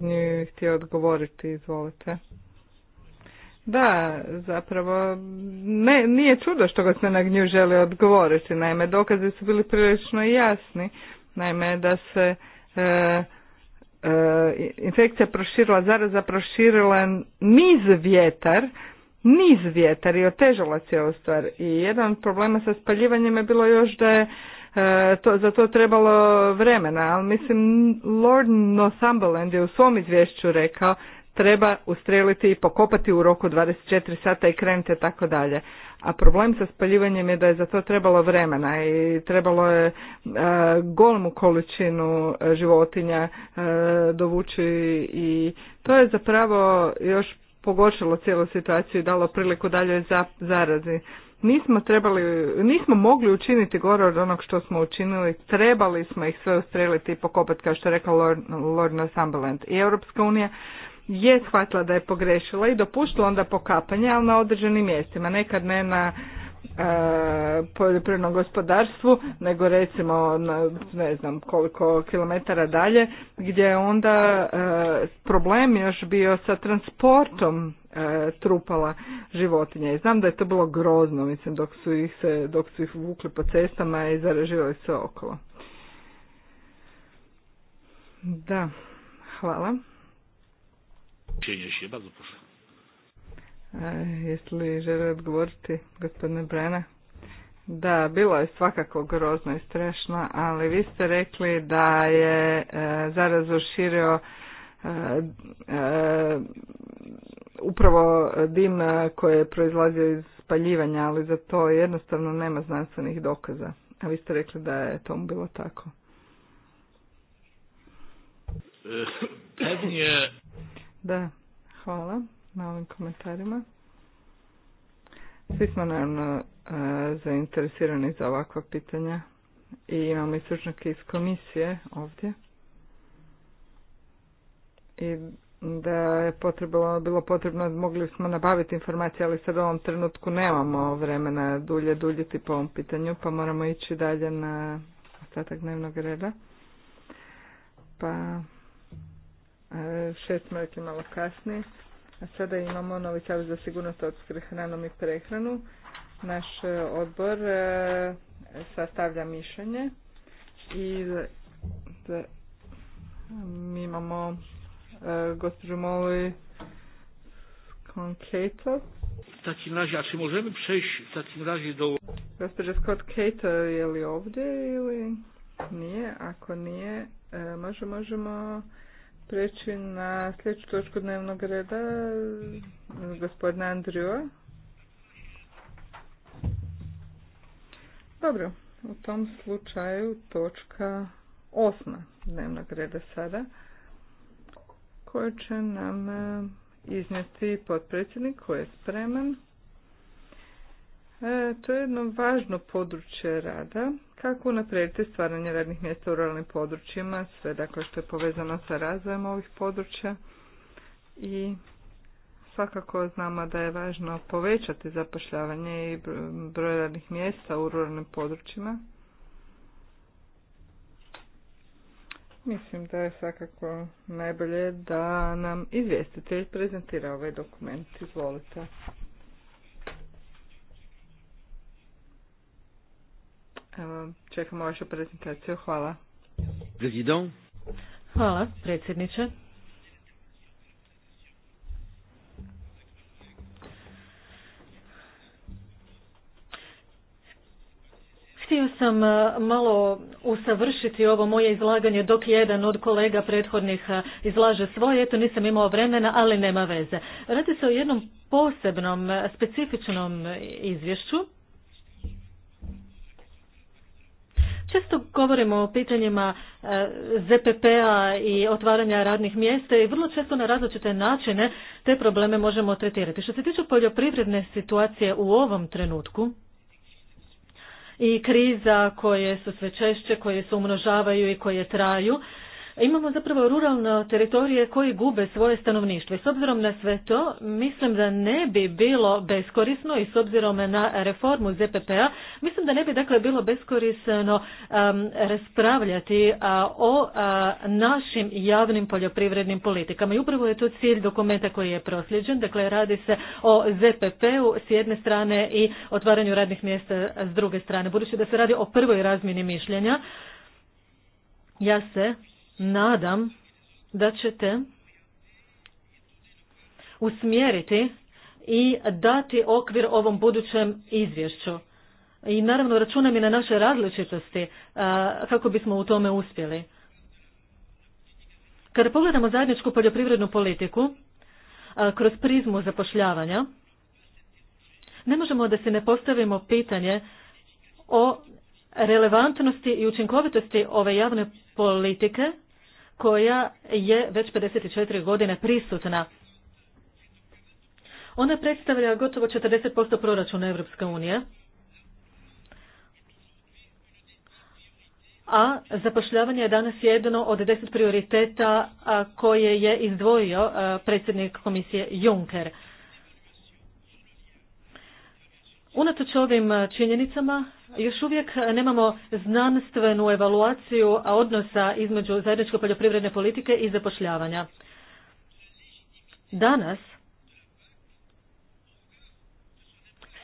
nije htio odgovoriti, izvolite. Da, zapravo ne, nije čudo što ga se na gnju želi odgovoriti. Naime, dokazi su bili prilično jasni. Naime, da se e, e, infekcija proširila, zaraza proširila niz vjetar, niz vjetar i otežala cijelu stvar. I jedan od problema sa spaljivanjem je bilo još da je E, to, za to trebalo vremena, ali mislim Lord Northumberland je u svom izvješću rekao treba ustreliti i pokopati u roku 24 sata i krenuti tako dalje. A problem sa spaljivanjem je da je za to trebalo vremena i trebalo je e, golmu količinu e, životinja e, dovući i to je zapravo još pogoršalo cijelu situaciju i dalo priliku za zarazi nismo trebali, nismo mogli učiniti gore od onog što smo učinili, trebali smo ih sve ustreliti i pokopati, kao što je rekao Lord, Lord Northumberland. I Europska unija je shvatila da je pogrešila i dopuštila onda pokapanje, ali na određenim mjestima, nekad ne na poljoprivrednom gospodarstvu nego recimo ne znam koliko kilometara dalje gdje je onda problem još bio sa transportom trupala životinja i znam da je to bilo grozno mislim dok su ih se dok su ih vukli po cestama i zaraživali se okolo da hvala je, E, Jesi li žele odgovoriti, gospodine Brena? Da, bilo je svakako grozno i strašno, ali vi ste rekli da je e, zarazu širio e, e, upravo dim koji je proizlazio iz spaljivanja, ali za to jednostavno nema znanstvenih dokaza. A vi ste rekli da je tomu bilo tako. Da, hvala na ovim komentarima. Svi smo naravno e, zainteresirani za ovakva pitanja i imamo i iz komisije ovdje. I da je potrebno, bilo potrebno, mogli smo nabaviti informacije, ali sad u ovom trenutku nemamo vremena dulje duljiti po ovom pitanju, pa moramo ići dalje na ostatak dnevnog reda. Pa e, šest smo malo kasnije. A sada imamo novi za sigurnost od hranom i prehranu. Naš e, odbor e, sastavlja mišljenje i e, mi imamo gospođu Moli Cato. takim takim do... Gospođa Scott Cato je li ovdje ili nije? Ako nije, možemo, možemo preći na sljedeću točku dnevnog reda gospodina Andrijova. Dobro, u tom slučaju točka osma dnevnog reda sada koju će nam eh, iznijeti potpredsjednik koji je spreman. E, to je jedno važno područje rada. Kako unaprijediti stvaranje radnih mjesta u ruralnim područjima, sve dakle što je povezano sa razvojem ovih područja i svakako znamo da je važno povećati zapošljavanje i broj radnih mjesta u ruralnim područjima. Mislim da je svakako najbolje da nam izvjestitelj prezentira ovaj dokument. Izvolite. čekamo vašu prezentaciju. Hvala. Prezident. Hvala, predsjedniče. htio sam e, malo usavršiti ovo moje izlaganje dok jedan od kolega prethodnih e, izlaže svoje, eto nisam imao vremena, ali nema veze. Radi se o jednom posebnom, e, specifičnom izvješću Često govorimo o pitanjima e, ZPP-a i otvaranja radnih mjesta i vrlo često na različite načine te probleme možemo tretirati. Što se tiče poljoprivredne situacije u ovom trenutku, i kriza koje su sve češće, koje se umnožavaju i koje traju imamo zapravo ruralno teritorije koji gube svoje stanovništvo. I s obzirom na sve to, mislim da ne bi bilo beskorisno i s obzirom na reformu ZPP-a, mislim da ne bi dakle bilo beskorisno raspravljati a, o našim javnim poljoprivrednim politikama. I upravo je to cilj dokumenta koji je prosljeđen, dakle radi se o ZPP-u s jedne strane i otvaranju radnih mjesta s druge strane. Budući da se radi o prvoj razmini mišljenja, ja se nadam da ćete usmjeriti i dati okvir ovom budućem izvješću. I naravno računam i na naše različitosti kako bismo u tome uspjeli. Kada pogledamo zajedničku poljoprivrednu politiku kroz prizmu zapošljavanja, ne možemo da se ne postavimo pitanje o relevantnosti i učinkovitosti ove javne politike koja je već 54 godine prisutna. Ona predstavlja gotovo 40% proračuna Europske unije, a zapošljavanje je danas jedno od deset prioriteta koje je izdvojio predsjednik komisije Juncker. Unatoč ovim e, činjenicama još uvijek e, nemamo znanstvenu evaluaciju odnosa između zajedničke poljoprivredne politike i zapošljavanja. Danas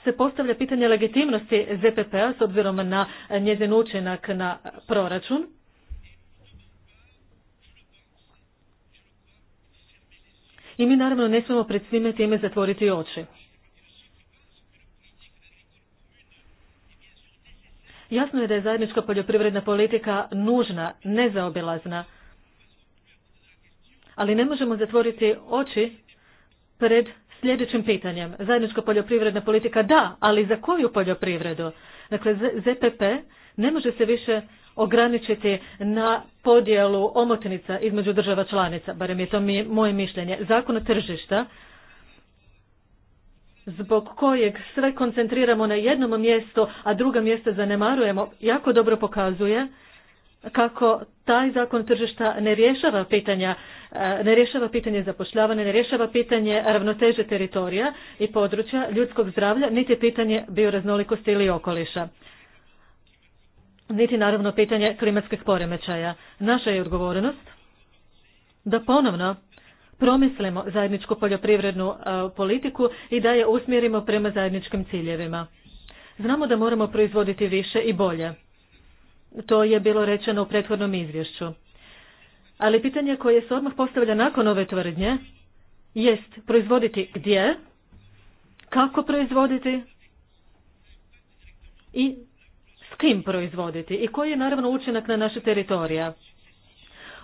se postavlja pitanje legitimnosti ZPP-a s obzirom na njezin učinak na proračun. I mi naravno ne smijemo pred svime time zatvoriti oči. Jasno je da je zajednička poljoprivredna politika nužna, nezaobilazna, ali ne možemo zatvoriti oči pred sljedećim pitanjem. Zajednička poljoprivredna politika da, ali za koju poljoprivredu? Dakle, ZPP ne može se više ograničiti na podjelu omotnica između država članica, barem je to moje mišljenje. Zakon tržišta zbog kojeg sve koncentriramo na jednom mjestu, a druga mjesta zanemarujemo, jako dobro pokazuje kako taj zakon tržišta ne rješava pitanja, e, ne rješava pitanje zapošljavanja, ne rješava pitanje ravnoteže teritorija i područja ljudskog zdravlja, niti pitanje bioraznolikosti ili okoliša. Niti naravno pitanje klimatskih poremećaja. Naša je odgovornost da ponovno promislimo zajedničku poljoprivrednu e, politiku i da je usmjerimo prema zajedničkim ciljevima. Znamo da moramo proizvoditi više i bolje. To je bilo rečeno u prethodnom izvješću. Ali pitanje koje se odmah postavlja nakon ove tvrdnje jest proizvoditi gdje, kako proizvoditi i s kim proizvoditi i koji je naravno učinak na naše teritorija.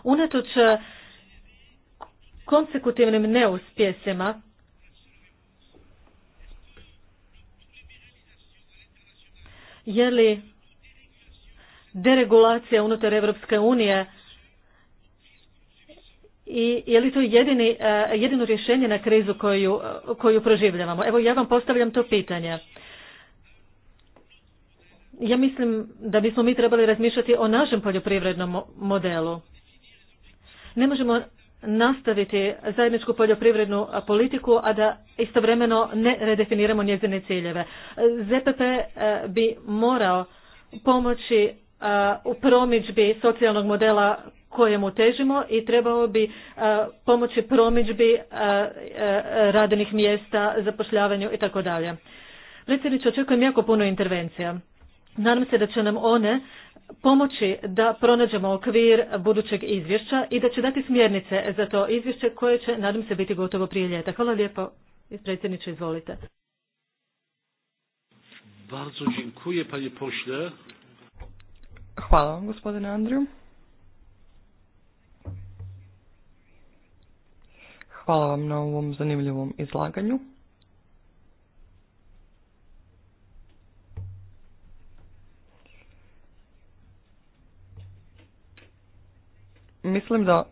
Unatoč konsekutivnim neuspjesima je li deregulacija unutar Europske unije i je li to jedini, e, jedino rješenje na krizu koju, koju proživljavamo? Evo ja vam postavljam to pitanje. Ja mislim da bismo mi trebali razmišljati o našem poljoprivrednom modelu. Ne možemo nastaviti zajedničku poljoprivrednu politiku, a da istovremeno ne redefiniramo njezine ciljeve. ZPP e, bi morao pomoći e, u promičbi socijalnog modela kojemu težimo i trebao bi e, pomoći promičbi radnih mjesta, zapošljavanju i tako dalje. očekujem jako puno intervencija. Nadam se da će nam one pomoći da pronađemo okvir budućeg izvješća i da će dati smjernice za to izvješće koje će, nadam se, biti gotovo prije ljeta. Hvala lijepo, predsjedniče, izvolite. Bardzo dziękuję, panie pośle. Hvala vam, gospodine Andriju. Hvala vam na ovom zanimljivom izlaganju. Mislim da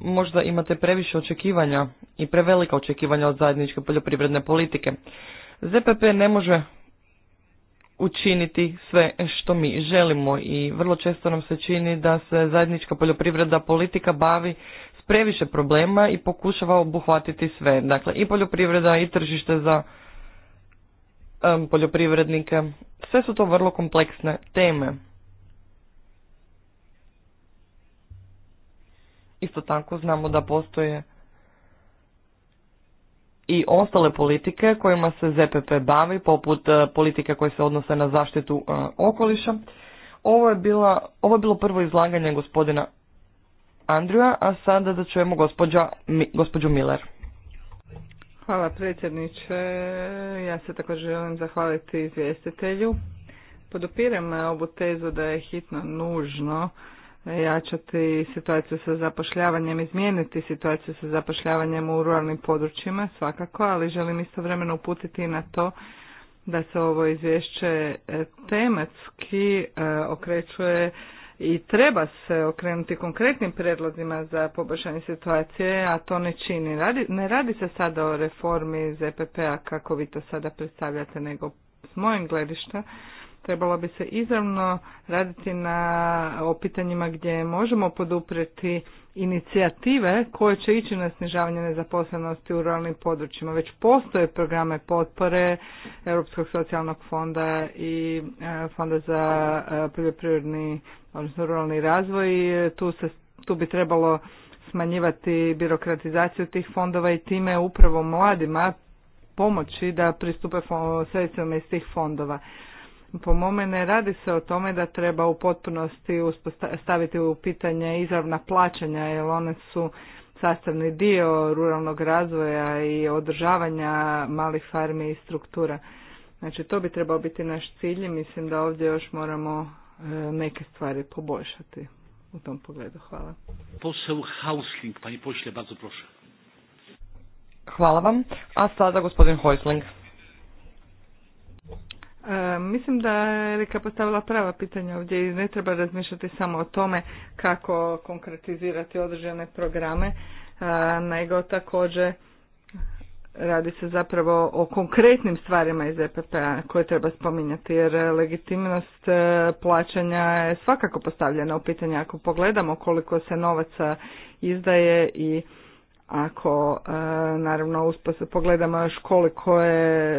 možda imate previše očekivanja i prevelika očekivanja od zajedničke poljoprivredne politike. ZPP ne može učiniti sve što mi želimo i vrlo često nam se čini da se zajednička poljoprivredna politika bavi s previše problema i pokušava obuhvatiti sve. Dakle, i poljoprivreda i tržište za poljoprivrednike. Sve su to vrlo kompleksne teme. Isto tako znamo da postoje i ostale politike kojima se ZPP bavi, poput e, politike koje se odnose na zaštitu e, okoliša. Ovo je, bila, ovo bilo prvo izlaganje gospodina Andrija, a sada da čujemo gospođa, gospođu Miller. Hvala predsjedniče. Ja se također želim zahvaliti izvjestitelju. podupiram ovu tezu da je hitno nužno jačati situaciju sa zapošljavanjem, izmijeniti situaciju sa zapošljavanjem u ruralnim područjima svakako, ali želim istovremeno uputiti na to da se ovo izvješće e, tematski e, okrećuje i treba se okrenuti konkretnim predlozima za poboljšanje situacije, a to ne čini. ne radi se sada o reformi ZPP-a e kako vi to sada predstavljate, nego s mojim gledišta trebalo bi se izravno raditi na opitanjima pitanjima gdje možemo poduprijeti inicijative koje će ići na snižavanje nezaposlenosti u ruralnim područjima. Već postoje programe potpore Europskog socijalnog fonda i e, Fonda za e, poljoprivredni odnosno ruralni razvoj. Tu, se, tu bi trebalo smanjivati birokratizaciju tih fondova i time upravo mladima pomoći da pristupe sredstvima iz tih fondova. Po mome ne radi se o tome da treba u potpunosti staviti u pitanje izravna plaćanja jer one su sastavni dio ruralnog razvoja i održavanja malih farmi i struktura. Znači to bi trebao biti naš cilj i mislim da ovdje još moramo e, neke stvari poboljšati u tom pogledu. Hvala. Posao Hvala vam. A sada gospodin E, mislim da je Erika postavila prava pitanja ovdje i ne treba razmišljati samo o tome kako konkretizirati određene programe, e, nego također radi se zapravo o konkretnim stvarima iz EPP-a koje treba spominjati jer legitimnost e, plaćanja je svakako postavljena u pitanje ako pogledamo koliko se novaca izdaje i ako naravno uspos pogledamo još koliko je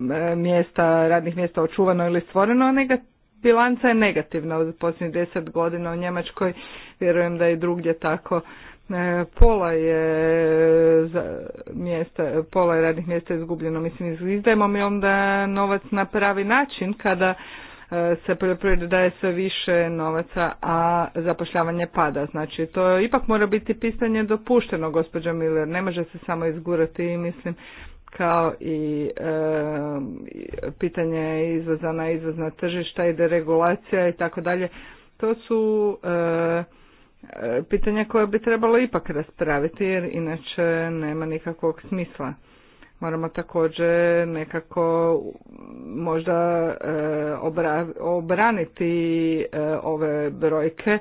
E, mjesta, radnih mjesta očuvano ili stvoreno, a bilanca je negativna u posljednjih deset godina u Njemačkoj, vjerujem da je i drugdje tako. E, pola je mjesta, pola je radnih mjesta izgubljeno, mislim izdajemo mi onda novac na pravi način kada e, se poljoprivredi daje sve više novaca, a zapošljavanje pada. Znači, to ipak mora biti pisanje dopušteno, gospođa Miller. Ne može se samo izgurati i mislim kao i pitanje izvoza na izvozna tržišta i deregulacija i tako dalje. To su e, pitanja koje bi trebalo ipak raspraviti jer inače nema nikakvog smisla. Moramo također nekako možda eh, obraniti eh, ove brojke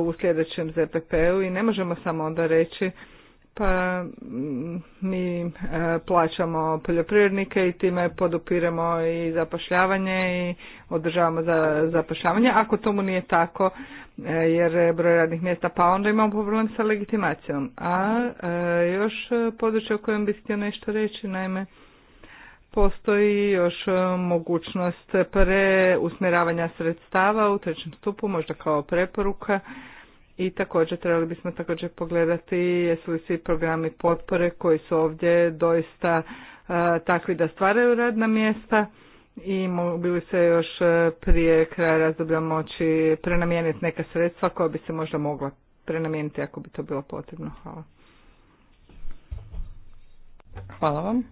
u sljedećem ZPP-u i ne možemo samo onda reći pa mm, mi e, plaćamo poljoprivrednike i time podupiramo i zapošljavanje i održavamo za zapošljavanje. Ako tomu nije tako, e, jer je broj radnih mjesta pa onda imamo problem sa legitimacijom. A e, još područje o kojem bih htio nešto reći, naime, postoji još mogućnost preusmjeravanja sredstava u trećem stupu, možda kao preporuka, i također trebali bismo također pogledati jesu li svi programi potpore koji su ovdje doista takvi da stvaraju radna mjesta i mogli bi se još prije kraja razdoblja moći prenamijeniti neka sredstva koja bi se možda mogla prenamijeniti ako bi to bilo potrebno. Hvala. Hvala vam.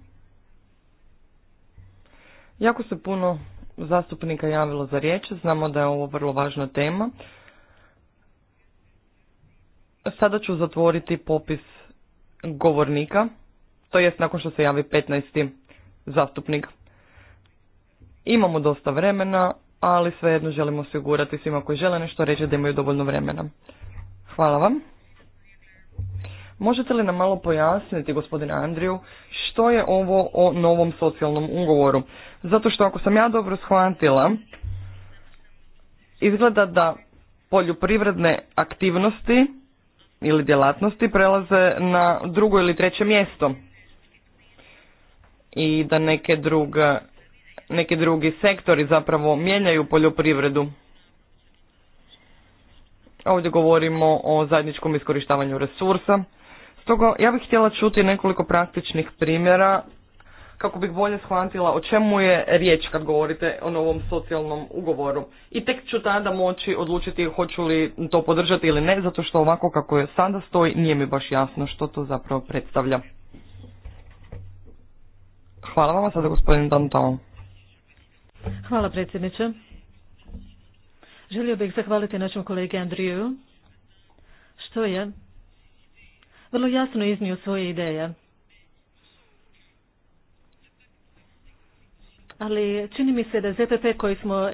Jako se puno zastupnika javilo za riječ. Znamo da je ovo vrlo važna tema. Sada ću zatvoriti popis govornika, to jest nakon što se javi 15. zastupnik. Imamo dosta vremena, ali svejedno želimo osigurati svima koji žele nešto reći da imaju dovoljno vremena. Hvala vam. Možete li nam malo pojasniti, gospodine Andriju, što je ovo o novom socijalnom ugovoru? Zato što ako sam ja dobro shvatila, izgleda da poljoprivredne aktivnosti ili djelatnosti prelaze na drugo ili treće mjesto i da neke druga, neki drugi sektori zapravo mijenjaju poljoprivredu. Ovdje govorimo o zajedničkom iskorištavanju resursa. Stoga ja bih htjela čuti nekoliko praktičnih primjera kako bih bolje shvatila o čemu je riječ kad govorite o novom socijalnom ugovoru. I tek ću tada moći odlučiti hoću li to podržati ili ne, zato što ovako kako je sada stoji nije mi baš jasno što to zapravo predstavlja. Hvala vam sada gospodin Dantao. Hvala predsjedniče. Želio bih zahvaliti našem kolegi Andriju, što je vrlo jasno iznio svoje ideje. ali čini mi se da ZPP koji smo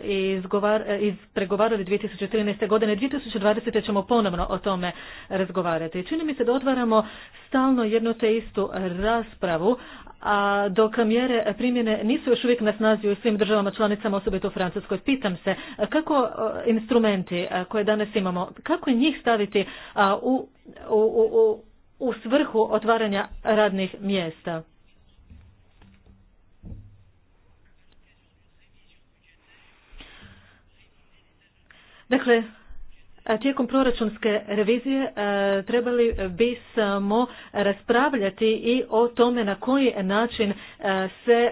izpregovarali 2013. godine, 2020. ćemo ponovno o tome razgovarati. Čini mi se da otvaramo stalno jednu te istu raspravu, a dok mjere primjene nisu još uvijek na snazi u svim državama članicama, osobito u Francuskoj. Pitam se, kako e, instrumenti e, koje danas imamo, kako njih staviti u, u svrhu otvaranja radnih mjesta? Dakle, tijekom proračunske revizije e, trebali bismo raspravljati i o tome na koji način e, se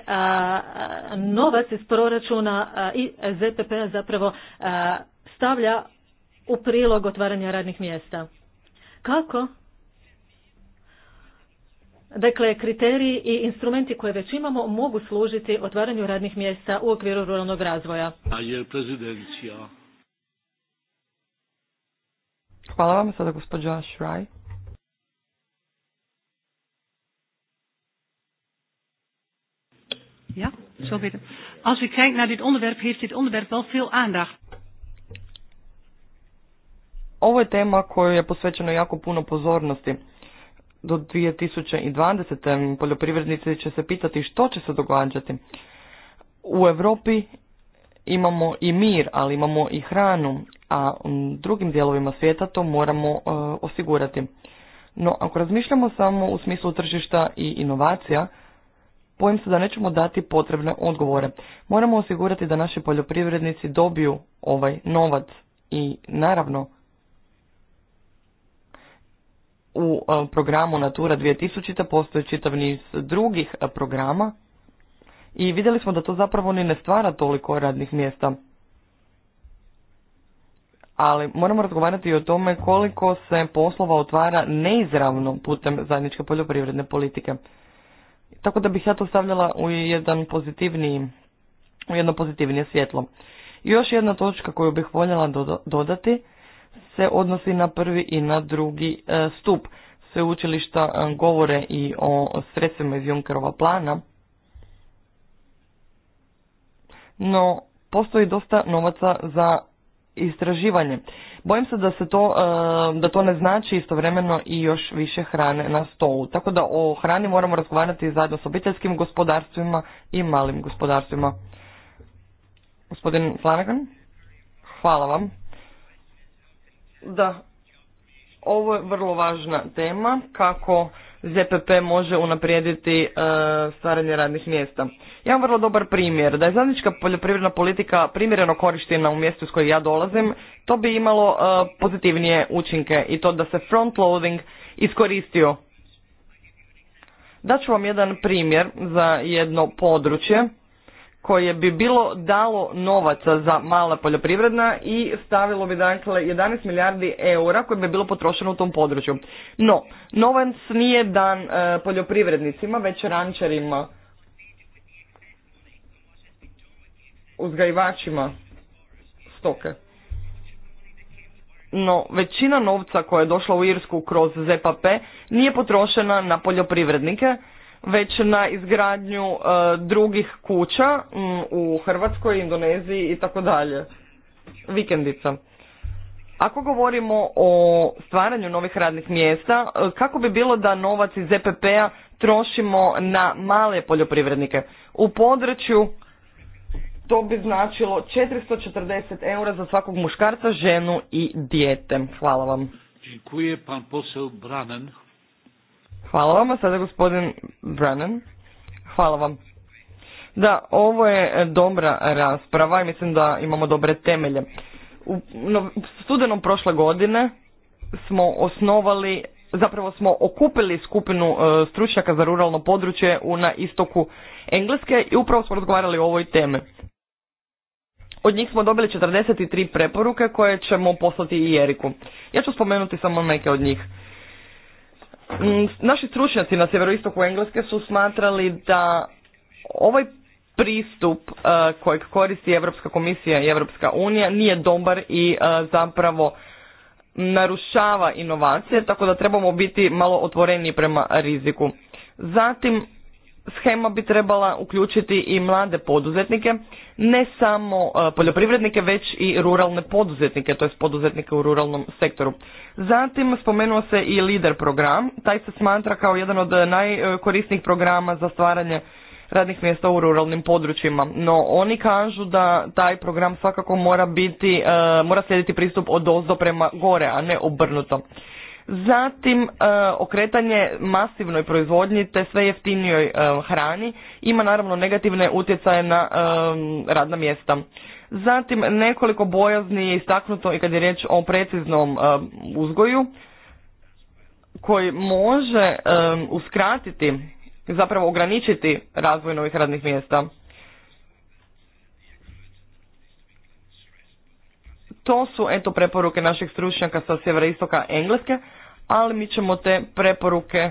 novac iz proračuna i zpp zapravo e, stavlja u prilog otvaranja radnih mjesta. Kako? Dakle, kriteriji i instrumenti koje već imamo mogu služiti otvaranju radnih mjesta u okviru ruralnog razvoja. A je prezidencija Hvala vam sada gospođa Šraj. Ja, zo beter. Als ik kijk naar dit onderwerp, heeft dit onderwerp wel veel aandacht. Ovo je tema koju je posvećeno jako puno pozornosti. Do 2020. poljoprivrednici će se pitati što će se događati. U Europi imamo i mir, ali imamo i hranu, a drugim dijelovima svijeta to moramo e, osigurati. No, ako razmišljamo samo u smislu tržišta i inovacija, bojim se da nećemo dati potrebne odgovore. Moramo osigurati da naši poljoprivrednici dobiju ovaj novac i naravno u e, programu Natura 2000 postoji čitav niz drugih e, programa i vidjeli smo da to zapravo ni ne stvara toliko radnih mjesta. Ali moramo razgovarati i o tome koliko se poslova otvara neizravno putem zajedničke poljoprivredne politike. Tako da bih ja to stavljala u, jedan pozitivni u jedno pozitivnije svjetlo. I još jedna točka koju bih voljela dodati se odnosi na prvi i na drugi e, stup. Sve Sveučilišta e, govore i o sredstvima iz Junkerova plana, no postoji dosta novaca za istraživanje. Bojim se da se to, e, da to ne znači istovremeno i još više hrane na stolu. Tako da o hrani moramo razgovarati zajedno s obiteljskim gospodarstvima i malim gospodarstvima. Gospodin Flanagan, hvala vam. Da, ovo je vrlo važna tema, kako ZPP može unaprijediti e, stvaranje radnih mjesta. Ja imam vrlo dobar primjer. Da je zajednička poljoprivredna politika primjereno korištena u mjestu s kojeg ja dolazim, to bi imalo e, pozitivnije učinke i to da se front loading iskoristio. Daću vam jedan primjer za jedno područje koje bi bilo dalo novaca za mala poljoprivredna i stavilo bi dakle 11 milijardi eura koje bi bilo potrošeno u tom području. No, novac nije dan e, poljoprivrednicima, već rančarima, uzgajivačima stoke. No, većina novca koja je došla u Irsku kroz ZPP nije potrošena na poljoprivrednike, već na izgradnju e, drugih kuća u Hrvatskoj, Indoneziji i tako dalje. Vikendica. Ako govorimo o stvaranju novih radnih mjesta, e, kako bi bilo da novac iz EPP-a trošimo na male poljoprivrednike? U području to bi značilo 440 eura za svakog muškarca, ženu i dijete. Hvala vam. Dziękuję, pan Branen. Hvala vam, a sada gospodin Brennan. Hvala vam. Da, ovo je e, dobra rasprava i mislim da imamo dobre temelje. U studenom prošle godine smo osnovali, zapravo smo okupili skupinu e, stručnjaka za ruralno područje u, na istoku Engleske i upravo smo razgovarali o ovoj temi. Od njih smo dobili 43 preporuke koje ćemo poslati i Jeriku. Ja ću spomenuti samo neke od njih. Mm, naši stručnjaci na sjeveroistoku Engleske su smatrali da ovaj pristup uh, kojeg koristi Europska komisija i Europska unija nije dobar i uh, zapravo narušava inovacije, tako da trebamo biti malo otvoreni prema riziku. Zatim, Schema bi trebala uključiti i mlade poduzetnike, ne samo e, poljoprivrednike, već i ruralne poduzetnike, to je poduzetnike u ruralnom sektoru. Zatim spomenuo se i LIDER program, taj se smatra kao jedan od e, najkorisnijih programa za stvaranje radnih mjesta u ruralnim područjima. No oni kažu da taj program svakako mora biti, e, mora slijediti pristup od ozdo prema gore, a ne obrnuto. Zatim e, okretanje masivnoj proizvodnji te sve jeftinijoj e, hrani ima naravno negativne utjecaje na e, radna mjesta. Zatim nekoliko bojazni je istaknuto i kad je riječ o preciznom uzgoju koji može uskratiti, zapravo ograničiti razvoj novih radnih mjesta. To su eto preporuke naših stručnjaka sa sjeveroistoka Engleske, ali mi ćemo te preporuke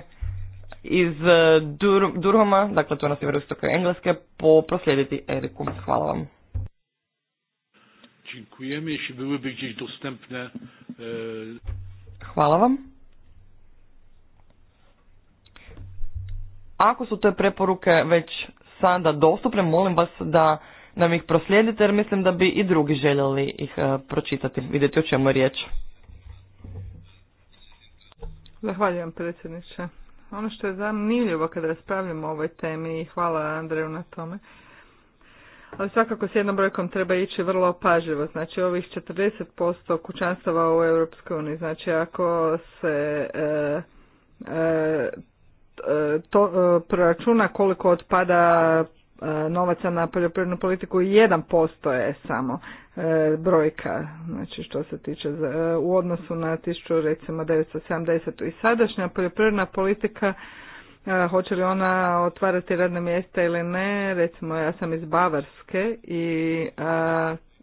iz e, Dur Durhoma, dakle to je na istoka Engleske, poproslijediti Eriku. Hvala vam. Dziękujemy, e, Hvala vam. Ako su te preporuke već sada dostupne, molim vas da nam ih proslijedite jer mislim da bi i drugi željeli ih e, pročitati, vidjeti o čemu je riječ. Zahvaljujem predsjedniče. Ono što je zanimljivo kada raspravljamo o ovoj temi i hvala Andreju na tome, ali svakako s jednom brojkom treba ići vrlo pažljivo. Znači ovih 40% kućanstava u EU, znači ako se e, e, e, to e, proračuna koliko otpada E, novaca na poljoprivrednu politiku jedan 1% je samo e, brojka, znači što se tiče e, u odnosu na 1000 recimo 970 i sadašnja poljoprivredna politika hoće li ona otvarati radna mjesta ili ne, recimo ja sam iz Bavarske i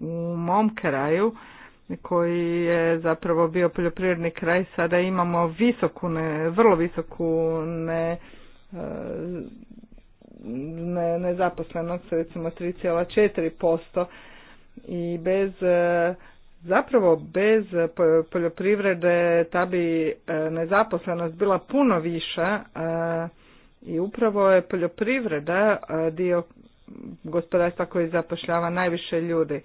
u mom kraju koji je zapravo bio poljoprivredni kraj, sada imamo visoku, ne, vrlo visoku ne, ne, nezaposlenost recimo 3,4% i bez e, zapravo bez poljoprivrede ta bi e, nezaposlenost bila puno viša e, i upravo je poljoprivreda dio gospodarstva koji zapošljava najviše ljudi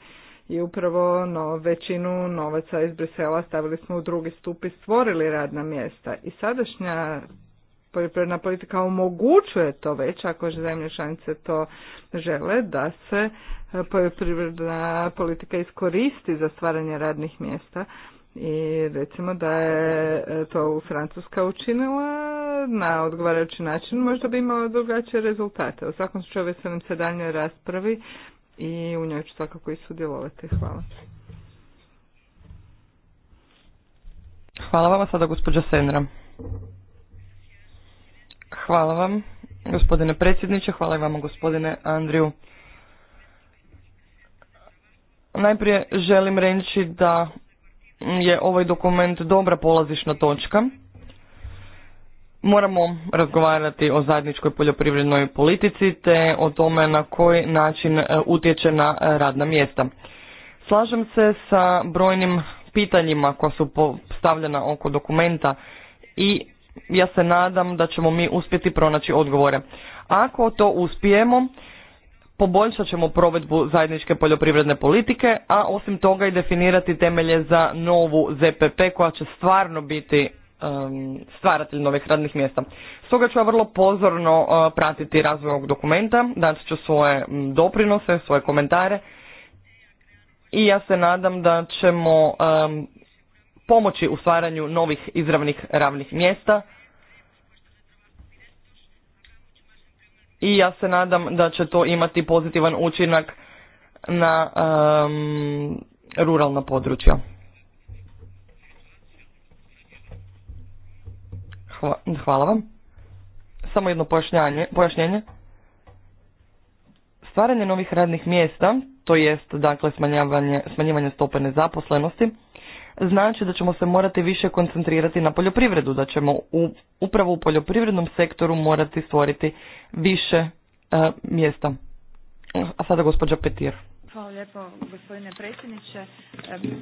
i upravo no, većinu novaca iz Brisela stavili smo u drugi stup i stvorili radna mjesta. I sadašnja poljoprivredna politika omogućuje to već, ako zemlje članice to žele, da se poljoprivredna politika iskoristi za stvaranje radnih mjesta. I recimo da je to u Francuska učinila na odgovarajući način, možda bi imala drugačije rezultate. U svakom slučaju nam se daljnjoj raspravi i u njoj ću svakako i sudjelovati. Hvala. Hvala vam sada gospođa Senra. Hvala vam, gospodine predsjedniče, hvala i vama, gospodine Andriju. Najprije želim reći da je ovaj dokument dobra polazišna točka. Moramo razgovarati o zajedničkoj poljoprivrednoj politici te o tome na koji način e, utječe na e, radna mjesta. Slažem se sa brojnim pitanjima koja su postavljena oko dokumenta i ja se nadam da ćemo mi uspjeti pronaći odgovore. Ako to uspijemo, poboljšat ćemo provedbu zajedničke poljoprivredne politike, a osim toga i definirati temelje za novu ZPP koja će stvarno biti stvaratelj novih radnih mjesta. Stoga ću ja vrlo pozorno e, pratiti razvoj ovog dokumenta, dati ću svoje doprinose, svoje komentare i ja se nadam da ćemo pomoći u stvaranju novih izravnih ravnih mjesta. I ja se nadam da će to imati pozitivan učinak na ruralna područja. Hva, hvala vam. Samo jedno pojašnjanje, pojašnjenje. Stvaranje novih radnih mjesta, to jest dakle smanjivanje, smanjivanje stope nezaposlenosti, znači da ćemo se morati više koncentrirati na poljoprivredu, da ćemo u, upravo u poljoprivrednom sektoru morati stvoriti više e, mjesta. A sada gospođa Petir. Hvala lijepo gospodine predsjedniče.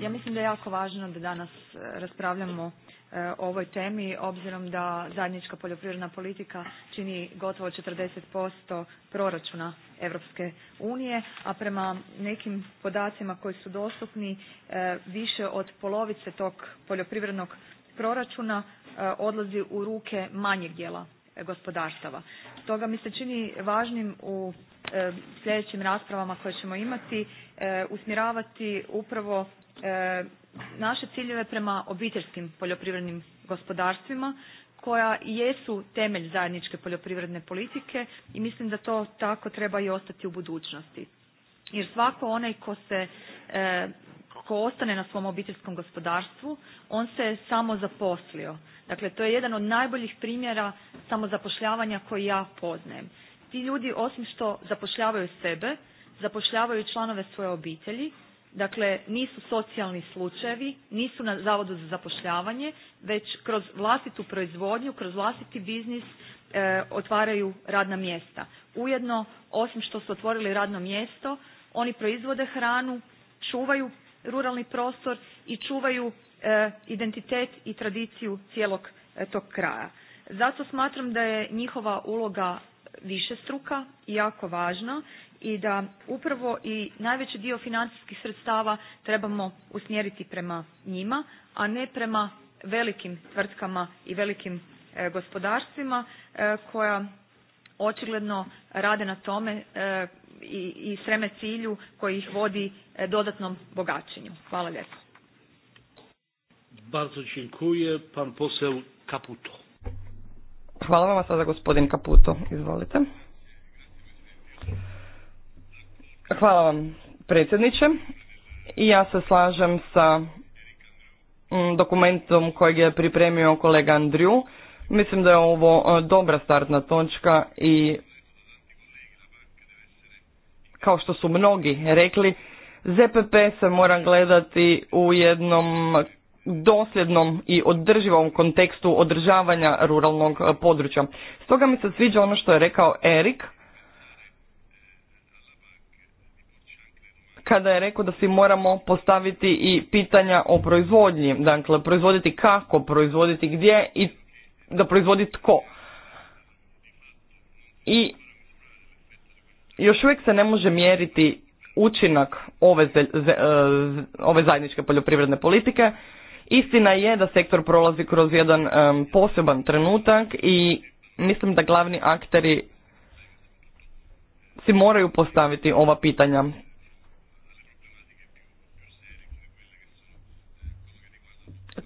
Ja mislim da je jako važno da danas e, raspravljamo e, o ovoj temi obzirom da zajednička poljoprivredna politika čini gotovo 40% proračuna Europske unije, a prema nekim podacima koji su dostupni e, više od polovice tog poljoprivrednog proračuna odlazi u ruke manjeg dijela gospodarstava. Stoga mi se čini važnim u e, sljedećim raspravama koje ćemo imati e, usmjeravati upravo e, naše ciljeve prema obiteljskim poljoprivrednim gospodarstvima koja jesu temelj zajedničke poljoprivredne politike i mislim da to tako treba i ostati u budućnosti jer svako onaj ko se tko ostane na svom obiteljskom gospodarstvu, on se je samo zaposlio. Dakle, to je jedan od najboljih primjera samozapošljavanja koji ja poznajem. Ti ljudi osim što zapošljavaju sebe, zapošljavaju članove svoje obitelji, dakle nisu socijalni slučajevi, nisu na zavodu za zapošljavanje, već kroz vlastitu proizvodnju, kroz vlastiti biznis e, otvaraju radna mjesta. Ujedno, osim što su otvorili radno mjesto, oni proizvode hranu, čuvaju ruralni prostor i čuvaju e, identitet i tradiciju cijelog e, tog kraja. Zato smatram da je njihova uloga višestruka i jako važna i da upravo i najveći dio financijskih sredstava trebamo usmjeriti prema njima, a ne prema velikim tvrtkama i velikim e, gospodarstvima koja očigledno rade na tome i, i sreme cilju koji ih vodi e, dodatnom bogaćenju. Hvala lijepo. Bardzo dziękuję. Pan poseł Kaputo. Hvala vam sada gospodin Kaputo. Izvolite. Hvala vam predsjedniče. I ja se slažem sa mm, dokumentom kojeg je pripremio kolega Andriju. Mislim da je ovo e, dobra startna točka i kao što su mnogi rekli, ZPP se mora gledati u jednom dosljednom i održivom kontekstu održavanja ruralnog područja. Stoga mi se sviđa ono što je rekao Erik, kada je rekao da si moramo postaviti i pitanja o proizvodnji, dakle proizvoditi kako, proizvoditi gdje i da proizvodi tko. I još uvijek se ne može mjeriti učinak ove, e, ove zajedničke poljoprivredne politike. Istina je da sektor prolazi kroz jedan poseban trenutak i mislim da glavni akteri si moraju postaviti ova pitanja.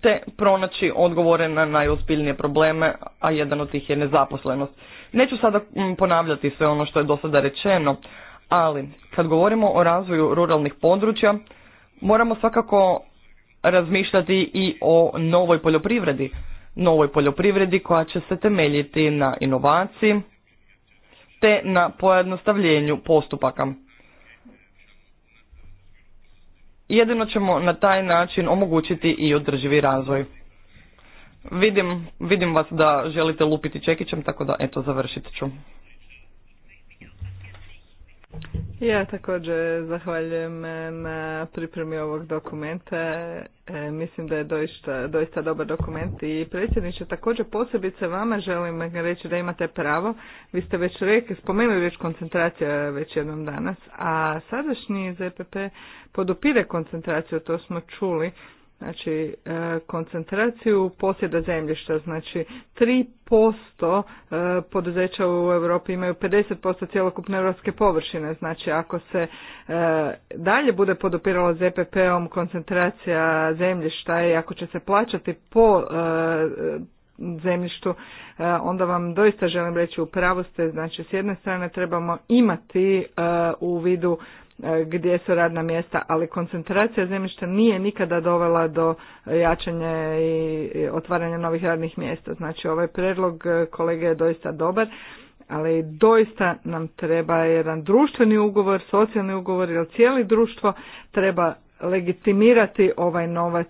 te pronaći odgovore na najozbiljnije probleme, a jedan od tih je nezaposlenost. Neću sada mm, ponavljati sve ono što je do sada rečeno, ali kad govorimo o razvoju ruralnih područja, moramo svakako razmišljati i o novoj poljoprivredi. Novoj poljoprivredi koja će se temeljiti na inovaciji te na pojednostavljenju postupaka. Jedino ćemo na taj način omogućiti i održivi razvoj. Vidim, vidim vas da želite lupiti čekićem, tako da eto završit ću. Ja također zahvaljujem na pripremi ovog dokumenta. E, mislim da je doista, doista dobar dokument i predsjedniče također posebice vama želim reći da imate pravo. Vi ste već rekli, spomenuli već koncentracija već jednom danas, a sadašnji ZPP podupire koncentraciju, to smo čuli znači e, koncentraciju posjeda zemljišta, znači 3% e, poduzeća u Europi imaju 50% cjelokupne europske površine, znači ako se e, dalje bude podupiralo ZPP-om koncentracija zemljišta i ako će se plaćati po zemljištu, onda vam doista želim reći u pravu ste, znači s jedne strane trebamo imati u vidu E, gdje su radna mjesta, ali koncentracija zemljišta nije nikada dovela do jačanja i otvaranja novih radnih mjesta. Znači ovaj predlog e, kolege je doista dobar, ali doista nam treba jedan društveni ugovor, socijalni ugovor, jer cijeli društvo treba legitimirati ovaj novac,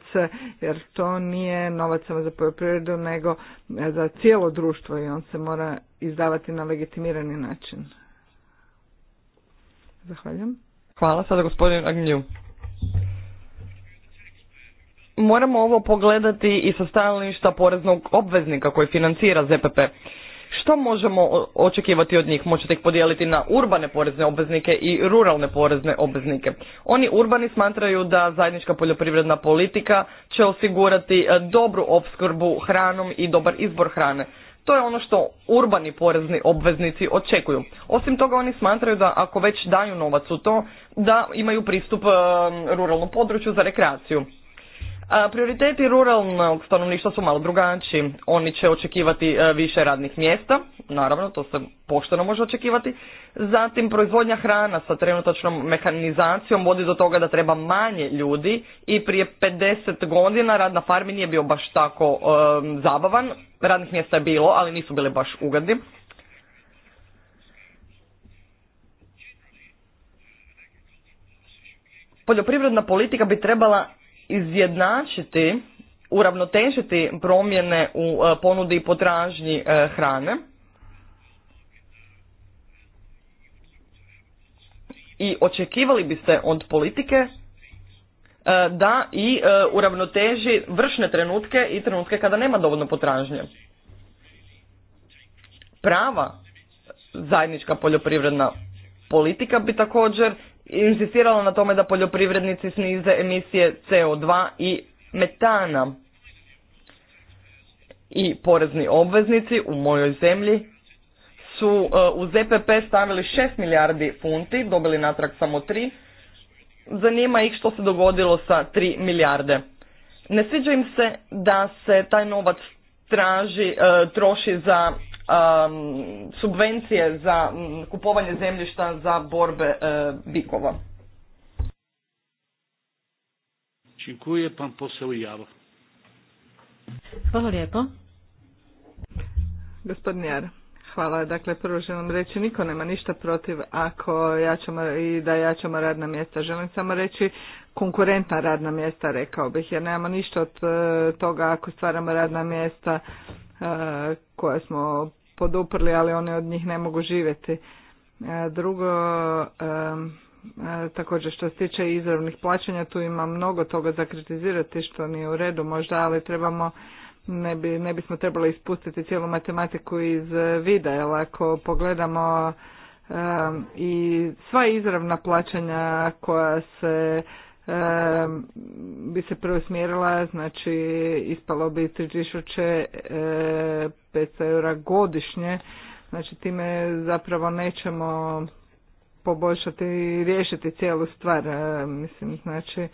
jer to nije novac samo za poljoprivredu, nego e, za cijelo društvo i on se mora izdavati na legitimirani način. Zahvaljujem. Hvala sada gospodin Agnju. Moramo ovo pogledati i sa stajališta poreznog obveznika koji financira ZPP. Što možemo očekivati od njih? Možete ih podijeliti na urbane porezne obveznike i ruralne porezne obveznike. Oni urbani smatraju da zajednička poljoprivredna politika će osigurati e, dobru opskrbu hranom i dobar izbor hrane. To je ono što urbani porezni obveznici očekuju. Osim toga oni smatraju da ako već daju novac u to, da imaju pristup e, ruralnom području za rekreaciju. E, prioriteti ruralnog stanovništva su malo drugačiji. Oni će očekivati e, više radnih mjesta, naravno, to se pošteno može očekivati. Zatim, proizvodnja hrana sa trenutačnom mehanizacijom vodi do toga da treba manje ljudi i prije 50 godina rad na farmi nije bio baš tako zabavan. Radnih mjesta je bilo, ali nisu bile baš ugadni. poljoprivredna politika bi trebala izjednačiti, uravnotežiti promjene u e, ponudi i potražnji e, hrane. I očekivali bi se od politike e, da i uravnoteži vršne trenutke i trenutke kada nema dovoljno potražnje. Prava zajednička poljoprivredna politika bi također insistiralo na tome da poljoprivrednici snize emisije CO2 i metana. I porezni obveznici u mojoj zemlji su e, u ZPP stavili 6 milijardi funti, dobili natrag samo 3. Zanima ih što se dogodilo sa 3 milijarde. Ne sviđa im se da se taj novac traži, e, troši za Um, subvencije za mm, kupovanje zemljišta za borbe e, bikova. Čekuje pan posao javo. Hvala lijepo. Gospodin Jar, hvala. Dakle, prvo želim reći, niko nema ništa protiv ako jačamo i da jačamo radna mjesta. Želim samo reći konkurentna radna mjesta, rekao bih, jer nemamo ništa od e, toga ako stvaramo radna mjesta e, koja smo poduprli, ali oni od njih ne mogu živjeti. E, drugo, e, e, također što se tiče izravnih plaćanja, tu ima mnogo toga za kritizirati što nije u redu možda, ali trebamo ne, bi, ne bismo trebali ispustiti cijelu matematiku iz vida, jer ako pogledamo i sva izravna plaćanja koja se bi se smjerila, znači ispalo bi 3500 eh, eura godišnje, znači time zapravo nećemo poboljšati i riješiti cijelu stvar, eh, mislim, znači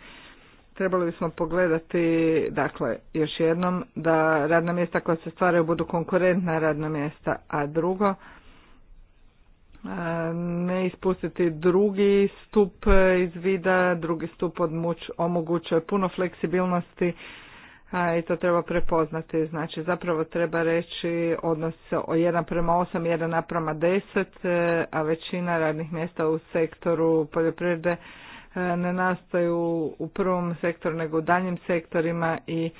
trebali bismo pogledati, dakle, još jednom, da radna mjesta koja se stvaraju budu konkurentna radna mjesta, a drugo, ne ispustiti drugi stup iz vida, drugi stup omogućuje puno fleksibilnosti i to treba prepoznati. Znači zapravo treba reći odnos o 1 prema 8, 1 naprama 10, a većina radnih mjesta u sektoru poljoprivrede e, ne nastaju u prvom sektoru nego u daljim sektorima i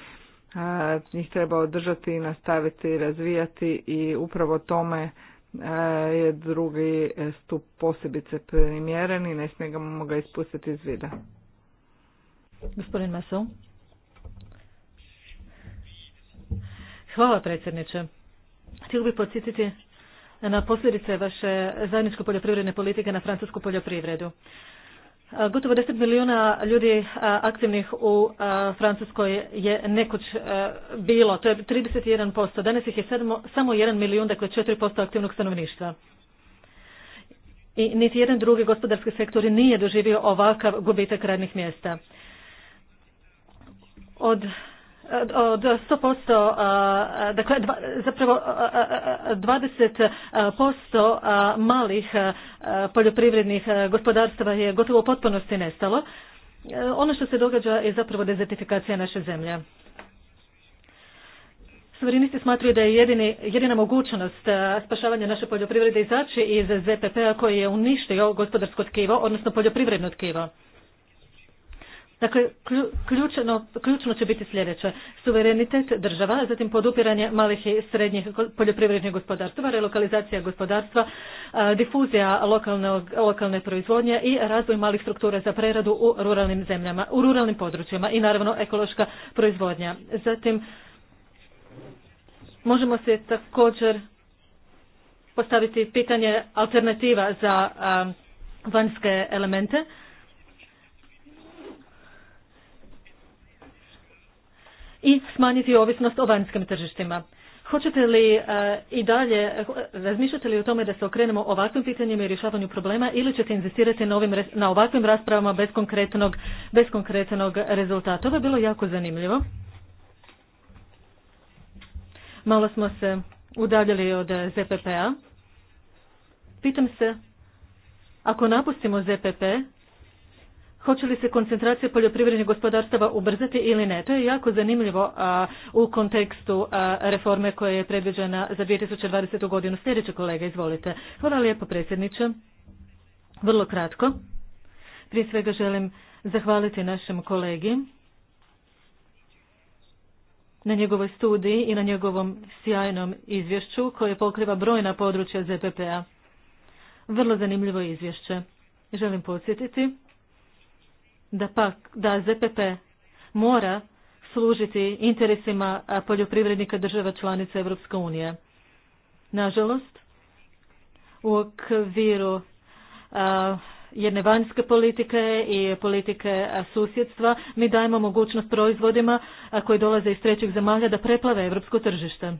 e, njih treba održati i nastaviti razvijati i upravo tome E, je drugi stup posebice primjeren i ne smijemo ga ispustiti iz vida. Gospodin Maso. Hvala predsjedniče. Htio bih podsjetiti na posljedice vaše zajedničke poljoprivredne politike na francusku poljoprivredu. Gotovo 10 milijuna ljudi aktivnih u Francuskoj je nekoć bilo, to je 31%, danas ih je samo 1 milijun, dakle 4% aktivnog stanovništva. I niti jedan drugi gospodarski sektor nije doživio ovakav gubitak radnih mjesta. Od od 100%, dakle zapravo 20% malih poljoprivrednih gospodarstava je gotovo u potpunosti nestalo. E, ono što se događa je zapravo dezertifikacija naše zemlje. Suverenisti smatruju da je jedini, jedina mogućnost spašavanja naše poljoprivrede izaći iz ZPP-a koji je uništio gospodarsko tkivo, odnosno poljoprivredno tkivo. Dakle, ključno, ključno će biti sljedeće. Suverenitet država, zatim podupiranje malih i srednjih poljoprivrednih gospodarstva, relokalizacija gospodarstva, difuzija lokalne, lokalne proizvodnje i razvoj malih struktura za preradu u ruralnim zemljama, u ruralnim područjima i naravno ekološka proizvodnja. Zatim, možemo se također postaviti pitanje alternativa za vanjske elemente i smanjiti ovisnost o vanjskim tržištima. Hoćete li e, i dalje, e, razmišljate li o tome da se okrenemo ovakvim pitanjima i rješavanju problema ili ćete inzistirati na, na ovakvim raspravama bez konkretnog, bez konkretnog rezultata? Ovo je bilo jako zanimljivo. Malo smo se udaljili od ZPP-a. Pitam se, ako napustimo ZPP, hoće li se koncentracija poljoprivrednih gospodarstava ubrzati ili ne. To je jako zanimljivo a, u kontekstu reforme koja je predviđena za 2020. godinu. sljedeće kolega, izvolite. Hvala lijepo predsjedniče. Vrlo kratko. Prije svega želim zahvaliti našem kolegi na njegovoj studiji i na njegovom sjajnom izvješću koje pokriva brojna područja ZPP-a. Vrlo zanimljivo izvješće. Želim podsjetiti da pak da ZPP mora služiti interesima poljoprivrednika država članica Europske unije. Nažalost, u okviru a, jedne vanjske politike i politike susjedstva mi dajemo mogućnost proizvodima koji dolaze iz trećih zemalja da preplave europsko tržište.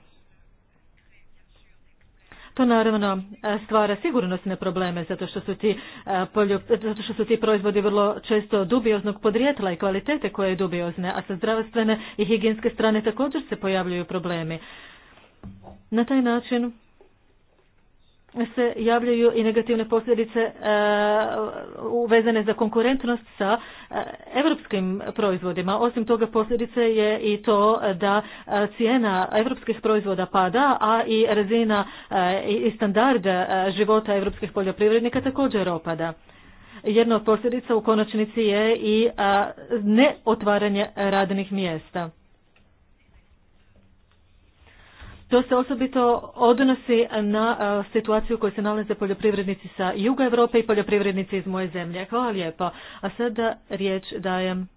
To naravno e, stvara sigurnosne probleme zato što su ti, e, zato što su ti proizvodi vrlo često dubioznog podrijetla i kvalitete koje je dubiozne, a sa zdravstvene i higijenske strane također se pojavljuju problemi. Na taj način se javljaju i negativne posljedice e, uvezane za konkurentnost sa e, evropskim proizvodima. Osim toga posljedice je i to da e, cijena europskih proizvoda pada, a i razina i standard života europskih poljoprivrednika također opada. Jedna od posljedica u konačnici je i neotvaranje radnih mjesta. To se osobito odnosi na e, situaciju u kojoj se nalaze poljoprivrednici sa juga Europe i poljoprivrednici iz moje zemlje. Hvala lijepo. A sada riječ dajem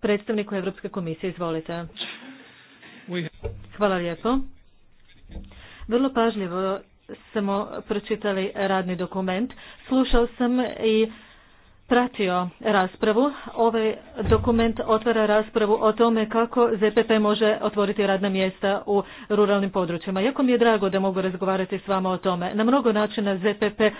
predstavniku Europske komisije. Izvolite. Hvala lijepo. Vrlo pažljivo smo pročitali radni dokument. Slušao sam i pratio raspravu. Ovaj dokument otvara raspravu o tome kako ZPP može otvoriti radna mjesta u ruralnim područjima. Jako mi je drago da mogu razgovarati s vama o tome. Na mnogo načina ZPP e,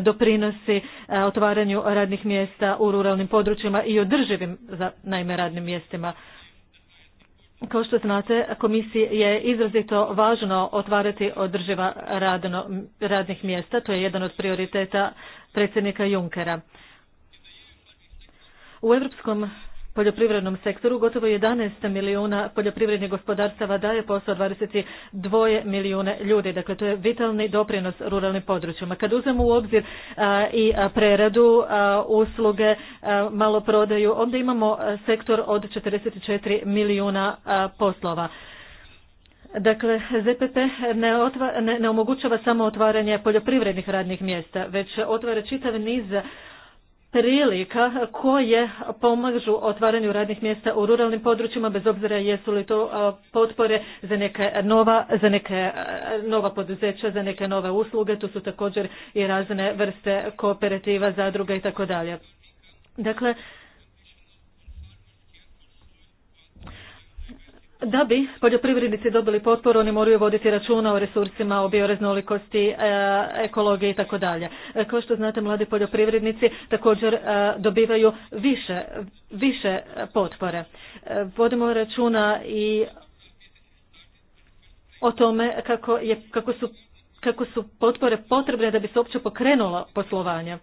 doprinosi e, otvaranju radnih mjesta u ruralnim područjima i održivim za naime radnim mjestima. Kao što znate, komisiji je izrazito važno otvarati održiva radnih mjesta. To je jedan od prioriteta predsjednika Junkera. U europskom poljoprivrednom sektoru gotovo 11 milijuna poljoprivrednih gospodarstava daje posao 22 milijune ljudi. Dakle, to je vitalni doprinos ruralnim područjima. Kad uzmemo u obzir i preradu, usluge, maloprodaju, onda imamo sektor od 44 milijuna poslova. Dakle, ZPP ne, ne omogućava samo otvaranje poljoprivrednih radnih mjesta, već otvara čitav niz prilika koje pomažu otvaranju radnih mjesta u ruralnim područjima bez obzira jesu li to potpore za neke nova, za neke nova poduzeća, za neke nove usluge, tu su također i razne vrste kooperativa, zadruga i tako dalje. Dakle, Da bi poljoprivrednici dobili potporu, oni moraju voditi računa o resursima, o bioreznolikosti, ekologiji i tako dalje. E, kao što znate, mladi poljoprivrednici također e, dobivaju više, više potpore. E, vodimo računa i o tome kako, je, kako, su, kako su potpore potrebne da bi se uopće pokrenulo poslovanje.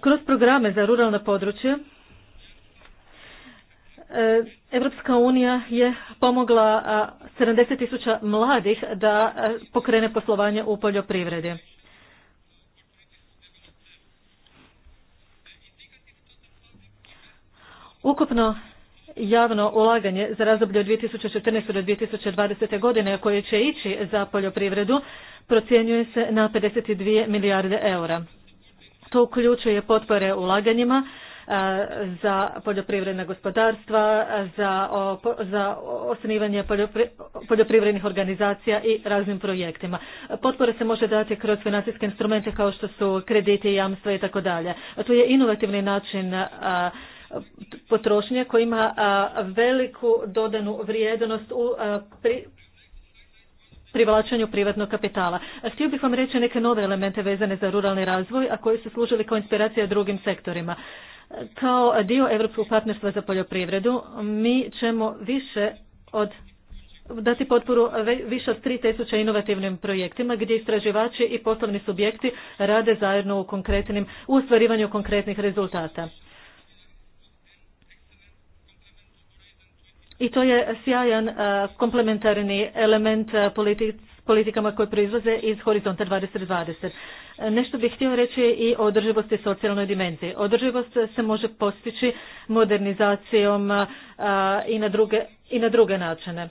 Kroz programe za ruralna područja E, Evropska unija je pomogla 70 tisuća mladih da pokrene poslovanje u poljoprivredi. Ukupno javno ulaganje za razdoblje od 2014. do 2020. godine koje će ići za poljoprivredu procjenjuje se na 52 milijarde eura. To uključuje potpore ulaganjima, za poljoprivredna gospodarstva, za, za osnivanje poljoprivrednih organizacija i raznim projektima. Potpore se može dati kroz financijske instrumente kao što su krediti, jamstva i tako dalje. Tu je inovativni način potrošnje koji ima veliku dodanu vrijednost u pri privlačenju privatnog kapitala. Htio bih vam reći neke nove elemente vezane za ruralni razvoj, a koji su služili kao inspiracija drugim sektorima. Kao dio Europskog partnerstva za poljoprivredu mi ćemo više od dati potporu više od 3000 inovativnim projektima gdje istraživači i poslovni subjekti rade zajedno u konkretnim, u ostvarivanju konkretnih rezultata. I to je sjajan komplementarni element politici politikama koje proizlaze iz Horizonta 2020. Nešto bih htio reći i o održivosti socijalnoj dimenziji. Održivost se može postići modernizacijom i na druge, i na druge načine.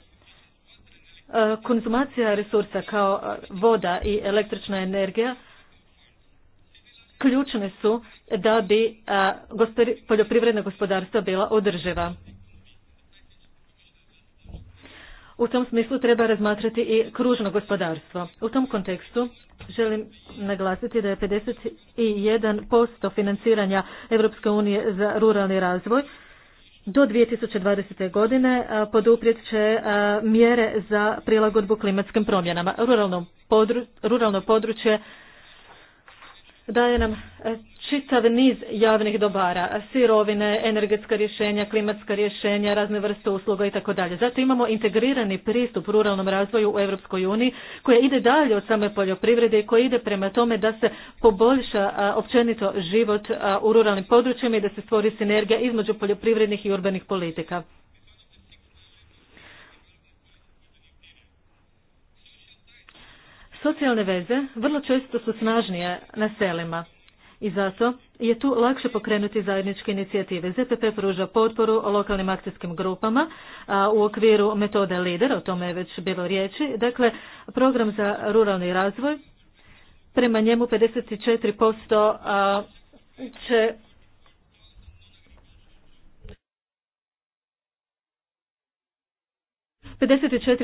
Konzumacija resursa kao voda i električna energija ključne su da bi poljoprivredna gospodarstva bila održiva. U tom smislu treba razmatrati i kružno gospodarstvo. U tom kontekstu želim naglasiti da je 51% financiranja Europske unije za ruralni razvoj do 2020. godine poduprijet će mjere za prilagodbu klimatskim promjenama. Ruralno područje daje nam čitav niz javnih dobara, sirovine, energetska rješenja, klimatska rješenja, razne vrste usluga i tako dalje. Zato imamo integrirani pristup ruralnom razvoju u Europskoj uniji koja ide dalje od same poljoprivrede i koja ide prema tome da se poboljša općenito život u ruralnim područjima i da se stvori sinergija između poljoprivrednih i urbanih politika. Socijalne veze vrlo često su snažnije na selima i zato je tu lakše pokrenuti zajedničke inicijative. ZPP pruža potporu lokalnim akcijskim grupama u okviru metode LIDER, o tome je već bilo riječi. Dakle, program za ruralni razvoj, prema njemu 54% a, će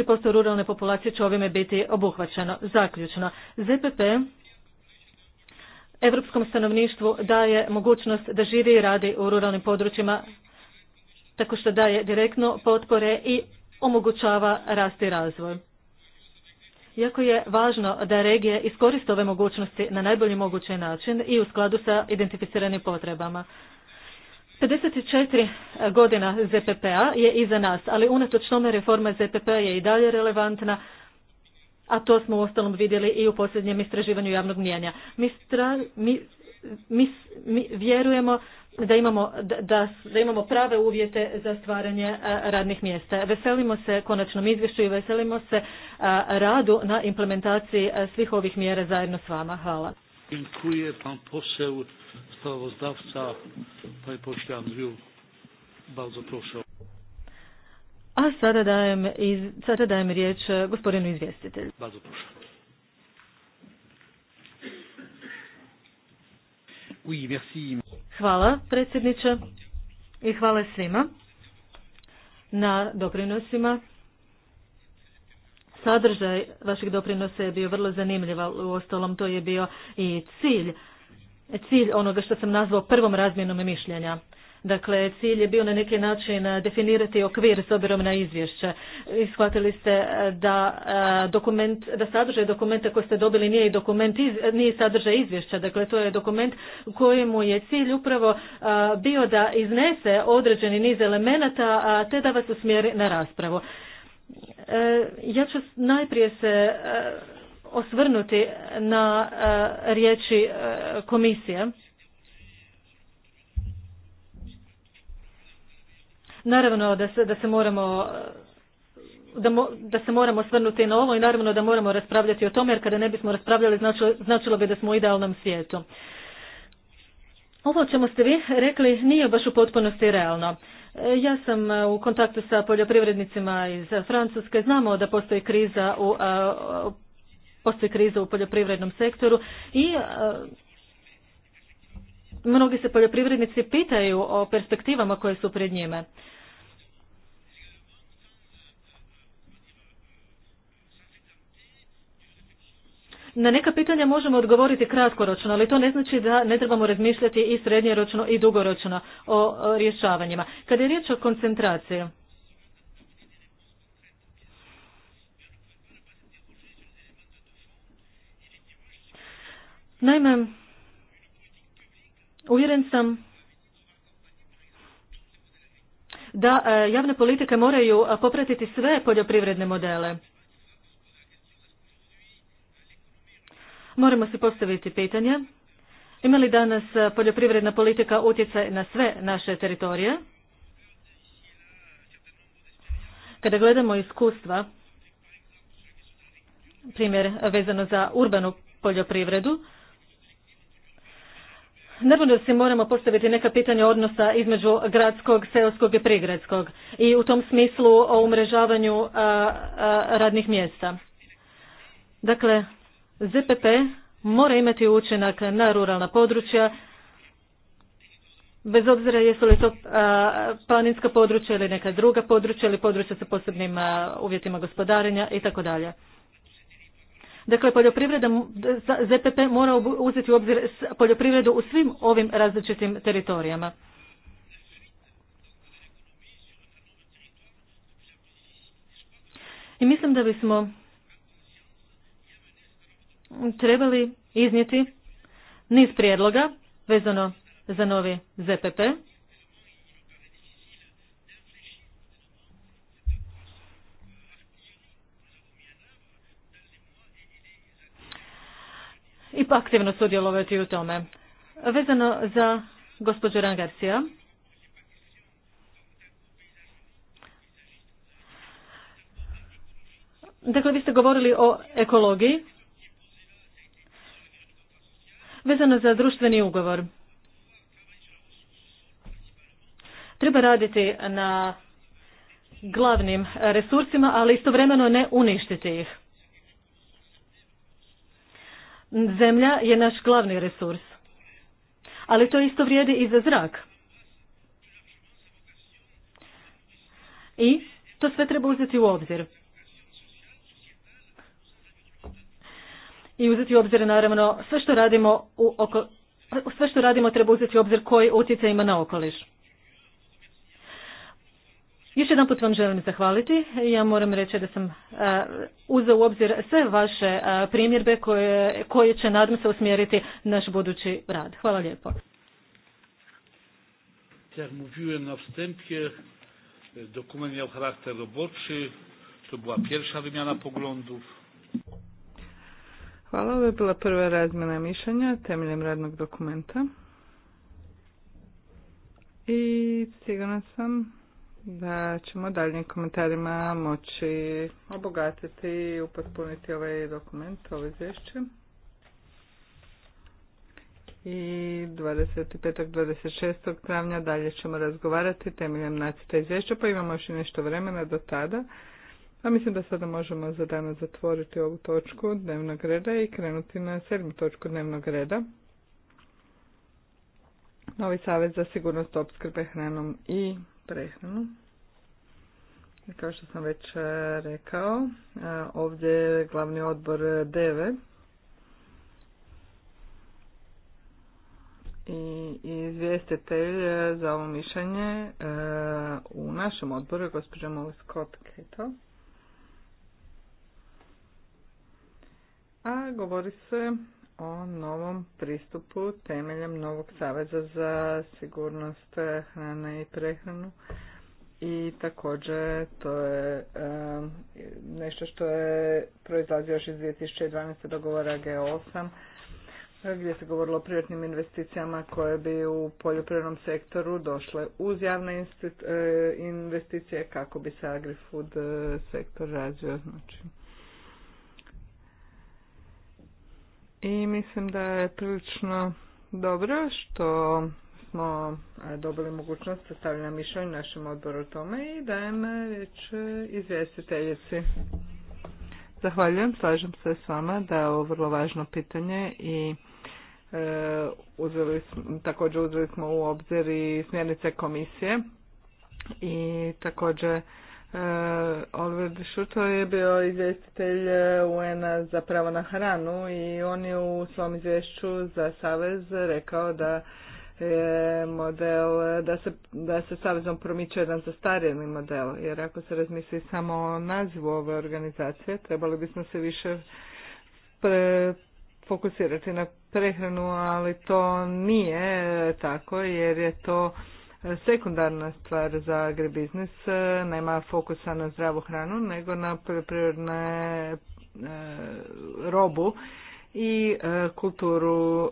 posto ruralne populacije će ovime biti obuhvaćeno. Zaključno, ZPP europskom stanovništvu daje mogućnost da živi i radi u ruralnim područjima tako što daje direktno potpore i omogućava rast i razvoj. Jako je važno da regije iskoriste ove mogućnosti na najbolji mogući način i u skladu sa identificiranim potrebama. 54 godina ZPPA je iza nas, ali unatoč tome reforma ZPPA je i dalje relevantna a to smo ostalom vidjeli i u posljednjem istraživanju javnog mijenja. Mi, mi, vjerujemo da imamo, da, da imamo prave uvjete za stvaranje radnih mjesta. Veselimo se konačnom izvješću i veselimo se radu na implementaciji svih ovih mjera zajedno s vama. Hvala. Dziękuję a sada dajem, iz, sada dajem riječ eh, gospodinu izvjestitelju. Hvala predsjedniče i hvala svima na doprinosima. Sadržaj vaših doprinosa je bio vrlo zanimljiv, u ostalom to je bio i cilj, cilj onoga što sam nazvao prvom razmjenom mišljenja. Dakle, cilj je bio na neki način eh, definirati okvir s obzirom na izvješće. Ishvatili ste eh, da, eh, dokument, da sadržaj dokumenta koji ste dobili nije, dokument, nije sadržaj izvješća. Dakle, to je dokument kojemu je cilj upravo bio da iznese određeni niz elemenata te da vas usmjeri na raspravu. Ja ću najprije se osvrnuti na riječi komisije Naravno da se, da se moramo da, mo, da se moramo svrnuti na ovo i naravno da moramo raspravljati o tome jer kada ne bismo raspravljali značilo, značilo bi da smo u idealnom svijetu. Ovo čemu ste vi rekli nije baš u potpunosti realno. E, ja sam e, u kontaktu sa poljoprivrednicima iz e, Francuske. Znamo da postoji kriza u, postoji kriza u poljoprivrednom sektoru i mnogi se poljoprivrednici pitaju o perspektivama koje su pred njime. Na neka pitanja možemo odgovoriti kratkoročno, ali to ne znači da ne trebamo razmišljati i srednjeročno i dugoročno o rješavanjima. Kad je riječ o koncentraciji, Naime, Uvjeren sam da e, javne politike moraju e, popratiti sve poljoprivredne modele. Moramo si postaviti pitanje. Ima li danas poljoprivredna politika utjecaj na sve naše teritorije? Kada gledamo iskustva, primjer vezano za urbanu poljoprivredu, Naravno da si moramo postaviti neka pitanja odnosa između gradskog, seoskog i prigradskog i u tom smislu o umrežavanju radnih mjesta. Dakle, ZPP mora imati učinak na ruralna područja, bez obzira jesu li to planinska područja ili neka druga područja ili područja sa posebnim uvjetima gospodarenja i tako dalje. Dakle, poljoprivreda, ZPP mora uzeti u obzir poljoprivredu u svim ovim različitim teritorijama. I mislim da bismo trebali iznijeti niz prijedloga vezano za novi ZPP. i aktivno sudjelovati u tome. Vezano za gospođu Rangarcija, Dakle, vi ste govorili o ekologiji. Vezano za društveni ugovor. Treba raditi na glavnim resursima, ali istovremeno ne uništiti ih. Zemlja je naš glavni resurs. Ali to isto vrijedi i za zrak. I to sve treba uzeti u obzir. I uzeti u obzir naravno sve što radimo u oko, sve što radimo treba uzeti u obzir koji utjecaj ima na okoliš. Još jedan put vam želim zahvaliti. Ja moram reći da sam e, uzeo u obzir sve vaše e, primjerbe koje, koje će, nadam se, usmjeriti naš budući rad. Hvala lijepo. Jak mówiłem na wstępie, e, dokument miał charakter roboczy, to była pierwsza wymiana poglądów. Hvala, ovo je bila prva razmjena mišljenja temeljem radnog dokumenta. I sigurno sam da ćemo daljnjim komentarima moći obogatiti i upotpuniti ovaj dokument, ovo izvješće. I 25. 26. travnja dalje ćemo razgovarati temeljem nacita izvješća, pa imamo još i nešto vremena do tada. A pa mislim da sada možemo za danas zatvoriti ovu točku dnevnog reda i krenuti na sedmu točku dnevnog reda. Novi savez za sigurnost opskrbe hranom i prehranu. I kao što sam već e, rekao, e, ovdje je glavni odbor Deve I izvijestitelj e, za ovo mišljenje u našem odboru je gospođa Molly Scott Cato. A govori se o novom pristupu temeljem novog saveza za sigurnost hrane i prehranu i također to je nešto što je proizlazio još iz 2012. dogovora G8 gdje se govorilo o privatnim investicijama koje bi u poljoprivrednom sektoru došle uz javne e, investicije kako bi se agrifood e, sektor razvio. Znači, I mislim da je prilično dobro što smo dobili mogućnost stavljena mišljenja našem odboru o tome i dajem reč izvjestiteljici. Zahvaljujem, slažem se s vama da je ovo vrlo važno pitanje i e, također uzeli smo u obzir i smjernice komisije i također Eh, Oliver Šuto je bio izvjestitelj eh, un za pravo na hranu i on je u svom izvješću za Savez rekao da je model, da se, da se Savezom promiče jedan zastarjeni model, jer ako se razmisli samo o nazivu ove organizacije, trebali bismo se više fokusirati na prehranu, ali to nije tako jer je to sekundarna stvar za agribiznis. E, nema fokusa na zdravu hranu, nego na poljoprivredne e, robu i e, kulturu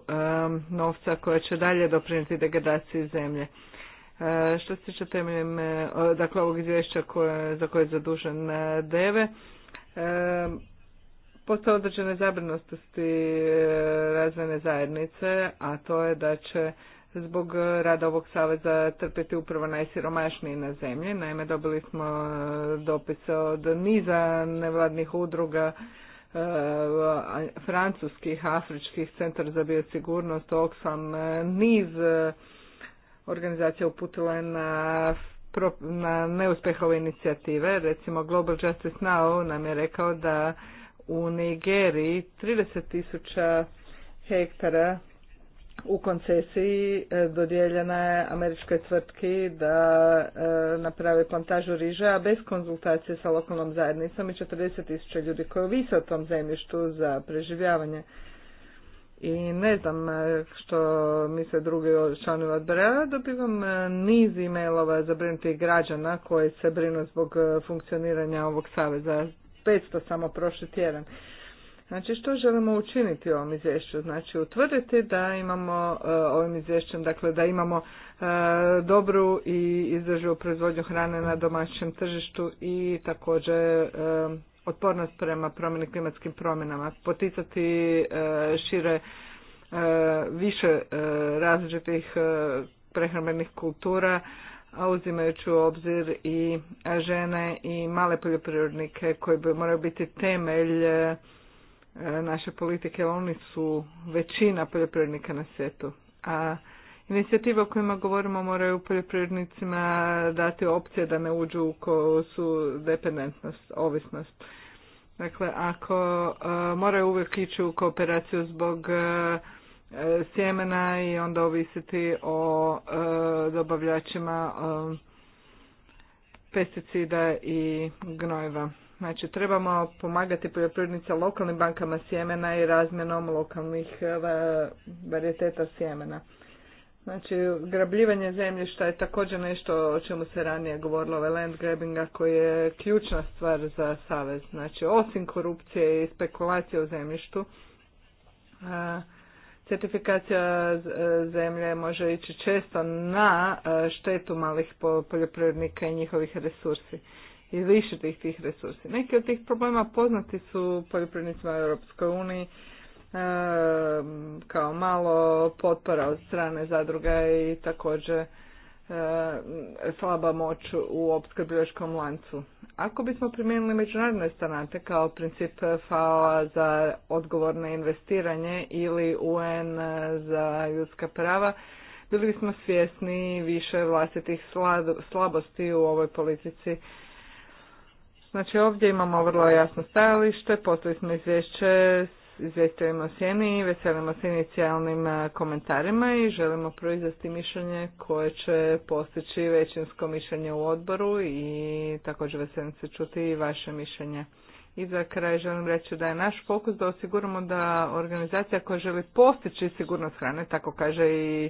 novca koja će dalje doprinijeti degradaciji zemlje. Što se tiče temeljem dakle, ovog izvješća za koje je zadužen DEVE, postoje određene zabrinutosti razvojne zajednice, a to je da će zbog e, rada ovog saveza trpiti upravo najsiromašniji na zemlji. Naime, dobili smo e, dopise od niza nevladnih udruga e, francuskih, afričkih, centar za biosigurnost, Oxfam, niz organizacija uputila je na na inicijative. Recimo Global Justice Now nam je rekao da u Nigeriji 30 tisuća hektara u koncesiji e, dodijeljena je američkoj tvrtki da e, naprave plantažu riža, a bez konzultacije sa lokalnom zajednicom i 40.000 ljudi koji ovise o tom zemljištu za preživljavanje. I ne znam e, što mi se drugi članovi odbora, dobivam niz e-mailova zabrinutih građana koji se brinu zbog funkcioniranja ovog saveza. 500 samo prošli tjedan. Znači što želimo učiniti u ovom izvješću? Znači utvrditi da imamo e, ovim izvješćem, dakle da imamo e, dobru i izdrživu proizvodnju hrane na domaćem tržištu i također e, otpornost prema promjeni klimatskim promjenama, poticati šire više različitih prehrambenih kultura, a uzimajući u obzir i žene i male poljoprivrednike koji bi moraju biti temelj E, naše politike, oni su većina poljoprivrednika na svijetu. A inicijativa o kojima govorimo moraju poljoprivrednicima dati opcije da ne uđu u koju su dependentnost, ovisnost. Dakle, ako e, moraju uvijek ići u kooperaciju zbog e, sjemena i onda ovisiti o dobavljačima pesticida i gnojeva. Znači, trebamo pomagati poljoprivrednice lokalnim bankama sjemena i razmjenom lokalnih e, varijeteta sjemena. Znači, grabljivanje zemljišta je također nešto o čemu se ranije govorilo, ove ovaj land grabbinga koji je ključna stvar za savez. Znači, osim korupcije i spekulacije u zemljištu, certifikacija e, zemlje može ići često na e, štetu malih poljoprivrednika i njihovih resursi i više tih tih resursi. Neki od tih problema poznati su poljoprivrednicima u Europskoj uniji kao malo potpora od strane zadruga i također slaba moć u opskrbljivačkom lancu. Ako bismo primijenili međunarodne stanate kao princip FAO za odgovorno investiranje ili UN za ljudska prava, bili bismo svjesni više vlastitih slabosti u ovoj politici Znači ovdje imamo vrlo jasno stajalište, postoji smo izvješće izvjestujemo o sjeni veselimo se inicijalnim komentarima i želimo proizvesti mišljenje koje će postići većinsko mišljenje u odboru i također veselim se čuti i vaše mišljenje. I za kraj želim reći da je naš fokus da osiguramo da organizacija koja želi postići sigurnost hrane, tako kaže i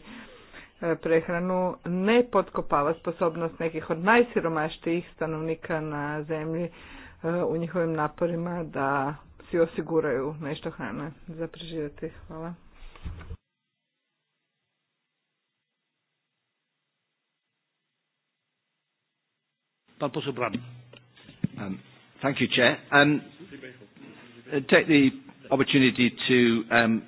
prehranu ne potkopava sposobnost nekih od najsiromaštijih stanovnika na zemlji e, u njihovim naporima da si osiguraju nešto hrane za preživjeti. Hvala. Pan poseł Brady. Um, thank you, Chair. Um, uh, take the opportunity to um,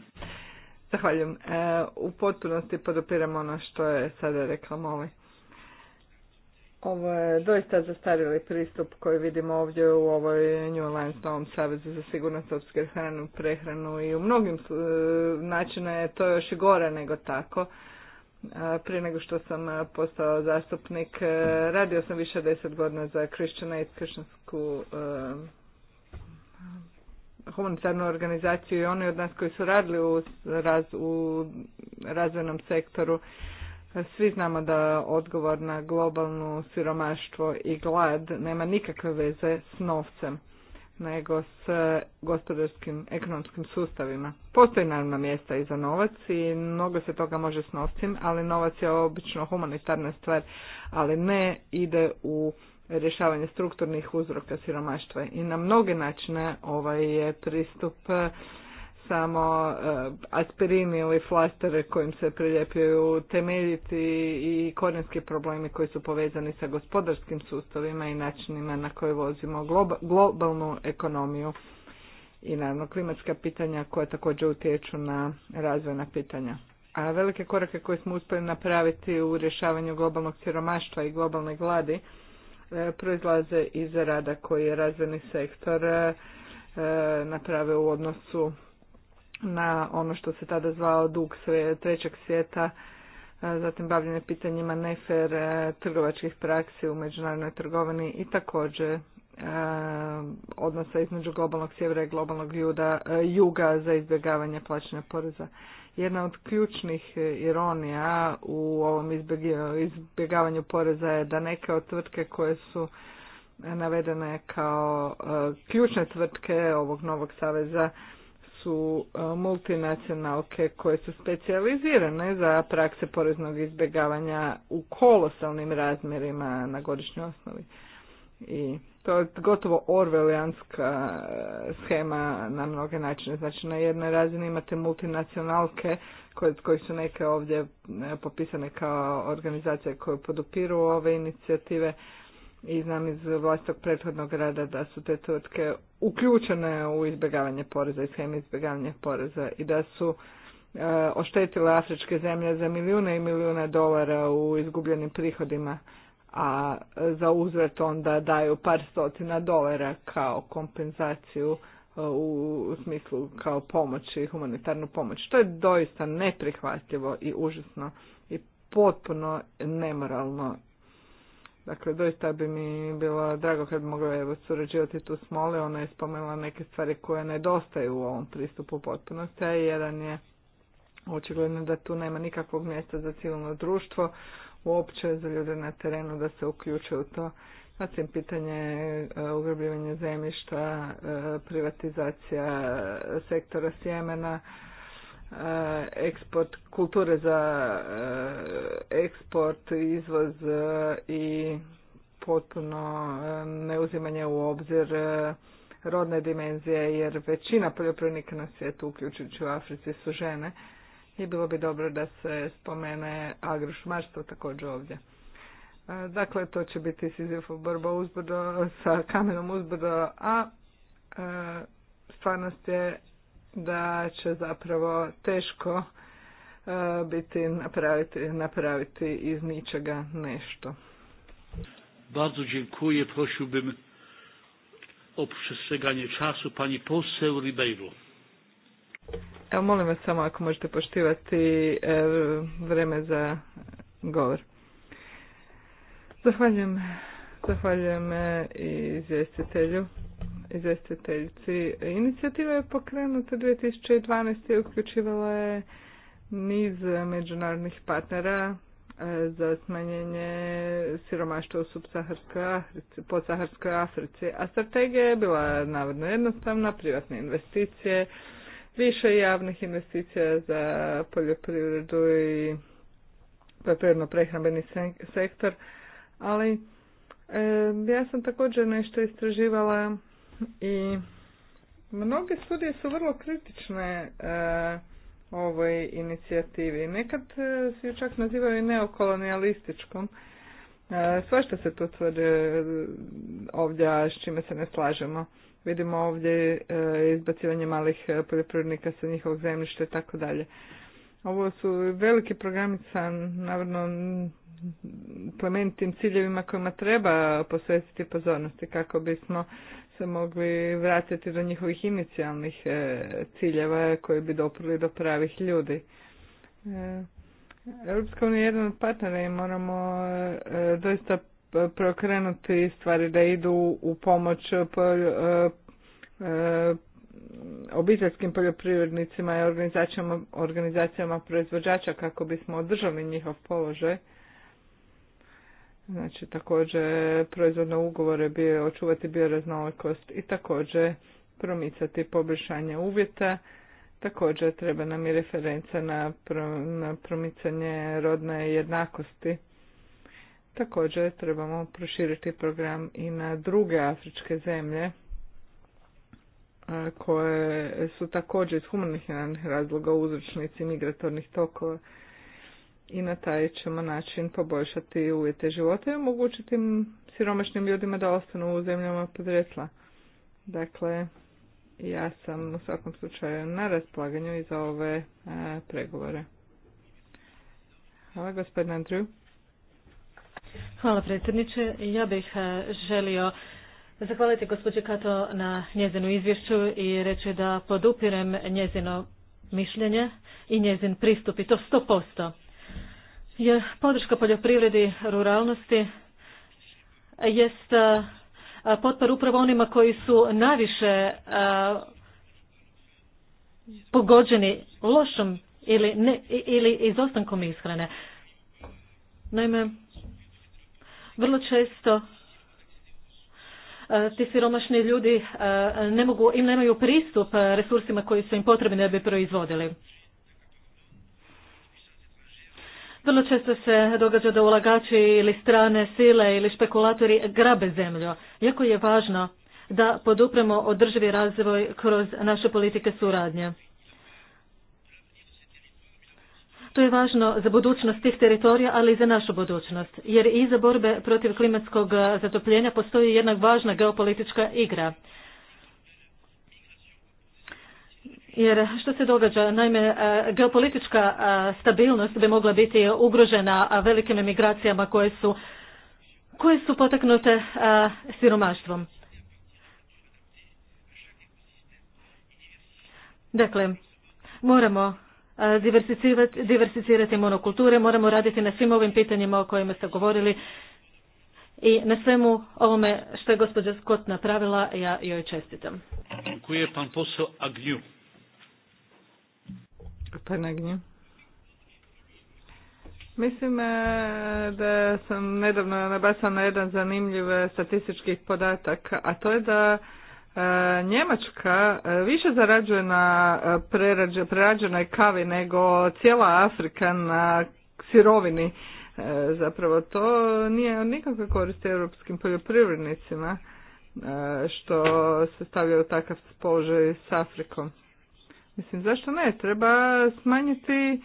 Zahvaljujem. E, u potpunosti podupiramo ono što je sada rekla Moli. Ovo je doista zastarili pristup koji vidimo ovdje u ovoj New Alliance Novom Savezu za sigurnost opske hranu, prehranu i u mnogim e, načina je to još i gore nego tako. E, prije nego što sam postao zastupnik, radio sam više deset godina za Christian Aid, kršćansku humanitarnu organizaciju i oni od nas koji su radili u, raz, u razvojnom sektoru, svi znamo da odgovor na globalno siromaštvo i glad nema nikakve veze s novcem nego s e, gospodarskim, ekonomskim sustavima. Postoji naravno mjesta i za novac i mnogo se toga može s novcem, ali novac je obično humanitarna stvar, ali ne ide u rješavanje strukturnih uzroka siromaštva i na mnoge načine ovaj je pristup e, samo e, aspirini ili flastere kojim se priljepljaju temeljiti i korijenski problemi koji su povezani sa gospodarskim sustavima i načinima na koje vozimo globalnu ekonomiju i naravno klimatska pitanja koja također utječu na razvojna pitanja. A velike korake koje smo uspjeli napraviti u rješavanju globalnog siromaštva i globalne gladi proizlaze iz rada koji je razvojni sektor e, naprave u odnosu na ono što se tada zvao dug trećeg svijeta, e, zatim bavljenje pitanjima nefer e, trgovačkih praksi u međunarodnoj trgovini i također odnosa između globalnog sjevera i globalnog juga za izbjegavanje plaćanja poreza. Jedna od ključnih e, ironija u ovom izbjegavanju poreza je da neke od tvrtke koje su navedene kao e, ključne tvrtke ovog novog saveza su e, multinacionalke koje su specijalizirane za prakse poreznog izbjegavanja u kolosalnim razmjerima na godišnjoj osnovi. I to je gotovo orvelijanska e, schema na mnoge načine. Znači na jednoj razini imate multinacionalke koje, koji su neke ovdje e, popisane kao organizacije koje podupiru ove inicijative i znam iz vlastog prethodnog rada da su te tvrtke uključene u izbjegavanje poreza i scheme izbjegavanja poreza i da su e, oštetile afričke zemlje za milijune i milijune dolara u izgubljenim prihodima a za uzvrat onda daju par stotina dolara kao kompenzaciju e, u smislu kao pomoć i humanitarnu pomoć. To je doista neprihvatljivo i užasno i potpuno nemoralno. Dakle, doista bi mi bilo drago kad bi mogla evo surađivati tu s Mole. Ona je spomenula neke stvari koje nedostaju u ovom pristupu potpunosti, a jedan je očigledno da tu nema nikakvog mjesta za civilno društvo uopće za ljude na terenu da se uključe u to. Zatim pitanje e, ugrabljivanja zemljišta, e, privatizacija e, sektora sjemena, eksport kulture za eksport, izvoz i potpuno neuzimanje u obzir rodne dimenzije jer većina poljoprivrednika na svijetu uključujući u Africi su žene i bilo bi dobro da se spomene agrošumarstvo također ovdje. E, dakle, to će biti Sizifov borba uzbrdo, sa kamenom uzbrdo, a e, stvarnost je da će zapravo teško e, biti napraviti, napraviti iz ničega nešto. Bardzo dziękuję. Prosiłbym o przestrzeganie czasu pani poseł Ribeiro. Evo, molim vas samo ako možete poštivati e, vreme za govor. Zahvaljujem, zahvaljujem e, izvjestitelju, izvjestiteljici. Inicijativa je pokrenuta 2012. i uključivala je niz međunarodnih partnera e, za smanjenje siromaštva u subsaharskoj podsaharskoj Africi. A strategija je bila navodno jednostavna, privatne investicije, više javnih investicija za poljoprivredu i poljoprivredno prehrambeni sektor, ali ja sam također nešto istraživala i mnoge studije su vrlo kritične e, ovoj inicijativi. Nekad se ju čak nazivaju neokolonijalističkom, E, Sve što se tu tvrdi e, ovdje, s čime se ne slažemo. Vidimo ovdje e, izbacivanje malih poljoprivrednika sa njihovog zemljišta i tako dalje. Ovo su veliki programi sa, naravno, plemenitim ciljevima kojima treba posvetiti pozornosti kako bismo se mogli vratiti do njihovih inicijalnih ciljeva koji bi doprili do pravih ljudi. Europska unija je jedan od partnera i moramo e, e, doista prokrenuti stvari da idu u pomoć e, obiteljskim poljoprivrednicima i organizacijama, organizacijama proizvođača kako bismo održali njihov položaj. Znači također proizvodne ugovore bi očuvati bioraznolikost i također promicati poboljšanje uvjeta Također treba nam i referenca na, na promicanje rodne jednakosti. Također trebamo proširiti program i na druge afričke zemlje koje su također iz humanitarnih razloga uzročnici migratornih tokova i na taj ćemo način poboljšati uvjete života i omogućiti siromašnim ljudima da ostanu u zemljama podretla. Dakle, ja sam u svakom slučaju na raspolaganju i za ove e, pregovore. Hvala gospodin Andriju. Hvala predsjedniče. Ja bih e, želio zahvaliti gospođe Kato na njezinu izvješću i reći da podupirem njezino mišljenje i njezin pristup i to 100%. Jer podrška poljoprivredi, ruralnosti jest e, potporu upravo onima koji su najviše pogođeni lošom ili, ne, ili izostankom ishrane. Naime, vrlo često ti siromašni ljudi ne mogu, im nemaju pristup resursima koji su im potrebni da bi proizvodili. Vrlo često se događa da ulagači ili strane sile ili špekulatori grabe zemlju. Jako je važno da podupremo održivi razvoj kroz naše politike suradnje. To je važno za budućnost tih teritorija, ali i za našu budućnost, jer i za borbe protiv klimatskog zatopljenja postoji jedna važna geopolitička igra. Jer što se događa? Naime, e, geopolitička e, stabilnost bi mogla biti ugrožena velikim emigracijama koje su, koje su potaknute e, siromaštvom. Dakle, moramo diversificirati monokulture, moramo raditi na svim ovim pitanjima o kojima ste govorili i na svemu ovome što je gospođa Scott napravila, ja joj čestitam. Dziękuję pan Panagni. Mislim e, da sam nedavno nabasala na jedan zanimljiv statistički podatak, a to je da e, Njemačka e, više zarađuje na prerađenoj kavi nego cijela Afrika na sirovini. Zapravo to nije nikakve koristi europskim poljoprivrednicima što se stavlja u takav položaj s Afrikom. Mislim, zašto ne? Treba smanjiti e,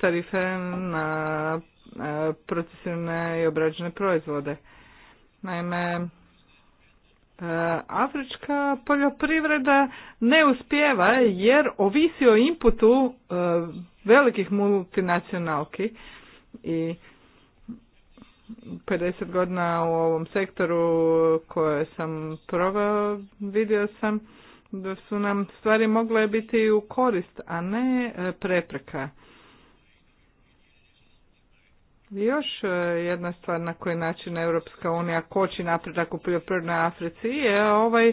tarife na e, procesirane i obrađene proizvode. Naime, e, afrička poljoprivreda ne uspjeva jer ovisi o inputu velikih multinacionalki i 50 godina u ovom sektoru koje sam proveo, vidio sam da su nam stvari mogle biti u korist, a ne e, prepreka. Još e, jedna stvar na koji način Europska unija koči napredak u poljoprivrednoj Africi je ovaj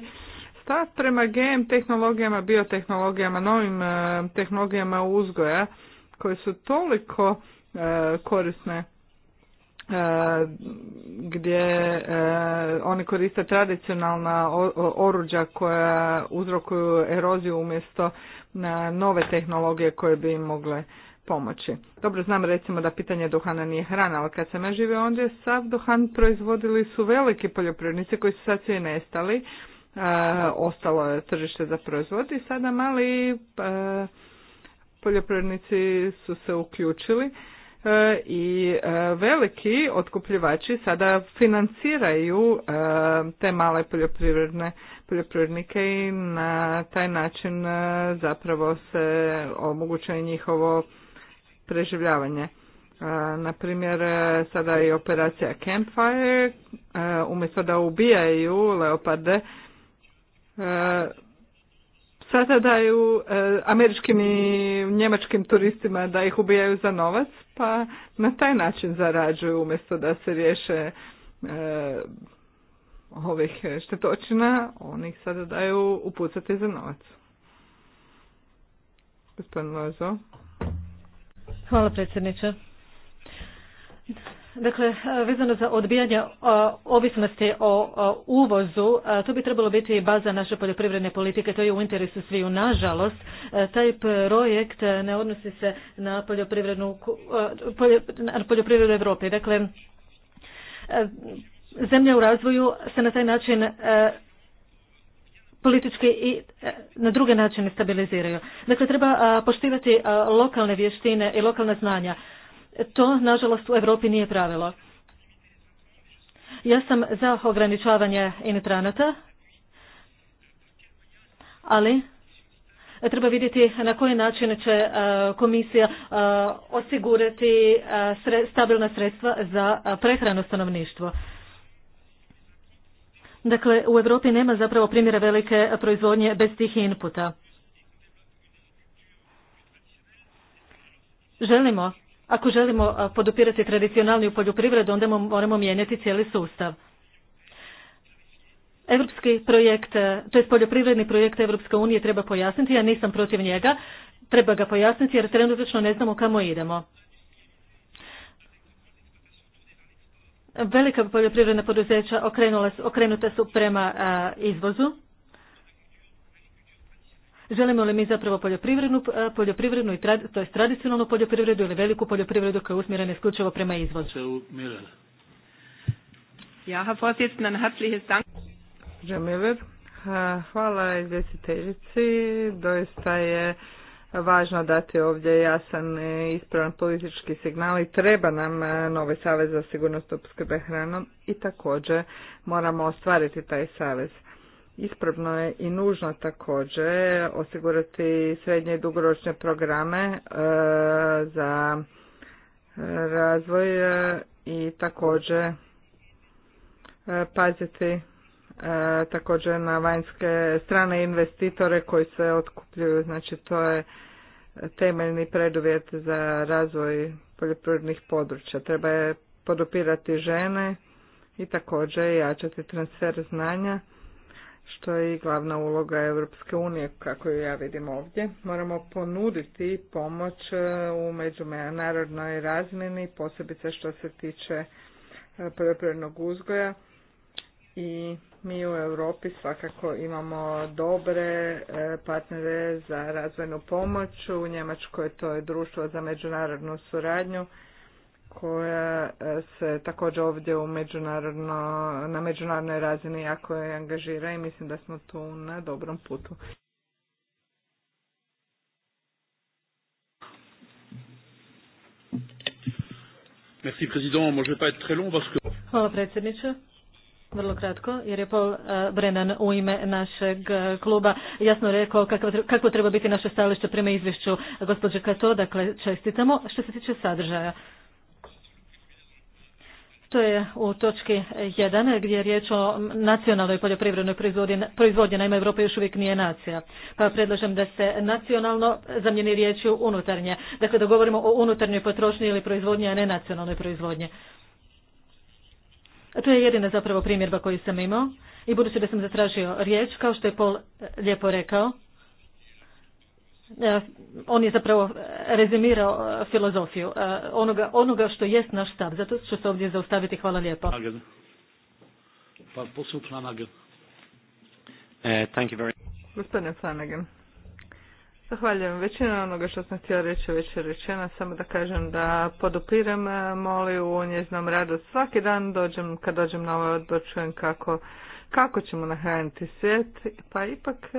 stav prema GM tehnologijama, biotehnologijama, novim e, tehnologijama uzgoja koje su toliko korisne E, gdje e, oni koriste tradicionalna oruđa koja uzrokuju eroziju umjesto e, nove tehnologije koje bi im mogle pomoći. Dobro znam recimo da pitanje duhana nije hrana, ali kad sam ja živio ondje, sav duhan proizvodili su veliki poljoprivrednici koji su sad svi nestali. ostalo je tržište za proizvod i sada mali poljoprivrednici su se uključili E, i e, veliki otkupljivači sada financiraju e, te male poljoprivredne poljoprivrednike i na taj način zapravo se omogućuje njihovo preživljavanje. Na primjer, sada je operacija Campfire, umjesto da ubijaju leoparde, sada daju e, američkim i njemačkim turistima da ih ubijaju za novac, pa na taj način zarađuju umjesto da se riješe e, ovih štetočina, oni ih sada daju upucati za novac. Gospodin Lozo. Hvala predsjedniče. Dakle, e, vezano za odbijanje e, ovisnosti o e, uvozu, to bi trebalo biti i baza naše poljoprivredne politike, to je u interesu sviju. Nažalost, taj projekt ne odnosi se na poljoprivrednu, na poljoprivredu Dakle, zemlje u razvoju se na taj način politički i na druge načine stabiliziraju. Dakle, treba poštivati lokalne vještine i lokalna znanja. To, nažalost, u Europi nije pravilo. Ja sam za ograničavanje intraneta, ali e, treba vidjeti na koji način će e, komisija e, osigurati stabilna sredstva za prehranu stanovništvo. Dakle, u Europi nema zapravo primjera velike proizvodnje bez tih inputa. Želimo ako želimo podupirati tradicionalniju poljoprivredu, onda moramo mijenjati cijeli sustav. Europski projekt, to je poljoprivredni projekt Europske unije treba pojasniti, ja nisam protiv njega, treba ga pojasniti jer trenutno ne znamo kamo idemo. Velika poljoprivredna poduzeća okrenuta su prema izvozu. Želimo li mi zapravo poljoprivrednu, e, poljoprivrednu i to je tradicionalnu poljoprivredu ili veliku poljoprivredu koja je usmjerena isključivo prema izvozu? Ja, Herr herzliches Hvala izvjestiteljici. Doista je važno dati ovdje jasan ispravan politički signal i treba nam e, novi savez za sigurnost opskrbe hranom i također moramo ostvariti taj savez. Ispravno je i nužno također osigurati srednje i dugoročne programe e, za e, razvoj e, i također paziti također na vanjske strane investitore koji se otkupljuju. Znači to je temeljni preduvjet za razvoj poljoprivrednih područja. Treba je podupirati žene i također jačati transfer znanja što je i glavna uloga Europske unije, kako ju ja vidim ovdje. Moramo ponuditi pomoć e, u međunarodnoj razmjeni, posebice što se tiče e, poljoprivrednog uzgoja i mi u Europi svakako imamo dobre e, partnere za razvojnu pomoć. U Njemačkoj to je društvo za međunarodnu suradnju koja e, se također ovdje u međunarodno, na međunarodnoj razini jako je angažira i mislim da smo tu na dobrom putu. Merci président, moi je vais pas être Hvala predsjedniče. Vrlo kratko, jer je Paul e, Brennan u ime našeg e, kluba jasno rekao kako treba biti naše stajalište prema izvješću gospođe Kato, dakle čestitamo. Što se tiče sadržaja, to je u točki 1 gdje je riječ o nacionalnoj poljoprivrednoj proizvodnji. Naime, Evropa još uvijek nije nacija. Pa predlažem da se nacionalno zamijeni riječju unutarnje. Dakle, da govorimo o unutarnjoj potrošnji ili proizvodnji, a ne nacionalnoj proizvodnji. To je jedina zapravo primjerba koju sam imao i budući da sam zatražio riječ, kao što je Pol lijepo rekao, E, on je zapravo rezimirao e, filozofiju e, onoga, onoga što jest naš stav. Zato ću se ovdje zaustaviti. Hvala lijepo. Pa Gospodine Flanagan, zahvaljujem. Većina onoga što sam htjela reći već je rečena, samo da kažem da podupiram moli u njeznom radu. Svaki dan dođem, kad dođem na ovaj odbor, čujem kako, kako ćemo nahraniti svijet, pa ipak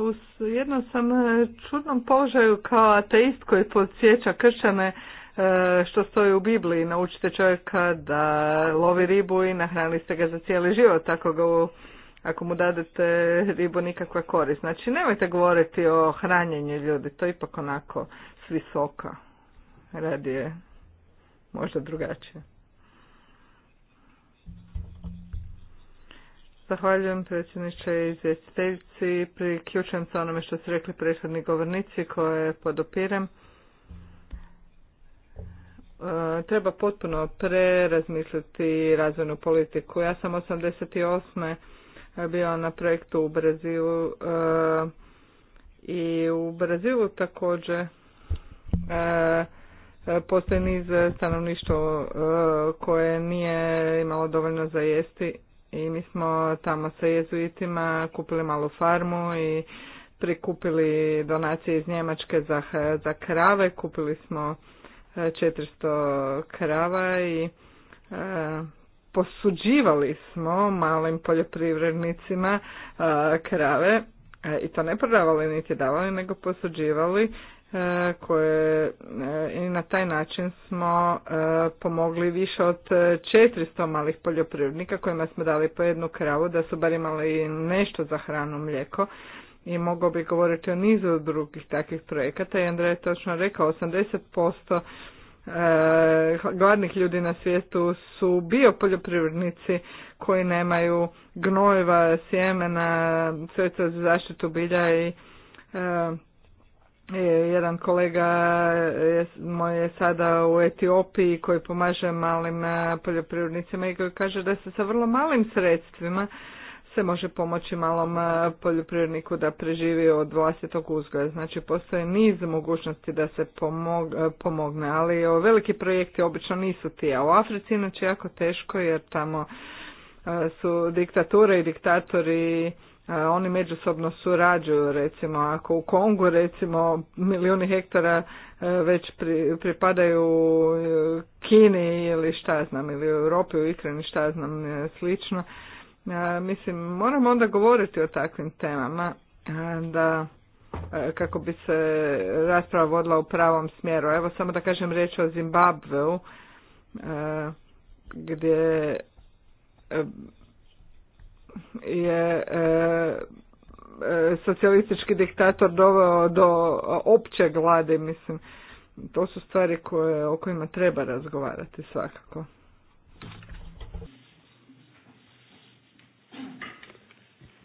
u jednom sam e, čudnom položaju kao ateist koji podsjeća kršćane e, što stoji u Bibliji. Naučite čovjeka da lovi ribu i nahrani ste ga za cijeli život. Tako ga u, ako mu dadete ribu nikakva korist. Znači nemojte govoriti o hranjenju ljudi. To je ipak onako s visoka. je možda drugačije. Zahvaljujem predsjedniče i izvjestiteljici. Priključujem se onome što su rekli prethodni govornici koje podopirem. E, treba potpuno prerazmisliti razvojnu politiku. Ja sam 88. bio na projektu u Brazilu e, i u Brazilu također e, postoji niz stanovništvo koje nije imalo dovoljno za jesti i mi smo tamo sa jezuitima kupili malu farmu i prikupili donacije iz Njemačke za, za krave, kupili smo 400 e, krava i e, posuđivali smo malim poljoprivrednicima e, krave i to ne prodavali niti davali nego posuđivali E, koje e, i na taj način smo e, pomogli više od 400 malih poljoprivrednika kojima smo dali po jednu kravu da su bar imali nešto za hranu mlijeko i mogao bi govoriti o nizu drugih takvih projekata i Andrej je točno rekao 80% gladnih ljudi na svijetu su bio poljoprivrednici koji nemaju gnojeva sjemena, sredstva za zaštitu bilja i E, jedan kolega je, moj je sada u Etiopiji koji pomaže malim e, poljoprivrednicima i koji kaže da se sa vrlo malim sredstvima se može pomoći malom e, poljoprivredniku da preživi od vlastitog uzgoja. Znači postoje niz mogućnosti da se pomogne, ali veliki projekti obično nisu ti, a u Africi inače jako teško jer tamo su diktature i diktatori E, oni međusobno surađuju recimo ako u Kongu recimo milijuni hektara e, već pri, pripadaju e, Kini ili šta znam ili u Europi u Ikrani šta znam slično mislim moramo onda govoriti o takvim temama da kako bi se rasprava vodila u pravom smjeru. Evo samo da kažem riječ o Zimbabveu gdje je e, e, socijalistički diktator doveo do opće glade, mislim. To su stvari koje, o kojima treba razgovarati svakako.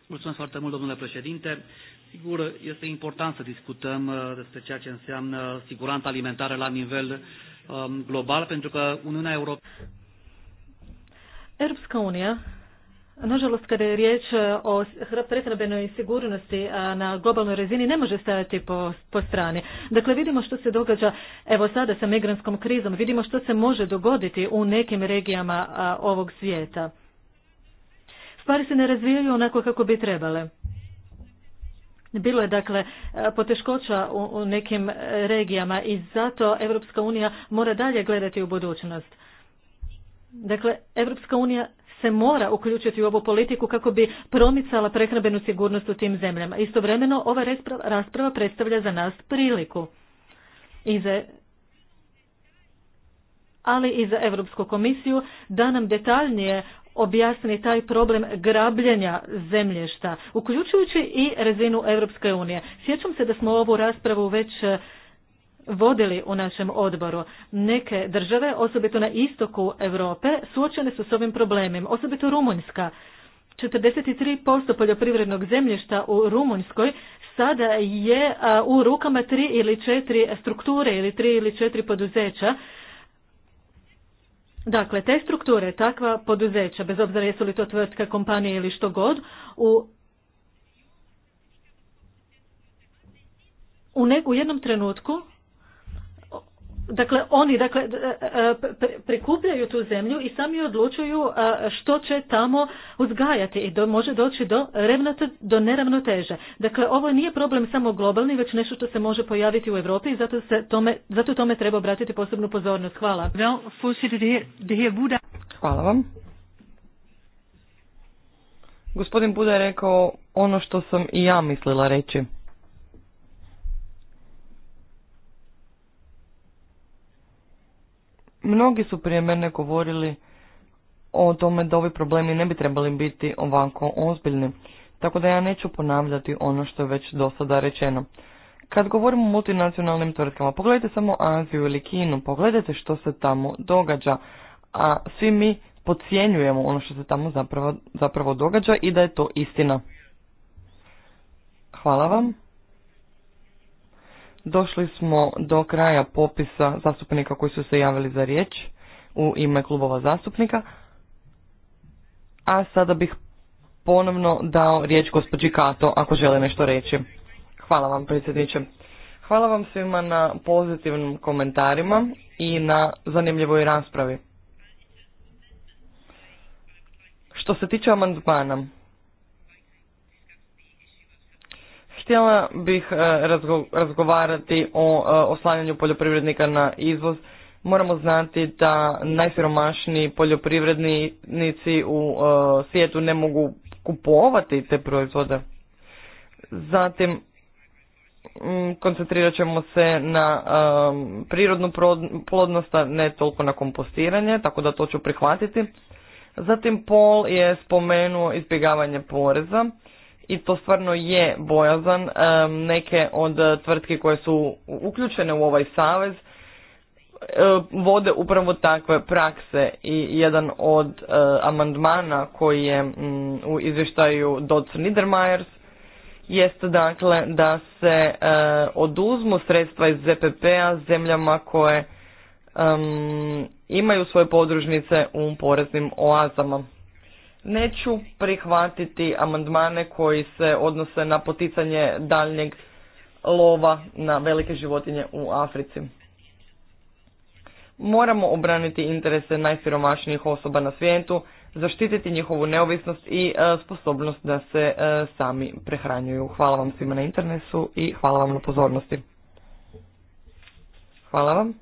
Mulțumesc foarte mult, domnule președinte. Sigur, este important să discutăm uh, despre ceea ce înseamnă siguranța alimentară la nivel um, global, pentru că Uniunea Europeană... Europska unija Nažalost, kada je riječ e, o prehrambenoj sigurnosti na globalnoj razini, ne može stajati po, po strani. Dakle, vidimo što se događa evo sada sa migranskom krizom, vidimo što se može dogoditi u nekim regijama ovog svijeta. Stvari se ne razvijaju onako kako bi trebale. Bilo je dakle e, poteškoća u, u nekim regijama i zato Europska unija mora dalje gledati u budućnost. Dakle, Europska unija se mora uključiti u ovu politiku kako bi promicala prehrambenu sigurnost u tim zemljama. Istovremeno ova rasprava predstavlja za nas priliku. I za ali i za Europsku komisiju da nam detaljnije objasni taj problem grabljenja zemlješta, uključujući i rezinu Europske unije. Sjećam se da smo ovu raspravu već vodili u našem odboru. Neke države, osobito na istoku Europe, suočene su s ovim problemom, osobito Rumunjska. 43% poljoprivrednog zemljišta u Rumunjskoj sada je u rukama tri ili četiri strukture ili tri ili četiri poduzeća. Dakle, te strukture, takva poduzeća, bez obzira jesu li to tvrtka, kompanije ili što god, u u jednom trenutku Dakle, oni dakle, e, e, prikupljaju tu zemlju i sami odlučuju e, što će tamo uzgajati i do, može doći do, do neravnoteže. Dakle, ovo nije problem samo globalni, već nešto što se može pojaviti u Europi i zato, se tome, zato tome treba obratiti posebnu pozornost. Hvala. Hvala vam. Gospodin Buda je rekao ono što sam i ja mislila reći. Mnogi su prije mene govorili o tome da ovi problemi ne bi trebali biti ovako ozbiljni, tako da ja neću ponavljati ono što je već do sada rečeno. Kad govorimo o multinacionalnim tvrtkama, pogledajte samo Aziju ili Kinu, pogledajte što se tamo događa, a svi mi podcjenjujemo ono što se tamo zapravo, zapravo događa i da je to istina. Hvala vam. Došli smo do kraja popisa zastupnika koji su se javili za riječ u ime klubova zastupnika. A sada bih ponovno dao riječ gospođi Kato ako žele nešto reći. Hvala vam predsjedniče. Hvala vam svima na pozitivnim komentarima i na zanimljivoj raspravi. Što se tiče amandmana, Htjela bih e, razgovarati o e, oslanjanju poljoprivrednika na izvoz. Moramo znati da najsiromašniji poljoprivrednici u e, svijetu ne mogu kupovati te proizvode. Zatim, koncentrirat ćemo se na prirodnu plodnost, a ne toliko na kompostiranje, tako da to ću prihvatiti. Zatim Pol je spomenuo izbjegavanje poreza i to stvarno je bojazan. Neke od e, tvrtki koje su uključene u ovaj savez e, vode upravo takve prakse i jedan od e, amandmana koji je u izvještaju Doc Niedermayers jest dakle da se oduzmu sredstva iz ZPP-a zemljama koje imaju svoje podružnice u poreznim oazama neću prihvatiti amandmane koji se odnose na poticanje daljnjeg lova na velike životinje u Africi. Moramo obraniti interese najsiromašnijih osoba na svijetu, zaštititi njihovu neovisnost i e, sposobnost da se e, sami prehranjuju. Hvala vam svima na internetu i hvala vam na pozornosti. Hvala vam.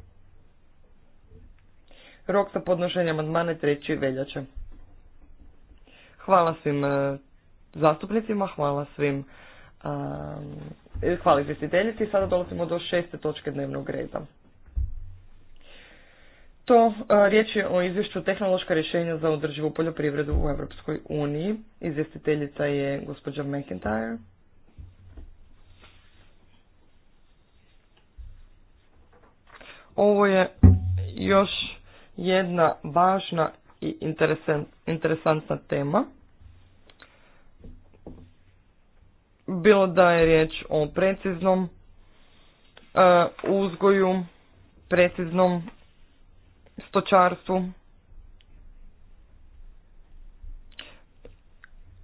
Rok za podnošenje amandmana treći 3. veljače. Hvala svim e, zastupnicima, hvala svim e, hvala izvjestiteljici. Sada dolazimo do šeste točke dnevnog reda. To e, riječ je o izvješću tehnološka rješenja za održivu poljoprivredu u Europskoj uniji. Izvjestiteljica je gospođa McIntyre. Ovo je još jedna važna i interesantna tema. Bilo da je riječ o preciznom e, uzgoju, preciznom stočarstvu.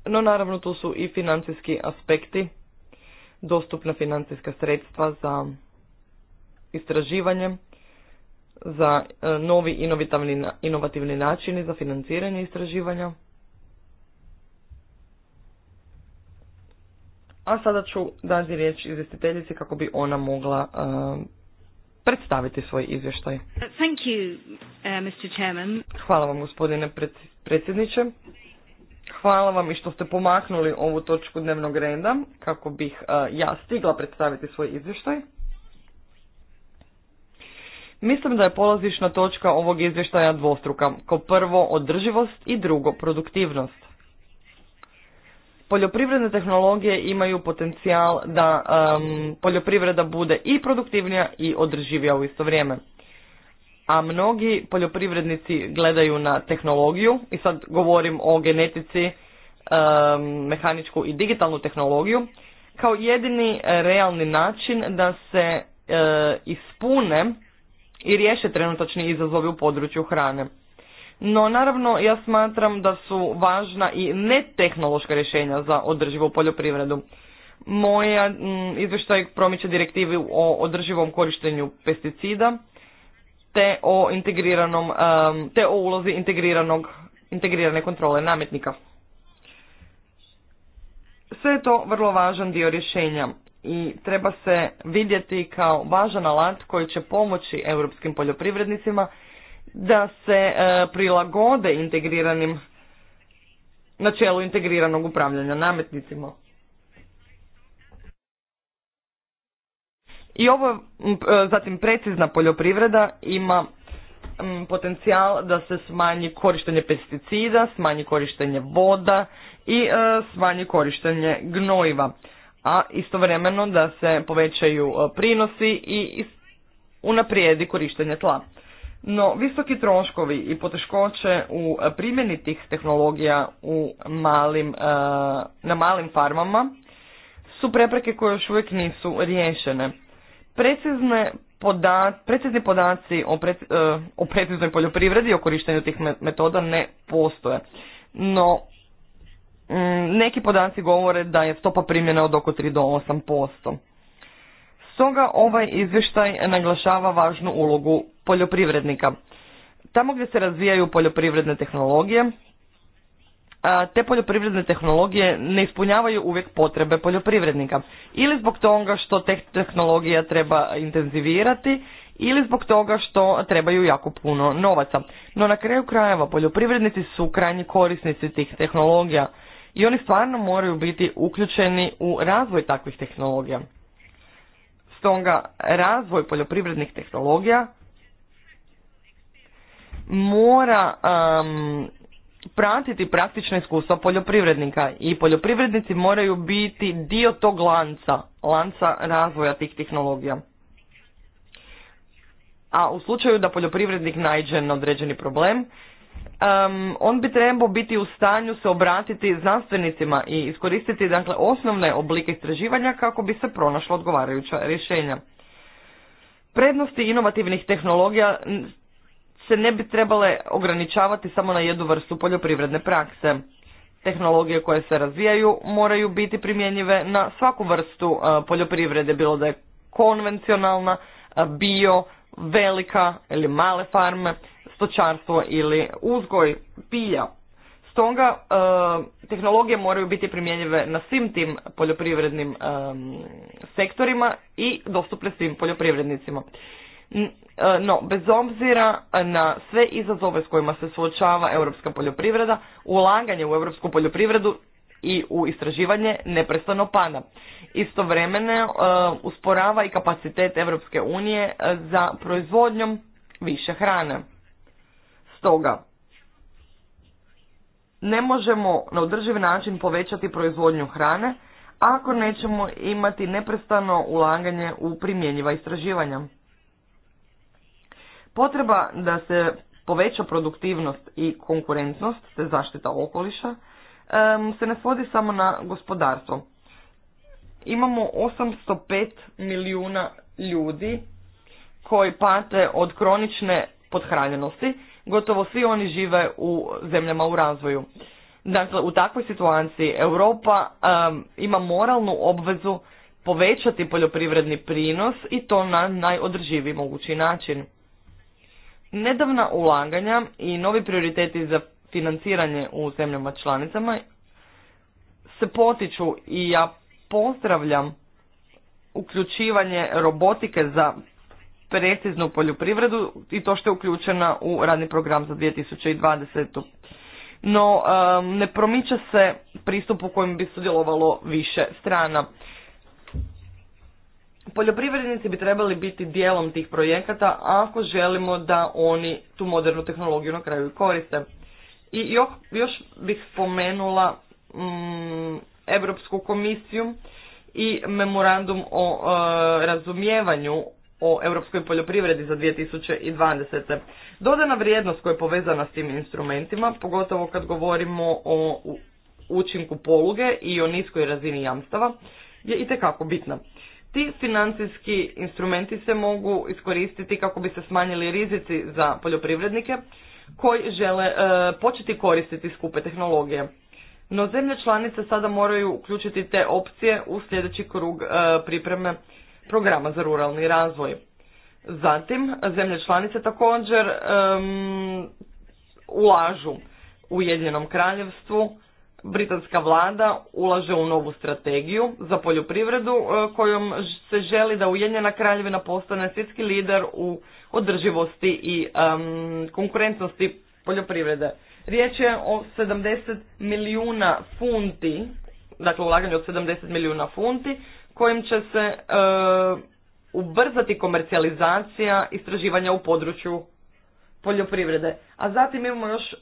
No naravno tu su i financijski aspekti, dostupna financijska sredstva za istraživanje za e, novi inovativni načini za financiranje istraživanja. A sada ću dati riječ izvjestiteljici kako bi ona mogla e, predstaviti svoj izvještaj. E, Hvala vam gospodine predsjedniče. Hvala vam i što ste pomaknuli ovu točku dnevnog reda kako bih ja stigla predstaviti svoj izvještaj. Mislim da je polazišna točka ovog izvještaja dvostruka, ko prvo održivost i drugo produktivnost. Poljoprivredne tehnologije imaju potencijal da poljoprivreda bude i produktivnija i održivija u isto vrijeme. A mnogi poljoprivrednici gledaju na tehnologiju i sad govorim o genetici, um, mehaničku i digitalnu tehnologiju kao jedini realni način da se eh, ispune i riješe trenutačni izazovi u području hrane. No naravno ja smatram da su važna i netehnološka rješenja za održivu poljoprivredu. Moja mm, izvještaj promiče direktivu o održivom korištenju pesticida te o integriranom te o ulozi integriranog integrirane kontrole nametnika. Sve je to vrlo važan dio rješenja, i treba se vidjeti kao važan alat koji će pomoći europskim poljoprivrednicima da se e, prilagode integriranim načelu integriranog upravljanja nametnicima. I ovo, e, zatim precizna poljoprivreda ima potencijal da se smanji korištenje pesticida, smanji korištenje voda i e, smanji korištenje gnojiva a istovremeno da se povećaju e, prinosi i unaprijedi korištenje tla. No, visoki troškovi i poteškoće u e, primjeni tih tehnologija u malim, e, na malim farmama su prepreke koje još uvijek nisu riješene. Precizne precizni podaci o, o preciznoj poljoprivredi i o korištenju tih metoda ne postoje. No, Mm, neki podaci govore da je stopa primjena od oko 3 do 8%. Stoga ovaj izvještaj naglašava važnu ulogu poljoprivrednika. Tamo gdje se razvijaju poljoprivredne tehnologije, te poljoprivredne tehnologije ne ispunjavaju uvijek potrebe poljoprivrednika. Ili zbog toga što te tehnologija treba intenzivirati, ili zbog toga što trebaju jako puno novaca. No na kraju krajeva poljoprivrednici su krajnji korisnici tih tehnologija i oni stvarno moraju biti uključeni u razvoj takvih tehnologija. Stoga razvoj poljoprivrednih tehnologija mora um, pratiti praktično iskustva poljoprivrednika i poljoprivrednici moraju biti dio tog lanca, lanca razvoja tih tehnologija. A u slučaju da poljoprivrednik naiđe na određeni problem, um, on bi trebao biti u stanju se obratiti znanstvenicima i iskoristiti dakle osnovne oblike istraživanja kako bi se pronašla odgovarajuća rješenja. Prednosti inovativnih tehnologija se ne bi trebale ograničavati samo na jednu vrstu poljoprivredne prakse. Tehnologije koje se razvijaju moraju biti primjenjive na svaku vrstu e, poljoprivrede, bilo da je konvencionalna, e, bio, velika ili male farme, stočarstvo ili uzgoj pilja. Stoga e, tehnologije moraju biti primjenjive na svim tim poljoprivrednim e, sektorima i dostupne svim poljoprivrednicima. E, no, bez obzira na sve izazove s kojima se suočava europska poljoprivreda, ulaganje u europsku poljoprivredu i u istraživanje neprestano pada. Istovremeno usporava i kapacitet Europske unije za proizvodnjom više hrane. Stoga, ne možemo na održiv način povećati proizvodnju hrane ako nećemo imati neprestano ulaganje u primjenjiva istraživanja. Potreba da se poveća produktivnost i konkurentnost te zaštita okoliša se ne svodi samo na gospodarstvo. Imamo 805 milijuna ljudi koji pate od kronične podhranjenosti gotovo svi oni žive u zemljama u razvoju. Dakle, u takvoj situaciji Europa ima moralnu obvezu povećati poljoprivredni prinos i to na najodrživiji mogući način. Nedavna ulaganja i novi prioriteti za financiranje u zemljama članicama se potiču i ja pozdravljam uključivanje robotike za preciznu poljoprivredu i to što je uključena u radni program za 2020. No, ne promiče se pristup u kojem bi sudjelovalo više strana. Poljoprivrednici bi trebali biti dijelom tih projekata ako želimo da oni tu modernu tehnologiju na kraju koriste. I još, bih spomenula mm, Europsku komisiju i memorandum o e, razumijevanju o europskoj poljoprivredi za 2020. Dodana vrijednost koja je povezana s tim instrumentima, pogotovo kad govorimo o učinku poluge i o niskoj razini jamstava, je itekako bitna. Ti financijski instrumenti se mogu iskoristiti kako bi se smanjili rizici za poljoprivrednike koji žele e, početi koristiti skupe tehnologije. No zemlje članice sada moraju uključiti te opcije u sljedeći krug e, pripreme programa za ruralni razvoj. Zatim, zemlje članice također um, ulažu u Jedinom kraljevstvu. Britanska vlada ulaže u novu strategiju za poljoprivredu e, kojom se želi da Ujedinjena kraljevina postane svjetski lider u održivosti i um, konkurentnosti poljoprivrede. Riječ je o 70 milijuna funti, dakle ulaganje od 70 milijuna funti kojim će se e, ubrzati komercijalizacija istraživanja u području poljoprivrede. A zatim imamo još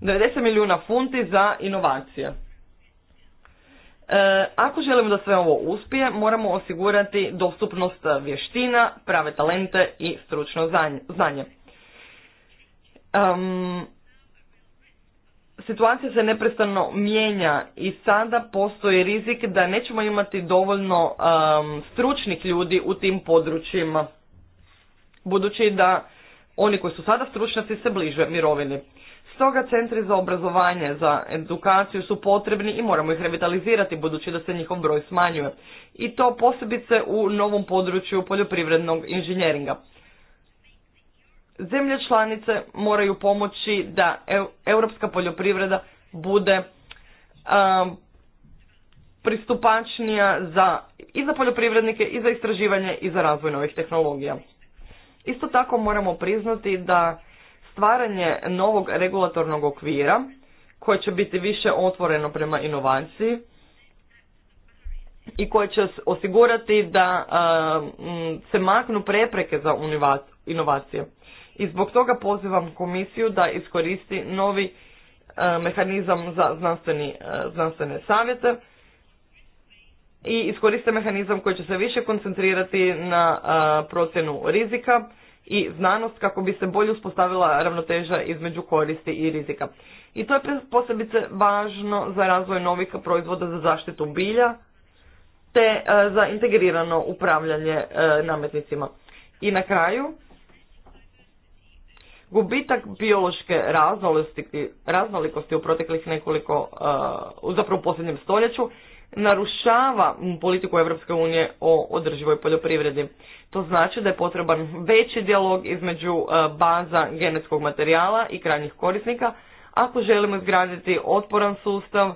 90 milijuna funti za inovacije. E, ako želimo da sve ovo uspije, moramo osigurati dostupnost vještina, prave talente i stručno znanje. Um, situacija se neprestano mijenja i sada postoji rizik da nećemo imati dovoljno um, stručnih ljudi u tim područjima, budući da oni koji su sada stručnjaci se bliže mirovini. Stoga centri za obrazovanje, za edukaciju su potrebni i moramo ih revitalizirati budući da se njihov broj smanjuje. I to posebice u novom području poljoprivrednog inženjeringa zemlje članice moraju pomoći da europska poljoprivreda bude um, pristupačnija za, i za poljoprivrednike i za istraživanje i za razvoj novih tehnologija. Isto tako moramo priznati da stvaranje novog regulatornog okvira koje će biti više otvoreno prema inovaciji i koje će osigurati da um, se maknu prepreke za inovacije. I zbog toga pozivam komisiju da iskoristi novi e, mehanizam za znanstveni, e, znanstvene savjete i iskoriste mehanizam koji će se više koncentrirati na e, procjenu rizika i znanost kako bi se bolje uspostavila ravnoteža između koristi i rizika. I to je posebice važno za razvoj novih proizvoda za zaštitu bilja te za integrirano upravljanje nametnicima. I na kraju, Gubitak biološke raznolikosti u proteklih nekoliko, e, zapravo u posljednjem stoljeću, narušava politiku Europske unije o održivoj poljoprivredi. To znači da je potreban veći dijalog između e, baza genetskog materijala i krajnjih korisnika ako želimo izgraditi otporan sustav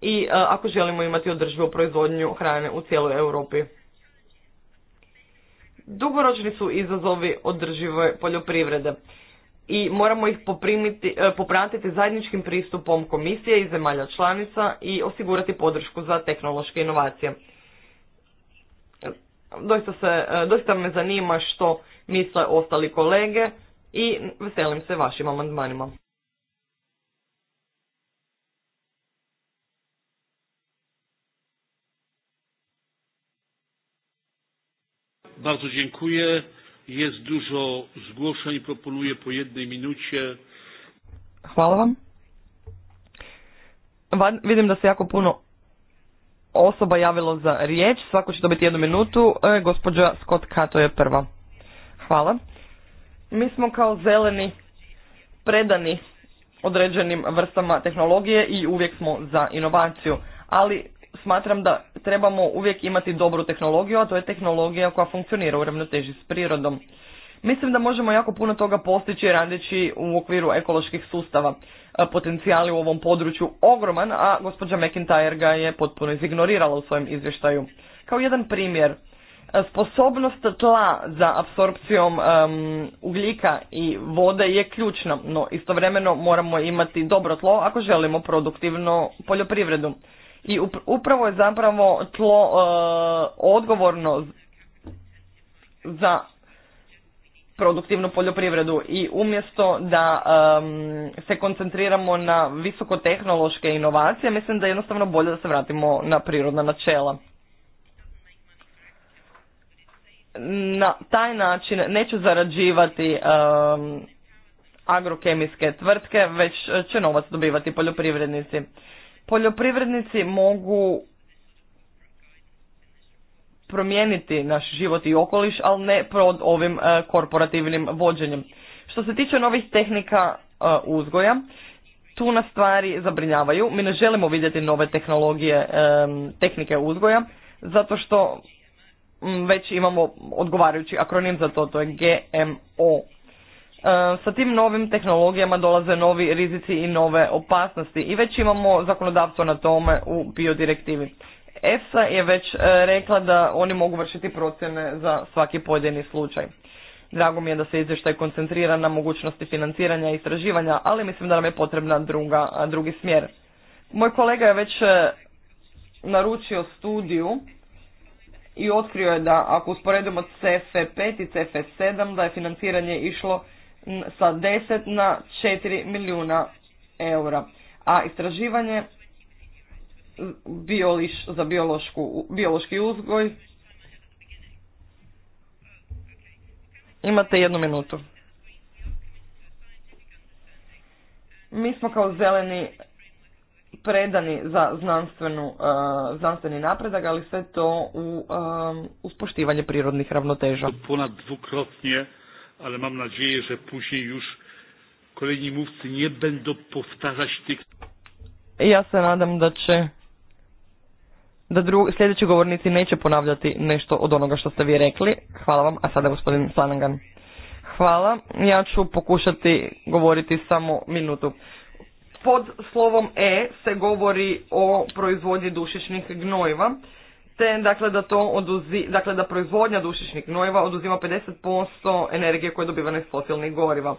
i e, ako želimo imati održivu proizvodnju hrane u cijeloj Europi. Dugoročni su izazovi održive poljoprivrede i moramo ih poprimiti, e, popratiti zajedničkim pristupom komisije i zemalja članica i osigurati podršku za tehnološke inovacije. Doista, e, me zanima što misle ostali kolege i veselim se vašim amandmanima. Bardzo dziękuję. Jest dużo zgłoszeń, proponuję po jednej minucie. Hvala vam. Van, vidim da se jako puno osoba javilo za riječ. Svako će dobiti jednu minutu. E, gospođa Scott Kato je prva. Hvala. Mi smo kao zeleni predani određenim vrstama tehnologije i uvijek smo za inovaciju. Ali smatram da trebamo uvijek imati dobru tehnologiju, a to je tehnologija koja funkcionira u ravnoteži s prirodom. Mislim da možemo jako puno toga postići radeći u okviru ekoloških sustava. E, potencijal je u ovom području ogroman, a gospođa McIntyre ga je potpuno izignorirala u svojem izvještaju. Kao jedan primjer, e, sposobnost tla za apsorpcijom ugljika i vode je ključna, no istovremeno moramo imati dobro tlo ako želimo produktivno poljoprivredu i upravo je zapravo tlo e, odgovorno za produktivnu poljoprivredu i umjesto da se koncentriramo na visokotehnološke inovacije, mislim da je jednostavno bolje da se vratimo na prirodna načela. Na taj način neće zarađivati agrokemijske tvrtke, već će novac dobivati poljoprivrednici. Poljoprivrednici mogu promijeniti naš život i okoliš, ali ne pod ovim e, korporativnim vođenjem. Što se tiče novih tehnika e, uzgoja, tu nas stvari zabrinjavaju. Mi ne želimo vidjeti nove tehnologije, e, tehnike uzgoja, zato što već imamo odgovarajući akronim za to, to je GMO E, sa tim novim tehnologijama dolaze novi rizici i nove opasnosti i već imamo zakonodavstvo na tome u biodirektivi. EFSA je već e, rekla da oni mogu vršiti procjene za svaki pojedini slučaj. Drago mi je da se izvještaj koncentrira na mogućnosti financiranja i istraživanja, ali mislim da nam je potrebna druga, drugi smjer. Moj kolega je već e, naručio studiju i otkrio je da ako usporedimo CF5 i CF7 da je financiranje išlo sa 10 na 4 milijuna eura. A istraživanje bioliš, za biološki uzgoj. Imate jednu minutu. Mi smo kao zeleni predani za znanstvenu, e, znanstveni napredak, ali sve to u, e, uspoštivanje prirodnih ravnoteža. Ponad dvukrotnije ale mam nadzieję, że później już kolejni mówcy nie będą powtarzać tych... Ja se nadam da će da drugi, sljedeći govornici neće ponavljati nešto od onoga što ste vi rekli. Hvala vam, a sada gospodin Slanagan. Hvala, ja ću pokušati govoriti samo minutu. Pod slovom E se govori o proizvodnji dušičnih gnojiva te dakle da to oduzi, dakle da proizvodnja dušičnih gnojeva oduzima 50% energije koje dobivane iz fosilnih goriva.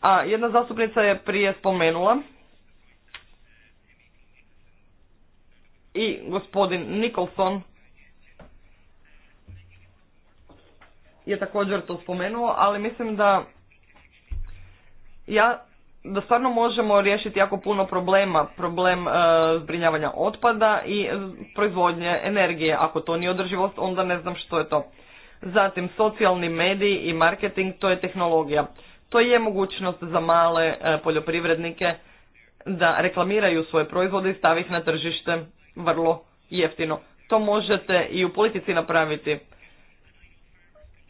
A jedna zastupnica je prije spomenula i gospodin Nicholson je također to spomenuo, ali mislim da ja da stvarno možemo riješiti jako puno problema, problem e, zbrinjavanja otpada i e, proizvodnje energije. Ako to nije održivost, onda ne znam što je to. Zatim, socijalni mediji i marketing, to je tehnologija. To je mogućnost za male e, poljoprivrednike da reklamiraju svoje proizvode i stavi ih na tržište vrlo jeftino. To možete i u politici napraviti.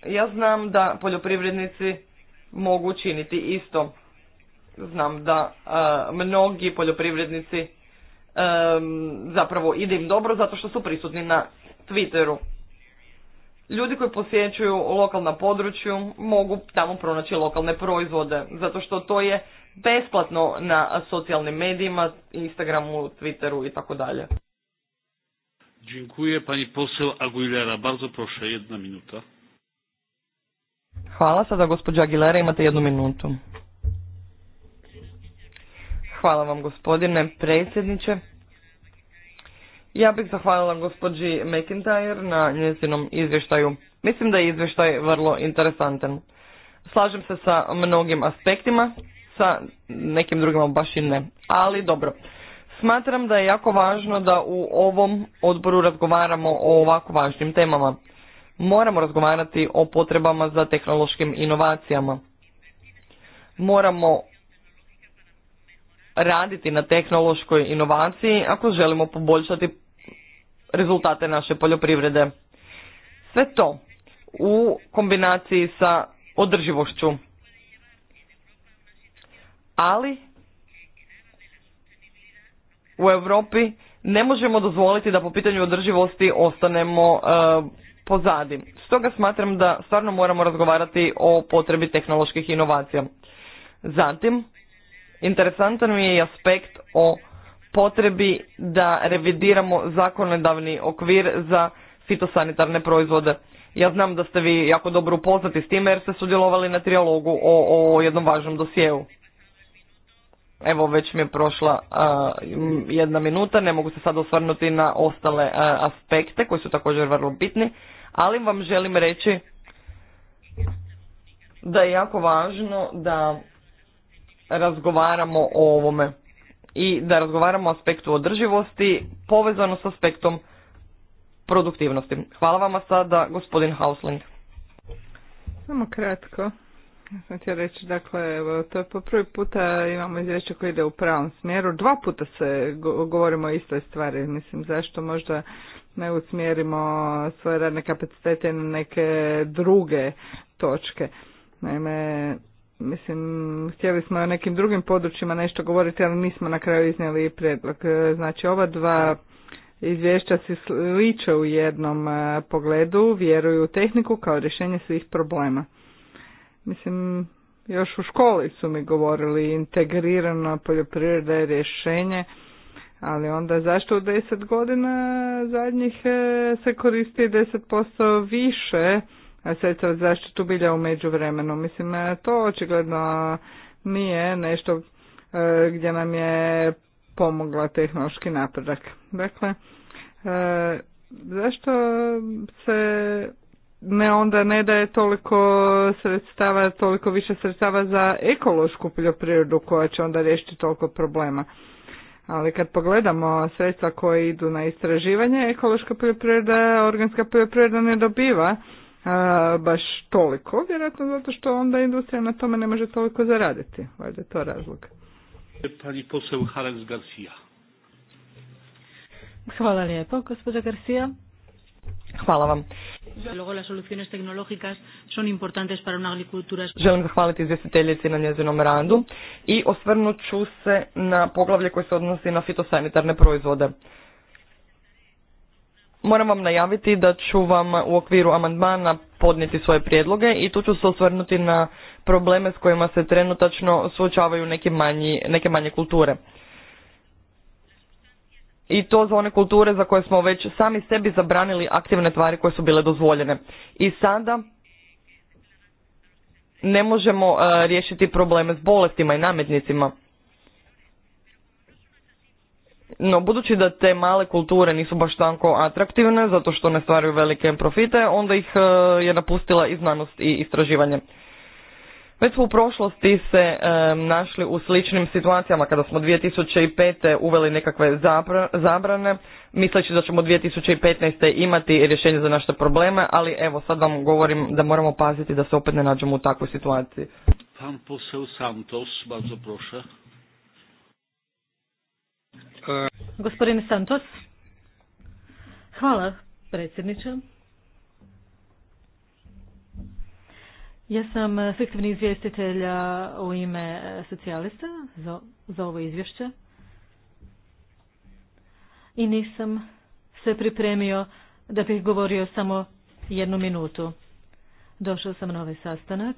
Ja znam da poljoprivrednici mogu činiti isto. Znam da e, mnogi poljoprivrednici e, zapravo ide im dobro zato što su prisutni na Twitteru. Ljudi koji posjećuju lokalna području mogu tamo pronaći lokalne proizvode zato što to je besplatno na socijalnim medijima, Instagramu, Twitteru i tako dalje. Dziękuję. Pani poseł Aguilera, bardzo proszę, jedna minuta. Hvala, sada gospođa Aguilera, imate jednu minutu. Hvala vam gospodine predsjedniče. Ja bih zahvalila gospođi McIntyre na njezinom izvještaju. Mislim da je izvještaj vrlo interesantan. Slažem se sa mnogim aspektima, sa nekim drugima baš i ne, ali dobro. Smatram da je jako važno da u ovom odboru razgovaramo o ovako važnim temama. Moramo razgovarati o potrebama za tehnološkim inovacijama. Moramo raditi na tehnološkoj inovaciji ako želimo poboljšati rezultate naše poljoprivrede. Sve to u kombinaciji sa održivošću. Ali u Europi ne možemo dozvoliti da po pitanju održivosti ostanemo e, pozadi. Stoga smatram da stvarno moramo razgovarati o potrebi tehnoloških inovacija. Zatim, Interesantan mi je i aspekt o potrebi da revidiramo zakonodavni okvir za fitosanitarne proizvode. Ja znam da ste vi jako dobro upoznati s time jer ste sudjelovali na trijalogu o, o jednom važnom dosjeu. Evo već mi je prošla jedna minuta, ne mogu se sad osvrnuti na ostale aspekte koji su također vrlo bitni, ali vam želim reći da je jako važno da razgovaramo o ovome i da razgovaramo o aspektu održivosti povezano s aspektom produktivnosti. Hvala vama sada, gospodin Hausling. Samo kratko. Sam htio reći, dakle, to je po prvi puta imamo izvješće koje ide u pravom smjeru. Dva puta se govorimo o istoj stvari. Mislim, zašto možda ne usmjerimo svoje radne kapacitete na neke druge točke. Naime, mislim, htjeli smo o nekim drugim područjima nešto govoriti, ali nismo na kraju iznijeli predlog. E, znači, ova dva izvješća se sliče u jednom e, pogledu, vjeruju u tehniku kao rješenje svih problema. Mislim, još u školi su mi govorili integrirano, poljoprivreda je rješenje, ali onda zašto u deset godina zadnjih e, se koristi 10% više sredstva za zaštitu bilja u međuvremenu. Mislim, e, to očigledno nije nešto e, gdje nam je pomogla tehnološki napredak. Dakle, e, zašto se ne onda ne daje toliko sredstava, toliko više sredstava za ekološku poljoprivredu koja će onda riješiti toliko problema. Ali kad pogledamo sredstva koje idu na istraživanje, ekološka poljoprivreda, organska poljoprivreda ne dobiva a, baš toliko, vjerojatno zato što onda industrija na tome ne može toliko zaraditi. Valjda je to razlog. Pani Harens Garcia. Hvala lijepo, gospođa Garcia. Hvala vam. Želim zahvaliti izvjestiteljici na njezinom randu i osvrnut ću se na poglavlje koje se odnosi na fitosanitarne proizvode. Moram vam najaviti da ću vam u okviru amandmana podnijeti svoje prijedloge i tu ću se osvrnuti na probleme s kojima se trenutačno suočavaju neke, manji, neke manje kulture. I to za one kulture za koje smo već sami sebi zabranili aktivne tvari koje su bile dozvoljene. I sada ne možemo e, riješiti probleme s bolestima i nametnicima. No, budući da te male kulture nisu baš tako atraktivne, zato što ne stvaraju velike profite, onda ih e, je napustila i znanost i istraživanje. Već smo u prošlosti se e, našli u sličnim situacijama kada smo 2005. uveli nekakve zabrane, misleći da ćemo 2015. imati rješenje za naše probleme, ali evo sad vam govorim da moramo paziti da se opet ne nađemo u takvoj situaciji. Pan Santos, bardzo Gospodine Santos. Hvala, predsjedniče. Ja sam fiktivni izvjestitelja u ime socijalista za, za ovo izvješće i nisam se pripremio da bih govorio samo jednu minutu. Došao sam na ovaj sastanak,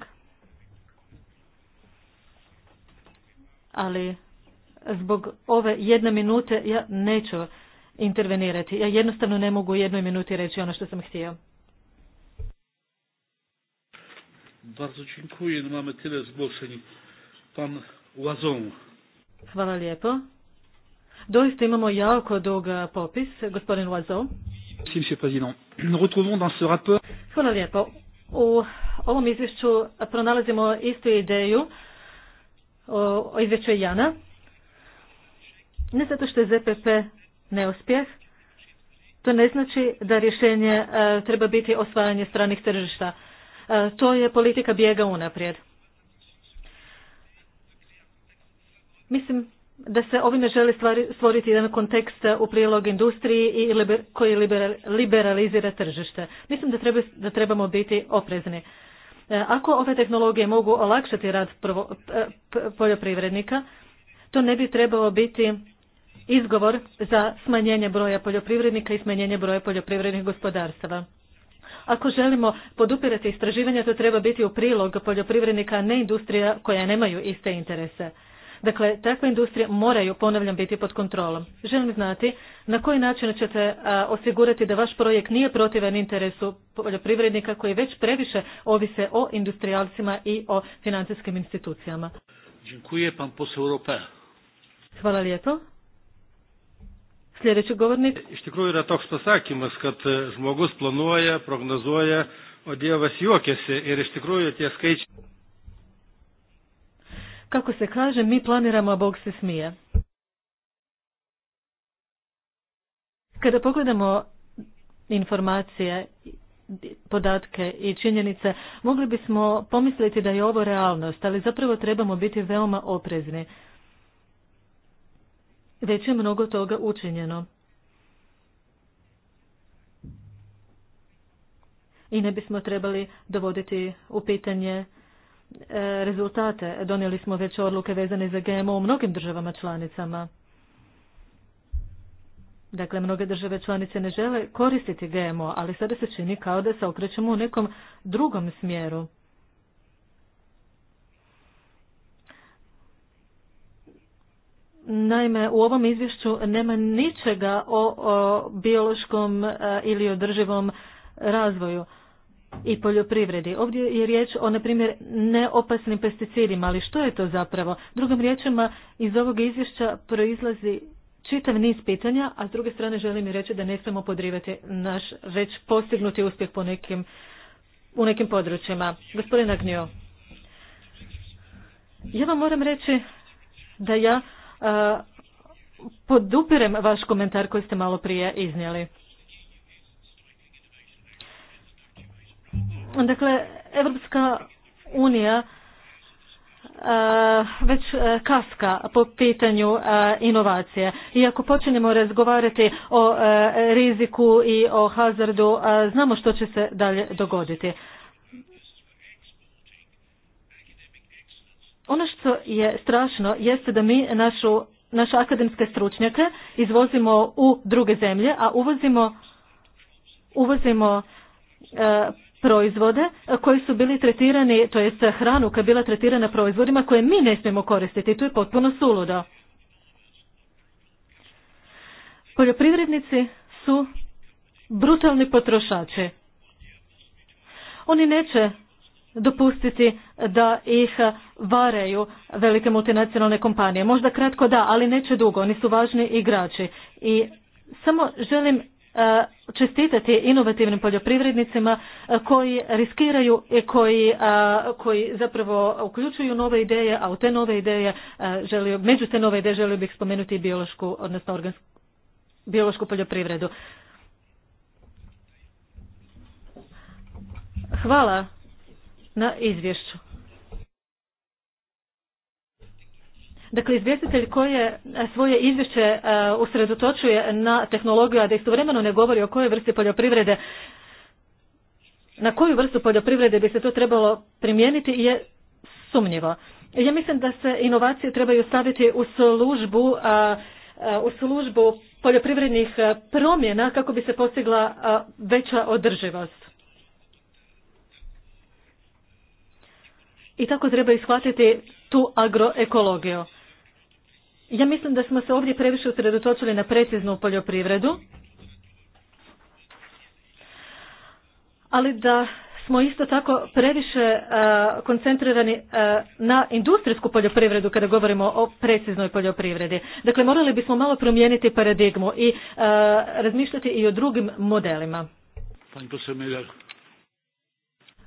ali zbog ove jedne minute ja neću intervenirati. Ja jednostavno ne mogu u jednoj minuti reći ono što sam htio. tyle Pan Hvala lijepo. Doista imamo jako dug popis. Gospodin Łazon. Monsieur Président. retrouvons dans Hvala lijepo. U ovom izvješću pronalazimo istu ideju o izvješću Jana. Ne zato što je ZPP neuspjeh, to ne znači da rješenje e, treba biti osvajanje stranih tržišta. E, to je politika bijega unaprijed. Mislim da se ovime želi stvoriti jedan kontekst u prilog industriji i koji liberalizira tržište. Mislim da, treba, da trebamo biti oprezni. E, ako ove tehnologije mogu olakšati rad prvo, poljoprivrednika, to ne bi trebao biti izgovor za smanjenje broja poljoprivrednika i smanjenje broja poljoprivrednih gospodarstava. Ako želimo podupirati istraživanja, to treba biti u prilog poljoprivrednika, a ne industrija koja nemaju iste interese. Dakle, takve industrije moraju, ponavljam, biti pod kontrolom. Želim znati na koji način ćete osigurati da vaš projekt nije protivan interesu poljoprivrednika koji već previše ovise o industrijalcima i o financijskim institucijama. Hvala lijepo. Sljedeći govornik. Iš tikrųjų yra toks pasakymas, kad e, žmogus planuoja, prognozuoja, o Dievas juokiasi ir iš tikrųjų tie skaičiai. Kako se kaže, mi planiramo, a Bog se smije. Kada pogledamo informacije, podatke i činjenice, mogli bismo pomisliti da je ovo realnost, ali zapravo trebamo biti veoma oprezni već je mnogo toga učinjeno. I ne bismo trebali dovoditi u pitanje e, rezultate. Donijeli smo već odluke vezane za GMO u mnogim državama članicama. Dakle, mnoge države članice ne žele koristiti GMO, ali sada se čini kao da se okrećemo u nekom drugom smjeru. Naime, u ovom izvješću nema ničega o, o biološkom a, e, ili održivom razvoju i poljoprivredi. Ovdje je riječ o, na primjer, neopasnim pesticidima, ali što je to zapravo? Drugim riječima, iz ovog izvješća proizlazi čitav niz pitanja, a s druge strane želim i reći da ne smemo podrivati naš već postignuti uspjeh po nekim, u nekim područjima. Gospodin Agnio, ja vam moram reći da ja Podupirem vaš komentar koji ste malo prije iznijeli. Dakle, Evropska unija e, već e, kaska po pitanju e, inovacije. I ako počinemo razgovarati o riziku i o hazardu, znamo što će se dalje dogoditi. Ono što je strašno jeste da mi našu, naše akademske stručnjake izvozimo u druge zemlje, a uvozimo, uvozimo e, proizvode koji su bili tretirani, to jest hranu koja je bila tretirana proizvodima koje mi ne smijemo koristiti. To je potpuno suludo. Poljoprivrednici su brutalni potrošači. Oni neće dopustiti da ih varaju velike multinacionalne kompanije. Možda kratko da, ali neće dugo, oni su važni igrači. I samo želim e, čestitati inovativnim poljoprivrednicima e, koji riskiraju i koji, e, koji zapravo uključuju nove ideje, a u te nove ideje želio, među te nove ideje želio bih spomenuti i biološku, odnosno organsku, biološku poljoprivredu. Hvala na izvješću. Dakle, izvjestitelj koji je svoje izvješće usredotočuje na tehnologiju, a da istovremeno ne govori o kojoj vrsti poljoprivrede, na koju vrstu poljoprivrede bi se to trebalo primijeniti je sumnjivo. Ja mislim da se inovacije trebaju staviti u službu, u službu poljoprivrednih promjena kako bi se postigla veća održivost. i tako treba ishvatiti tu agroekologiju. Ja mislim da smo se ovdje previše usredotočili na preciznu poljoprivredu, ali da smo isto tako previše e, koncentrirani e, na industrijsku poljoprivredu kada govorimo o preciznoj poljoprivredi. Dakle, morali bismo malo promijeniti paradigmu i e, razmišljati i o drugim modelima.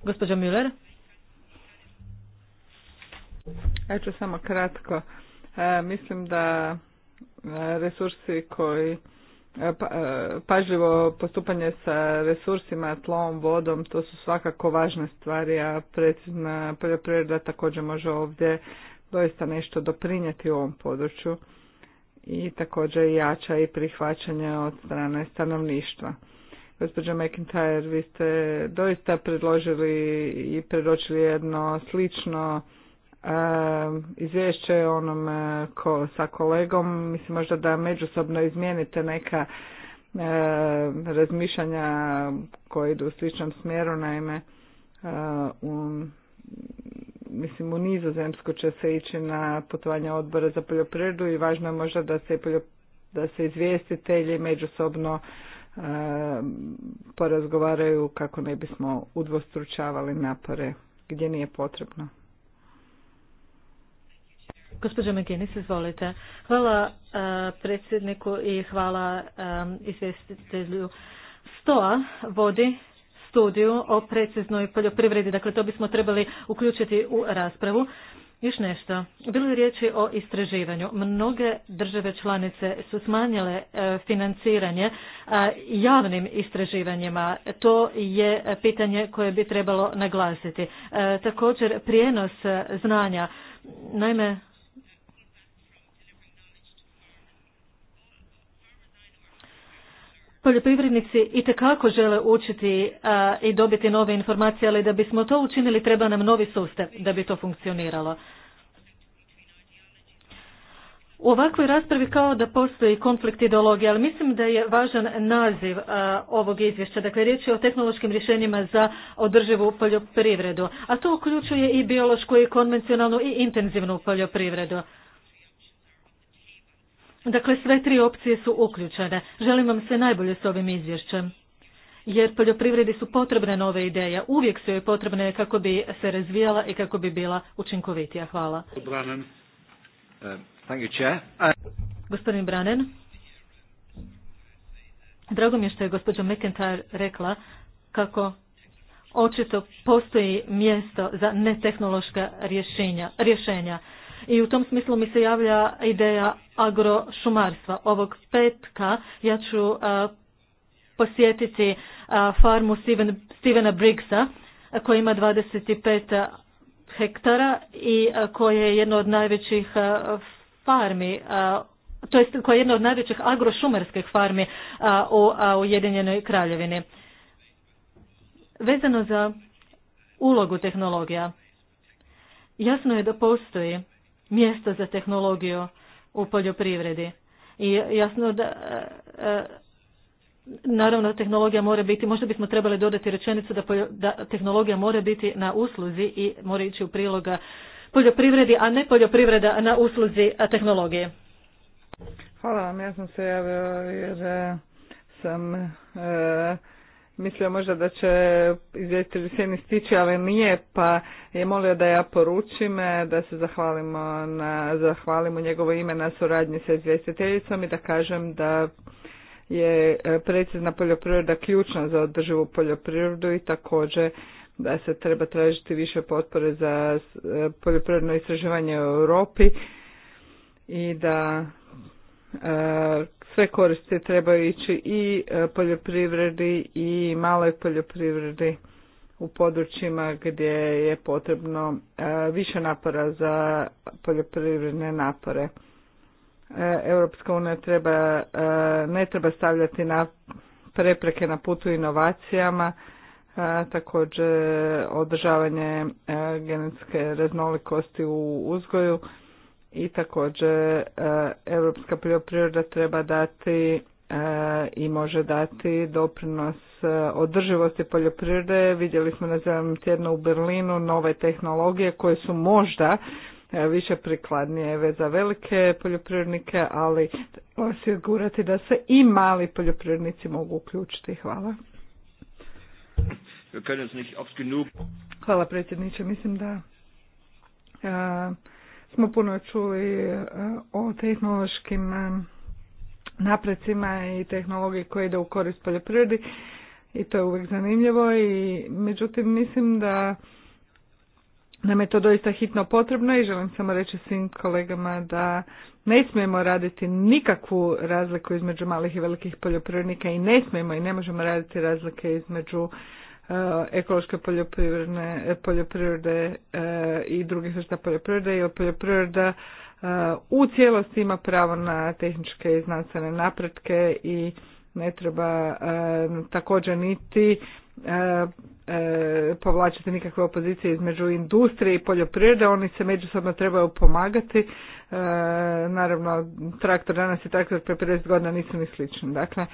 Gospođo Müller. Ja ću samo kratko. E, mislim da e, resursi koji e, pa, pažljivo postupanje sa resursima, tlom, vodom, to su svakako važne stvari, a precizna poljoprivreda također može ovdje doista nešto doprinijeti u ovom području i također jača i prihvaćanje od strane stanovništva. Gospođo McIntyre, vi ste doista predložili i predočili jedno slično izvješće onom ko, sa kolegom, mislim možda da međusobno izmijenite neka e, razmišljanja koje idu u sličnom smjeru, naime e, u, mislim u nizozemsku će se ići na putovanje odbora za poljoprivredu i važno je možda da se, da se izvjestitelji međusobno e, porazgovaraju kako ne bismo udvostručavali napore gdje nije potrebno. Gospođo McGinnis, izvolite. Hvala e, predsjedniku i hvala e, izvjestitelju. Stoa vodi studiju o preciznoj poljoprivredi, dakle to bismo trebali uključiti u raspravu. Još nešto. Bilo je riječi o istraživanju. Mnoge države članice su smanjile e, financiranje javnim istraživanjima. To je pitanje koje bi trebalo naglasiti. Također prijenos znanja. Naime, Poljoprivrednici i žele učiti e, i dobiti nove informacije, ali da bismo to učinili treba nam novi sustav da bi to funkcioniralo. U ovakvoj raspravi kao da postoji konflikt ideologije, ali mislim da je važan naziv e, ovog izvješća. Dakle, riječ je o tehnološkim rješenjima za održivu poljoprivredu, a to uključuje i biološku i konvencionalnu i intenzivnu poljoprivredu. Dakle, sve tri opcije su uključene. Želim vam sve najbolje s ovim izvješćem. Jer poljoprivredi su potrebne nove ideje, uvijek su joj potrebne kako bi se razvijala i kako bi bila učinkovitija. Hvala. Uh, uh, Gospodin Branen. Drago mi je što je gospođa McIntyre rekla kako očito postoji mjesto za netehnološka rješenja. rješenja. I u tom smislu mi se javlja ideja agrošumarstva. Ovog petka ja ću eh, posjetiti eh, farmu Stevena Briggsa koja ima 25 hektara i eh, koja je jedna od najvećih farmi to jest koja je jedna od najvećih agrošumarskih farmi u Ujedinjenoj Kraljevini. Vezano za ulogu tehnologija. Jasno je da postoji mjesto za tehnologiju u poljoprivredi. I jasno da, e, e, naravno, tehnologija mora biti, možda bismo trebali dodati rečenicu da, da tehnologija mora biti na usluzi i mora ići u priloga poljoprivredi, a ne poljoprivreda na usluzi e, tehnologije. Hvala vam, ja sam se javio jer sam e, mislio možda da će izvjestitelj Sjeni stići, ali nije, pa je molio da ja poručim e, da se zahvalimo, na, zahvalimo njegovo ime na suradnji sa izvjestiteljicom i da kažem da je e, precizna poljoprivreda ključna za održivu poljoprivredu i također da se treba tražiti više potpore za e, poljoprivredno istraživanje u Europi i da sve koristi trebaju ići i e, poljoprivredi i maloj poljoprivredi u područjima gdje je potrebno e, više napora za poljoprivredne napore. E, Europska unija treba, ne treba stavljati na prepreke na putu inovacijama, također održavanje genetske raznolikosti u uzgoju i također e, europska poljoprivreda treba dati e, i može dati doprinos e, održivosti poljoprivrede. Vidjeli smo na u Berlinu nove tehnologije koje su možda više prikladnije za velike poljoprivrednike, ali osigurati da se i mali poljoprivrednici mogu uključiti. Hvala. Hvala predsjedniče, mislim da smo puno čuli e, o tehnološkim e, naprecima i tehnologiji koja ide u korist poljoprivredi i to je uvijek zanimljivo i međutim mislim da nam je to doista hitno potrebno i želim samo reći svim kolegama da ne smijemo raditi nikakvu razliku između malih i velikih poljoprivrednika i ne smijemo i ne možemo raditi razlike između Eh, ekološke poljoprivredne poljoprivrede eh, i drugih vrsta poljoprivrede i poljoprivreda eh, u cijelosti ima pravo na tehničke i znanstvene napretke i ne treba također niti povlačiti nikakve opozicije između industrije i poljoprivrede, oni se međusobno trebaju pomagati. Naravno, traktor danas i traktor pre 50 godina nisu ni slični. Dakle,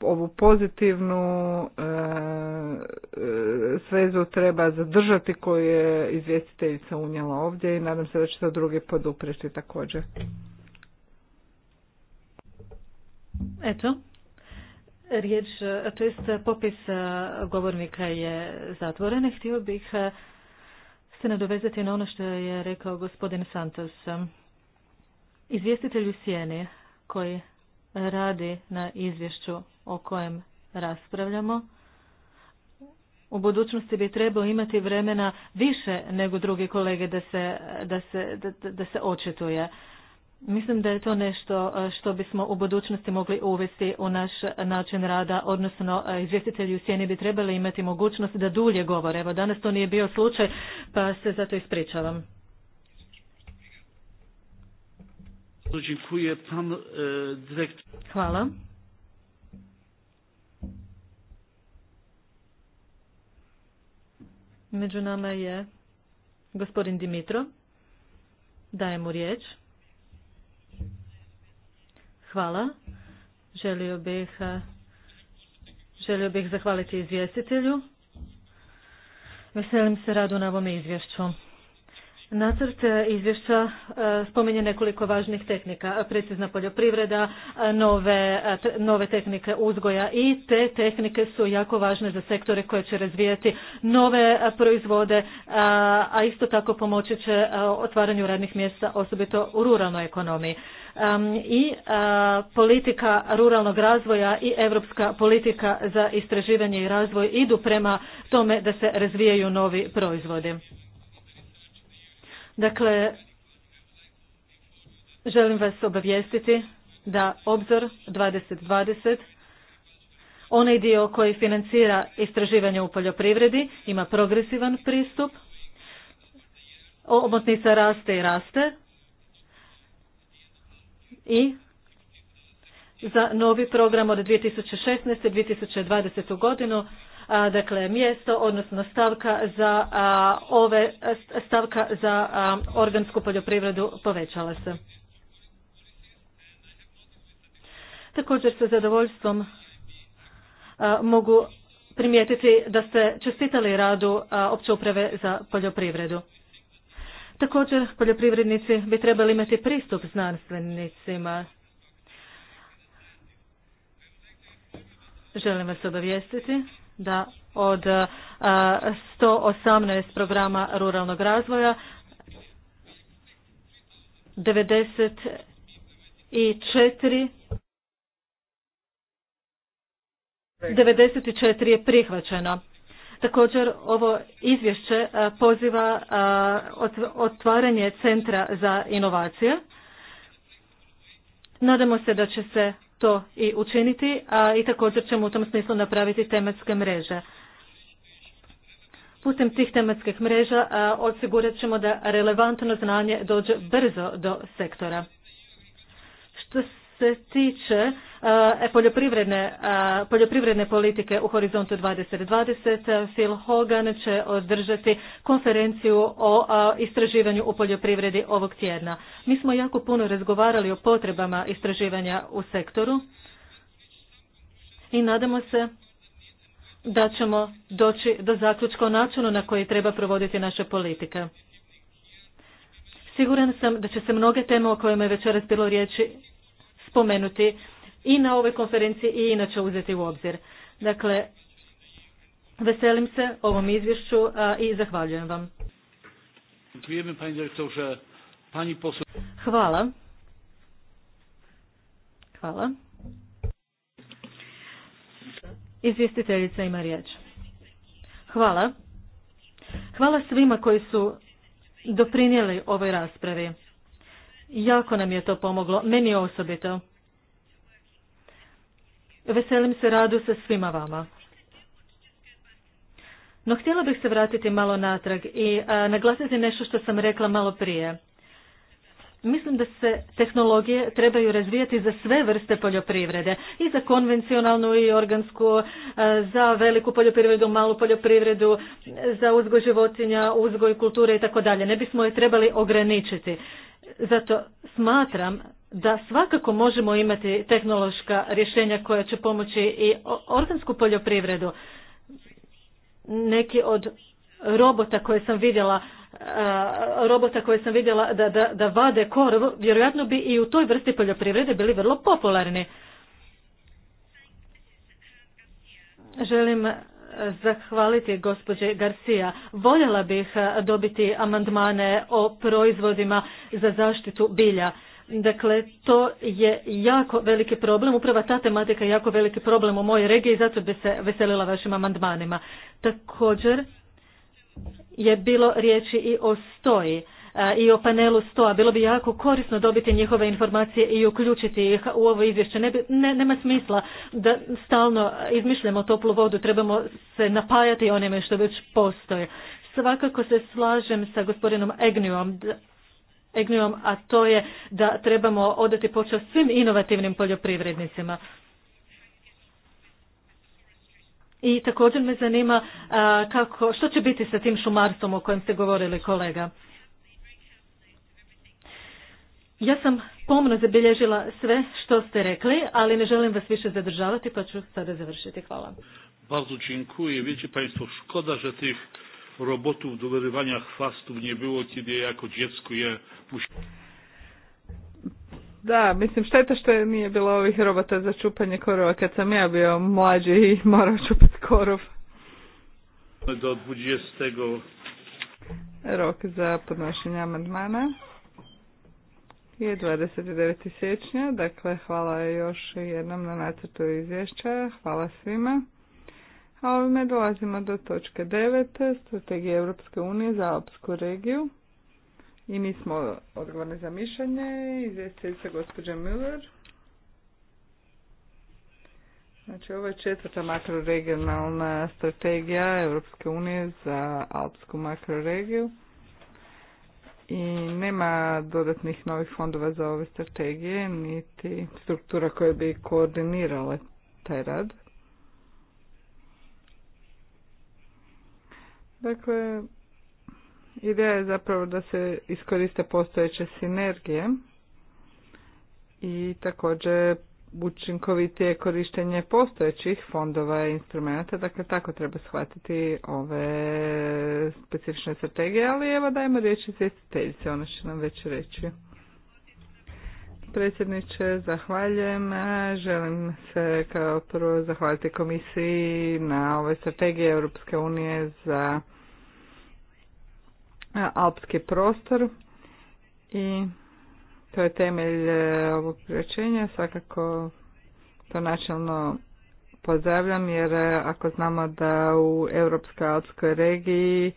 ovu pozitivnu e, e, svezu treba zadržati koju je izvjestiteljica unijela ovdje i nadam se da će to drugi poduprijeti također. Eto, riječ, to jest popis e, govornika je zatvoren. Htio bih se nadovezati na ono što je rekao gospodin Santos. Izvjestitelj u Sijeni koji radi na izvješću o kojem raspravljamo, u budućnosti bi trebao imati vremena više nego drugi kolege da se, da se, da, se očituje. Mislim da je to nešto e, što bismo u budućnosti mogli uvesti u naš način rada, odnosno e, izvjestitelji u sjeni bi trebali imati mogućnost da dulje govore. Evo, danas to nije bio slučaj, pa se zato ispričavam. E, Hvala. Među nama je gospodin Dimitro. Dajem mu riječ. Hvala. Želio bih, e, želio bih zahvaliti izvjestitelju. Veselim se radu na ovom izvješću. Nacrt e, izvješća e, spominje nekoliko važnih tehnika, precizna poljoprivreda, nove, e, nove tehnike uzgoja i te tehnike su jako važne za sektore koje će razvijati nove proizvode, a isto tako pomoći će otvaranju radnih mjesta, osobito u ruralnoj ekonomiji. I politika ruralnog razvoja i europska politika za istraživanje i razvoj idu prema tome da se razvijaju novi proizvodi. Dakle, želim vas obavijestiti da obzor 2020 onaj dio koji financira istraživanje u poljoprivredi ima progresivan pristup. Omotnica raste i raste. I za novi program od 2016. 2020. godinu dakle mjesto odnosno stavka za ove stavka za organsku poljoprivredu povećala se. Također sa zadovoljstvom mogu primijetiti da ste čestitali radu opće uprave za poljoprivredu. Također poljoprivrednici bi trebali imati pristup znanstvenicima. Želim vas obavijestiti da od 118 programa ruralnog razvoja 94 94 je prihvaćeno. Također ovo izvješće poziva otvaranje centra za inovacije. Nadamo se da će se to i učiniti, a i također ćemo u tom smislu napraviti tematske mreže. Putem tih tematskih mreža osigurat ćemo da relevantno znanje dođe brzo do sektora. Što se tiče e, poljoprivredne, e, poljoprivredne politike u Horizontu 2020, Phil Hogan će održati konferenciju o e, istraživanju u poljoprivredi ovog tjedna. Mi smo jako puno razgovarali o potrebama istraživanja u sektoru i nadamo se da ćemo doći do zaključka o načinu na koji treba provoditi naše politike. Siguran sam da će se mnoge teme o kojima je večeras bilo riječi spomenuti i na ovoj konferenciji i inače uzeti u obzir. Dakle, veselim se ovom izvješću i zahvaljujem vam. Hvala. Hvala. Izvjestiteljica ima riječ. Hvala. Hvala svima koji su doprinijeli ovoj raspravi. Jako nam je to pomoglo, meni osobito. Veselim se radu sa svima vama. No htjela bih se vratiti malo natrag i e, naglasiti nešto što sam rekla malo prije. Mislim da se tehnologije trebaju razvijati za sve vrste poljoprivrede, i za konvencionalnu i organsku, e, za veliku poljoprivredu, malu poljoprivredu, za uzgoj životinja, uzgoj kulture i tako dalje. Ne bismo je trebali ograničiti. Zato smatram da svakako možemo imati tehnološka rješenja koja će pomoći i organsku poljoprivredu. Neki od robota koje sam vidjela e, robota koje sam vidjela da, da, da vade korov, vjerojatno bi i u toj vrsti poljoprivrede bili vrlo popularni. Želim zahvaliti gospođe Garcia. Voljela bih eh, dobiti amandmane o proizvodima za zaštitu bilja. Dakle, to je jako veliki problem. Upravo ta tematika je jako veliki problem u mojoj regiji i zato bi se veselila vašim amandmanima. Također je bilo riječi i o stoji i o panelu 100, bilo bi jako korisno dobiti njihove informacije i uključiti ih u ovo izvješće. Ne, bi, ne nema smisla da stalno izmišljamo toplu vodu, trebamo se napajati onime što već postoje. Svakako se slažem sa gospodinom Egnijom, Egnijom, a to je da trebamo odati počast svim inovativnim poljoprivrednicima. I također me zanima kako, što će biti sa tim šumarstvom o kojem ste govorili kolega. Ja sam pomno zabilježila sve što ste rekli, ali ne želim vas više zadržavati, pa ću sada završiti. Hvala. Bardzo dziękuję. Wiecie Państwo, szkoda, że tych robotów do wyrywania chwastów nie było, kiedy ja jako dziecko je musiałem. Da, mislim, šteta što je nije bilo ovih robota za čupanje korova kad sam ja bio mlađi i morao čupati korov. Do 20. Rok za podnošenje amandmana je 29. siječnja. Dakle, hvala još jednom na nacrtu izvješća. Hvala svima. A ovime dolazimo do točke 9. Strategije Europske unije za Alpsku regiju. I mi smo odgovorni za mišljenje. Izvjestiteljica gospođa Müller. Znači, ovo je četvrta makroregionalna strategija Europske unije za Alpsku makroregiju i nema dodatnih novih fondova za ove strategije, niti struktura koje bi koordinirala taj rad. Dakle, ideja je zapravo da se iskoriste postojeće sinergije i također učinkovitije korištenje postojećih fondova i instrumenta, dakle tako treba shvatiti ove specifične strategije, ali evo dajmo riječ izvjestiteljice, ona će nam već reći. Predsjedniče, zahvaljujem. Želim se kao prvo zahvaliti komisiji na ovoj strategiji Europske unije za alpski prostor i to je temelj e, ovog priročenja, svakako to načelno pozdravljam jer e, ako znamo da u Europskoj alpskoj regiji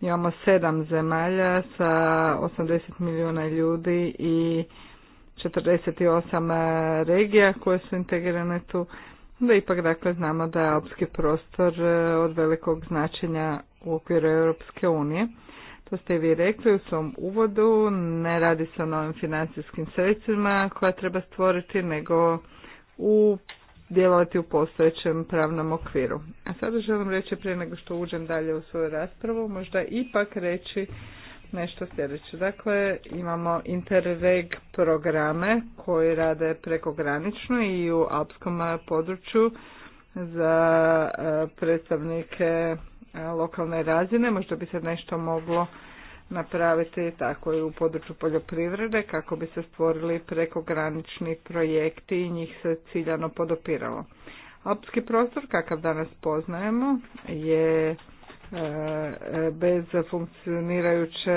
imamo sedam zemalja sa 80 milijuna ljudi i 48 e, regija koje su integrirane tu, da ipak dakle znamo da je alpski prostor od velikog značenja u okviru Europske unije. To ste vi rekli u svom uvodu, ne radi se o novim financijskim sredstvima koja treba stvoriti, nego u djelovati u postojećem pravnom okviru. A sada želim reći prije nego što uđem dalje u svoju raspravu, možda ipak reći nešto sljedeće. Dakle, imamo interreg programe koji rade prekogranično i u alpskom području za e, predstavnike E, lokalne razine. Možda bi se nešto moglo napraviti tako i u području poljoprivrede kako bi se stvorili prekogranični projekti i njih se ciljano podopiralo. Alpski prostor kakav danas poznajemo je e, bez funkcionirajuće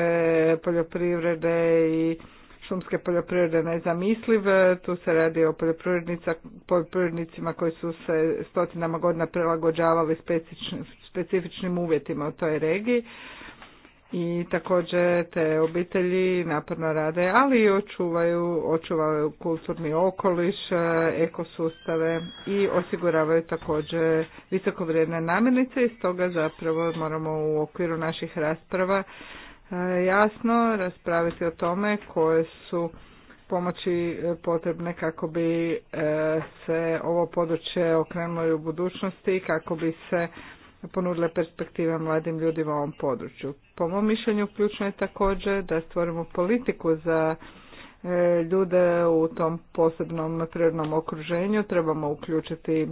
poljoprivrede i šumske poljoprivrede nezamisliv. Tu se radi o poljoprivrednicima koji su se stotinama godina prilagođavali specifičnim uvjetima u toj regiji i također te obitelji naporno rade, ali i očuvaju, očuvaju kulturni okoliš, e, ekosustave i osiguravaju također visoko namirnice i stoga zapravo moramo u okviru naših rasprava e, jasno raspraviti o tome koje su pomoći e, potrebne kako bi se ovo područje okrenulo u budućnosti i kako bi se ponudile perspektiva mladim ljudima u ovom području. Po mom mišljenju ključno je također da stvorimo politiku za e, ljude u tom posebnom prirodnom okruženju. Trebamo uključiti e,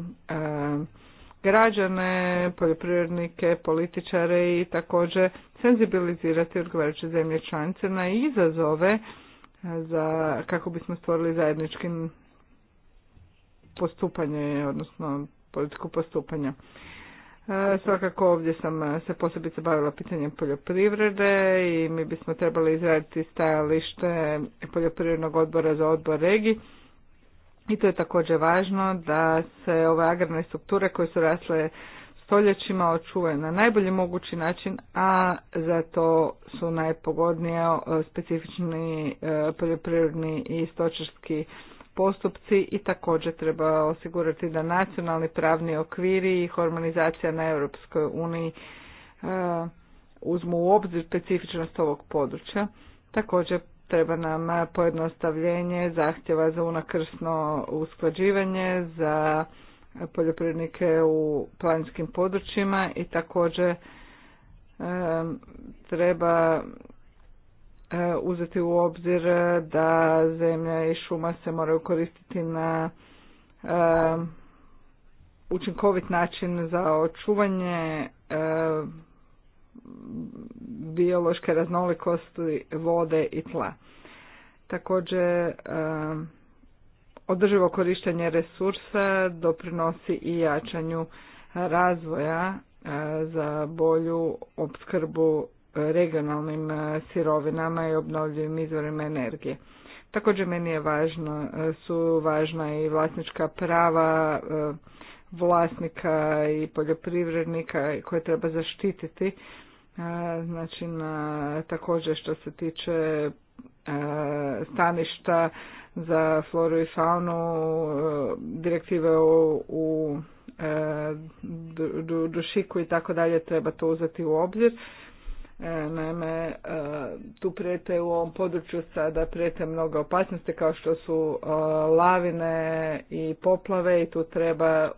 građane, poljoprivrednike, političare i također senzibilizirati odgovarajuće zemlje članice na izazove e, za, kako bismo stvorili zajednički postupanje, odnosno politiku postupanja. E, svakako ovdje sam e, se posebice bavila pitanjem poljoprivrede i mi bismo trebali izraditi stajalište poljoprivrednog odbora za odbor regi. I to je također važno da se ove agrarne strukture koje su rasle stoljećima očuvaju na najbolji mogući način, a za to su najpogodnije e, specifični poljoprivredni i stočarski postupci i također treba osigurati da nacionalni pravni okviri i harmonizacija na Europskoj uniji e, uzmu u obzir specifičnost ovog područja. Također treba nam pojednostavljenje zahtjeva za unakrsno usklađivanje za poljoprivrednike u planinskim područjima i također e, treba E, uzeti u obzir e, da zemlja i šuma se moraju koristiti na e, učinkovit način za očuvanje biološke raznolikosti vode i tla. Također, održivo korištenje resursa doprinosi i jačanju razvoja za bolju opskrbu regionalnim e, sirovinama i obnovljivim izvorima energije. Također meni je važno, e, su važna i vlasnička prava e, vlasnika i poljoprivrednika koje treba zaštititi. Znači, na, također što se tiče staništa za floru i faunu, direktive u, u dušiku i tako dalje, treba to uzeti u obzir Naime, tu prijete u ovom području sada prijete mnogo opasnosti kao što su e, lavine i poplave i tu treba e,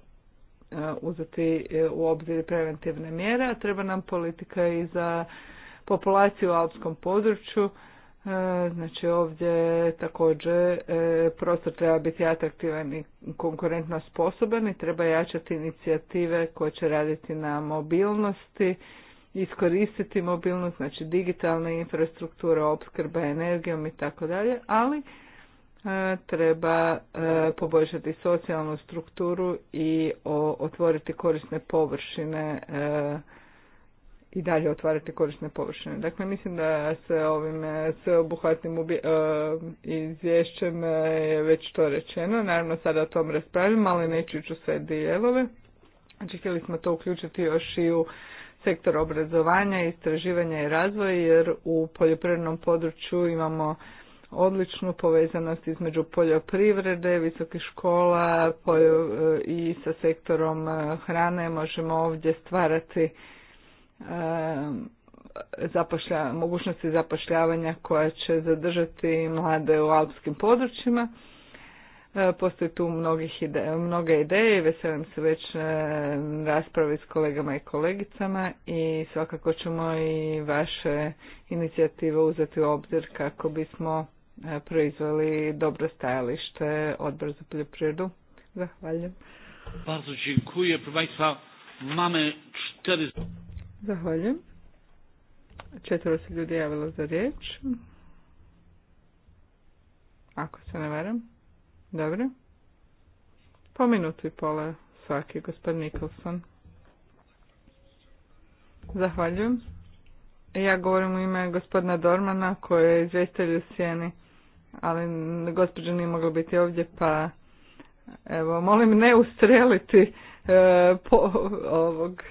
uzeti e, u obzir preventivne mjere, a treba nam politika i za populaciju u alpskom području. Znači ovdje također prostor treba biti atraktivan i konkurentno sposoban i treba jačati inicijative koje će raditi na mobilnosti iskoristiti mobilnost, znači digitalna infrastruktura, opskrba energijom i tako dalje, ali e, treba e, poboljšati socijalnu strukturu i otvoriti korisne površine e, i dalje otvarati korisne površine. Dakle, mislim da se ovim sveobuhvatnim izvješćem je već to rečeno. Naravno, sada o tom raspravljamo, ali neću ići u sve dijelove. Znači, htjeli smo to uključiti još i u sektor obrazovanja, istraživanja i razvoja jer u poljoprivrednom području imamo odličnu povezanost između poljoprivrede, visokih škola e, i sa sektorom e, hrane možemo ovdje stvarati e, zapošlja, mogućnosti zapošljavanja koja će zadržati mlade u alpskim područjima E, Postoji tu mnogih ide, mnoge ideje i veselim se već e, raspravi s kolegama i kolegicama i svakako ćemo i vaše inicijative uzeti u obzir kako bismo e, proizveli dobro stajalište odbor za poljoprivredu. Zahvaljujem. Bardzo dziękuję. Proszę Państwa, mamy cztery... Zahvaljujem. Cztery se ljudi za riječ. Ako se ne varam. Dobro. Po minutu i pola svaki, gospodin Nikolson. Zahvaljujem. Ja govorim u ime gospodina Dormana koji je izvjestitelj u sjeni, ali gospođa nije mogla biti ovdje pa evo molim ne ustreliti e, po, ovog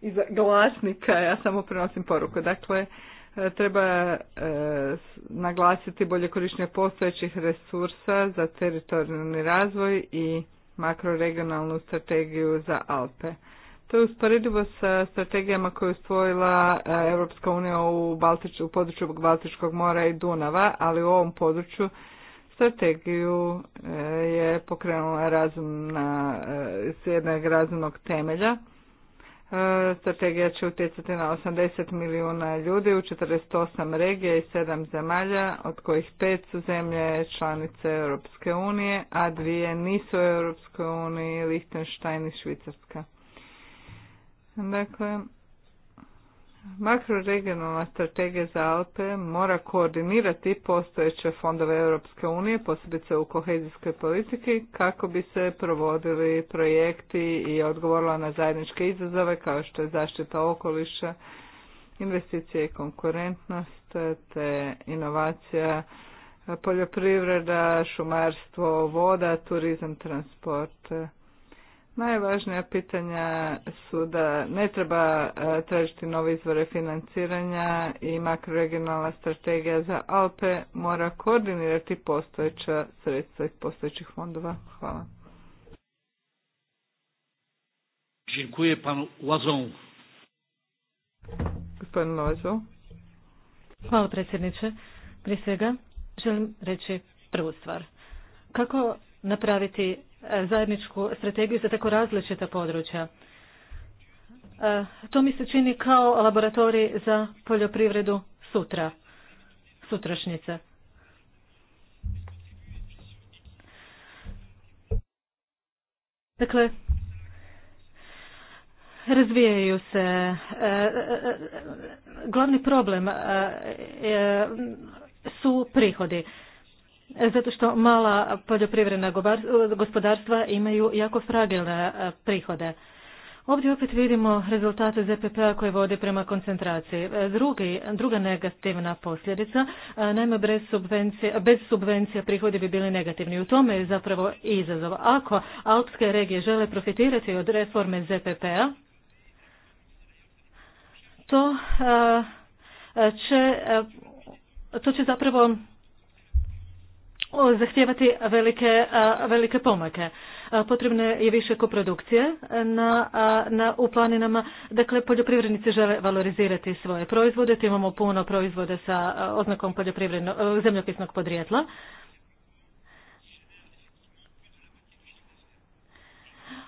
iza glasnika, ja samo prenosim poruku. Dakle, treba e, naglasiti bolje korištenje postojećih resursa za teritorijalni razvoj i makroregionalnu strategiju za Alpe. To je usporedivo sa strategijama koje je stvojila e, Europska unija u, Baltič, području Baltičkog mora i Dunava, ali u ovom području strategiju e, je pokrenula razumna, s jednog razumnog temelja E, strategija će utjecati na 80 milijuna ljudi u 48 regija i 7 zemalja, od kojih 5 su zemlje članice Europske unije, a dvije nisu u Europskoj uniji, Lichtenstein i Švicarska. Dakle, Makroregionalna strategija za Alpe mora koordinirati postojeće fondove Europske unije, posebice u kohezijskoj politiki, kako bi se provodili projekti i odgovorila na zajedničke izazove kao što je zaštita okoliša, investicije i konkurentnost, te inovacija, poljoprivreda, šumarstvo, voda, turizam, transport. Najvažnija pitanja su da ne treba e, tražiti nove izvore financiranja i makroregionalna strategija za Alpe mora koordinirati postojeća sredstva iz postojećih fondova. Hvala. Dziękuję panu Łazą. Gospodin Hvala predsjedniče. Prije svega želim reći prvu stvar. Kako napraviti E, zajedničku strategiju za tako različita područja. E, to mi se čini kao laboratorij za poljoprivredu sutra, sutrašnjice. Dakle, razvijaju se. E, glavni problem su prihodi zato što mala poljoprivredna gospodarstva imaju jako fragilne e, prihode. Ovdje opet vidimo rezultate ZPP-a koje vode prema koncentraciji. E, drugi, druga negativna posljedica, e, naime bez subvencija, bez subvencija prihodi bi bili negativni. U tome je zapravo izazov. Ako alpske regije žele profitirati od reforme ZPP-a, to će to će zapravo zahtijevati velike, velike pomake. Potrebne je više koprodukcije na, na, u planinama. Dakle, poljoprivrednici žele valorizirati svoje proizvode. Tu imamo puno proizvode sa oznakom zemljopisnog podrijetla.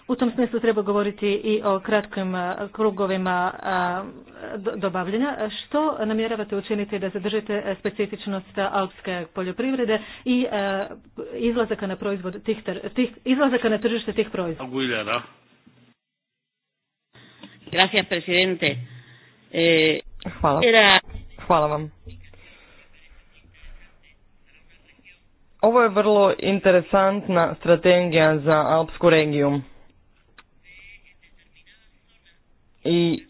U tom smislu treba govoriti i o kratkim e, krugovima e, dobavljanja. Što namjeravate učiniti da zadržite specifičnost alpske poljoprivrede i e, izlazaka na proizvod tih, tih izlazaka na tržište tih proizvoda? Eh, Hvala. Hvala vam. Ovo je vrlo interesantna strategija za Alpsku regiju. I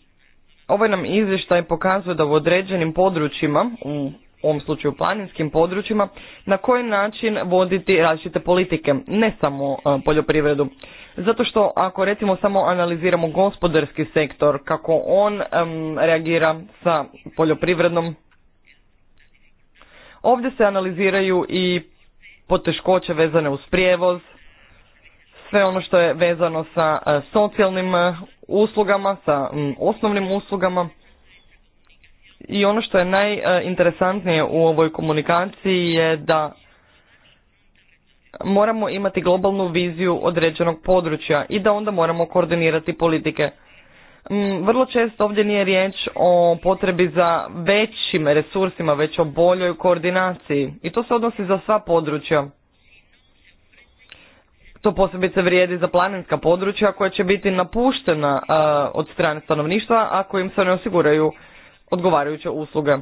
ovaj nam izvještaj pokazuje da u određenim područjima, u ovom slučaju planinskim područjima, na koji način voditi različite politike, ne samo e, poljoprivredu. Zato što ako recimo samo analiziramo gospodarski sektor, kako on reagira sa poljoprivrednom, ovdje se analiziraju i poteškoće vezane uz prijevoz, sve ono što je vezano sa e, socijalnim e, uslugama, sa mm, osnovnim uslugama. I ono što je najinteresantnije u ovoj komunikaciji je da moramo imati globalnu viziju određenog područja i da onda moramo koordinirati politike. Mm, vrlo često ovdje nije riječ o potrebi za većim resursima, već o boljoj koordinaciji i to se odnosi za sva područja. To posebice vrijedi za planinska područja koja će biti napuštena e, od strane stanovništva ako im se ne osiguraju odgovarajuće usluge.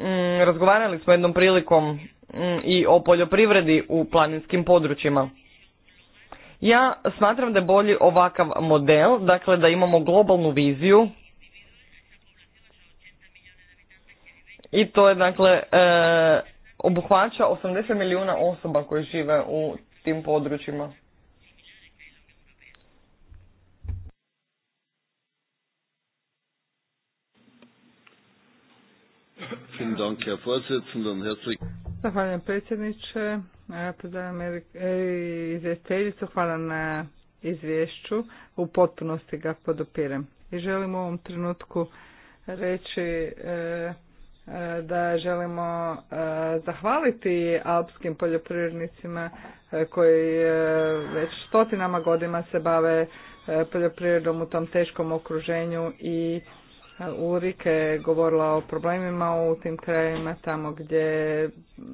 Mm, razgovarali smo jednom prilikom mm, i o poljoprivredi u planinskim područjima. Ja smatram da je bolji ovakav model, dakle da imamo globalnu viziju i to je dakle e, obuhvaća 80 milijuna osoba koje žive u tim područjima. Zahvaljujem predsjedniče. E, pozdravljam e, izvjestiteljicu. Hvala na izvješću. U potpunosti ga podopirem. I želim u ovom trenutku reći e, da želimo e, zahvaliti alpskim poljoprivrednicima e, koji e, već stotinama godina se bave poljoprivredom u tom teškom okruženju i Urike je govorila o problemima u tim krajevima tamo gdje mm,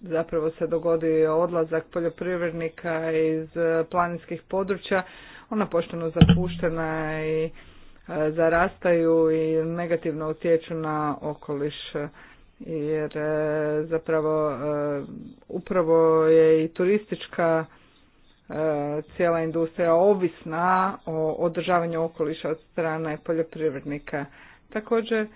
zapravo se dogodi odlazak poljoprivrednika iz planinskih područja. Ona pošteno zapuštena i E, zarastaju i negativno utječu na okoliš e, jer e, zapravo upravo je i turistička cijela industrija ovisna o održavanju okoliša od strane poljoprivrednika. Također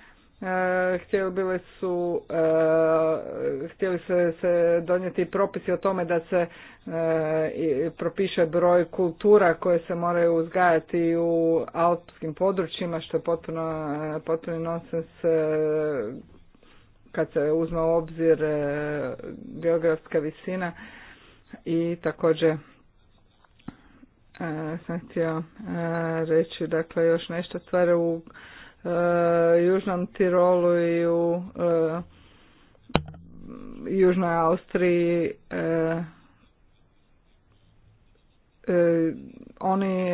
Eh, htjeli bile su eh, htjeli se, se donijeti propisi o tome da se eh, propiše broj kultura koje se moraju uzgajati u autorskim područjima što je potpuno potpuno nonsens kad se uzme u obzir geografska visina i također sam htio reći dakle još nešto stvari u Eh, Južnom Tirolu i u eh, Južnoj Austriji eh, oni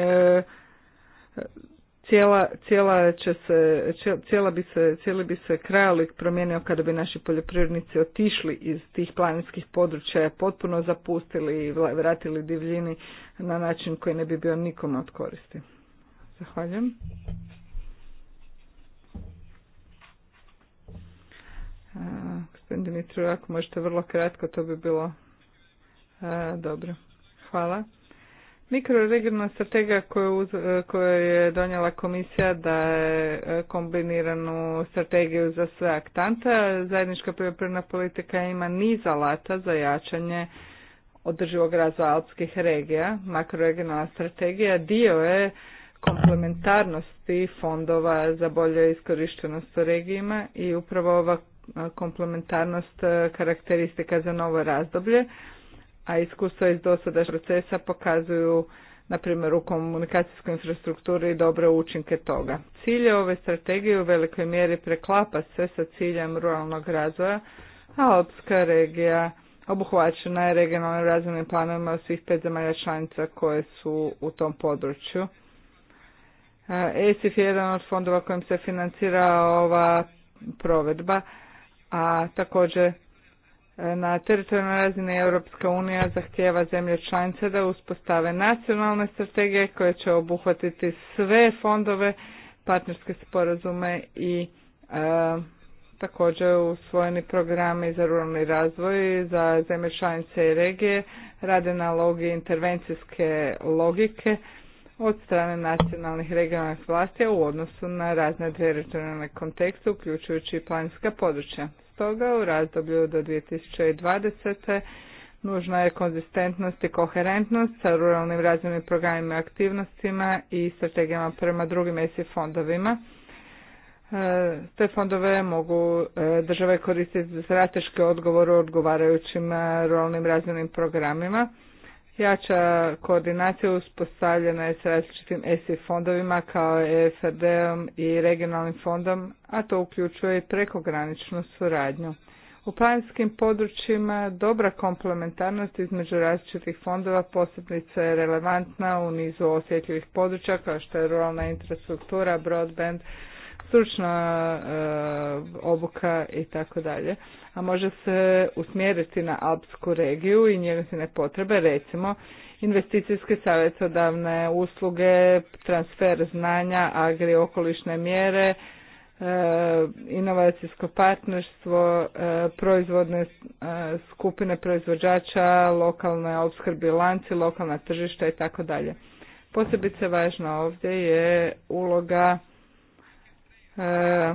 cijela, cijela će se, bi se, cijeli bi se krajolik promijenio kada bi naši poljoprivrednici otišli iz tih planinskih područja, potpuno zapustili i vratili divljini na način koji ne bi bio nikome od koristi. Zahvaljujem. Gospodin Dimitru, ako možete vrlo kratko, to bi bilo e, dobro. Hvala. Mikroregionalna strategija e, koju, je donijela komisija da je kombiniranu strategiju za sve aktanta, zajednička poljoprivredna politika ima niz alata za jačanje održivog razvoja alpskih regija. Makroregionalna strategija dio je komplementarnosti fondova za bolje iskorištenost u regijima i upravo ova komplementarnost e, karakteristika za novo razdoblje, a iskustva iz dosadašnjeg procesa pokazuju na primjer u komunikacijskoj infrastrukturi i dobre učinke toga. Cilje ove strategije u velikoj mjeri preklapa se sa ciljem ruralnog razvoja, a Alpska regija obuhvaćena je regionalnim razvojnim planovima u svih pet zemalja članica koje su u tom području. E, ESIF je jedan od fondova kojim se financira ova provedba, a također e, na teritorijalnoj razini Europska unija zahtijeva zemlje članice da uspostave nacionalne strategije koje će obuhvatiti sve fondove, partnerske sporazume i e, također usvojeni programi za ruralni razvoj za zemlje članice i regije rade na logi intervencijske logike od strane nacionalnih regionalnih vlasti u odnosu na razne teritorijalne kontekste, uključujući i planinska područja. Stoga u razdoblju do 2020. nužna je konzistentnost i koherentnost sa ruralnim razvojnim programima i aktivnostima i strategijama prema drugim ESI fondovima. E, te fondove mogu e, države koristiti za strateški odgovor u odgovarajućim e, ruralnim razvojnim programima jača koordinacija uspostavljena je s različitim ESI fondovima kao EFRD-om i regionalnim fondom, a to uključuje i prekograničnu suradnju. U planinskim područjima dobra komplementarnost između različitih fondova posebice je relevantna u nizu osjetljivih područja kao što je ruralna infrastruktura, broadband, stručna eh, obuka i tako dalje, a može se usmjeriti na alpsku regiju i njezine potrebe, recimo investicijske savjetodavne usluge, transfer znanja, agri okolišne mjere, eh, inovacijsko partnerstvo, eh, proizvodne skupine proizvođača, lokalne opskrbi lanci, lokalna tržišta i tako dalje. Posebice važna ovdje je uloga E,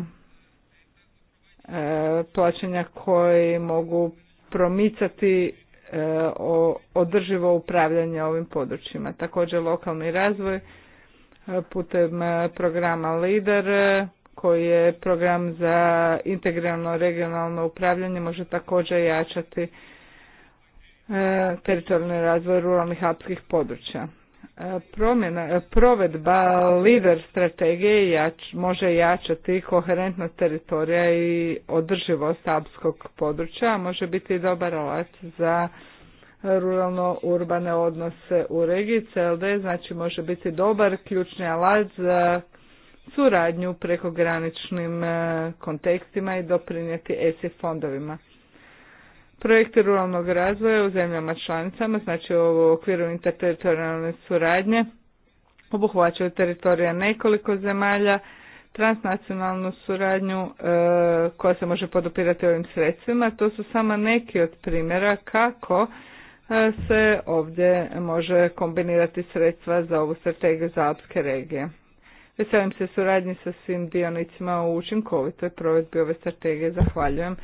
e, plaćanja koji mogu promicati e, održivo upravljanje ovim područjima. Također lokalni razvoj putem programa LIDER koji je program za integralno regionalno upravljanje može također jačati teritorijalni razvoj ruralnih alpskih područja. E, promjena, e, provedba lider strategije jač, može jačati koherentnost teritorija i održivost apskog područja, može biti i dobar alat za ruralno-urbane odnose u regiji CLD, znači može biti dobar ključni alat za suradnju prekograničnim e, kontekstima i doprinijeti ESI fondovima. Projekti ruralnog razvoja u zemljama članicama, znači u okviru interteritorijalne suradnje, obuhvaćaju teritorija nekoliko zemalja, transnacionalnu suradnju e, koja se može podupirati ovim sredstvima. To su samo neki od primjera kako e, se ovdje može kombinirati sredstva za ovu strategiju za alpske regije. Veselim se suradnji sa svim dionicima u učinkovitoj provedbi ove strategije. Zahvaljujem.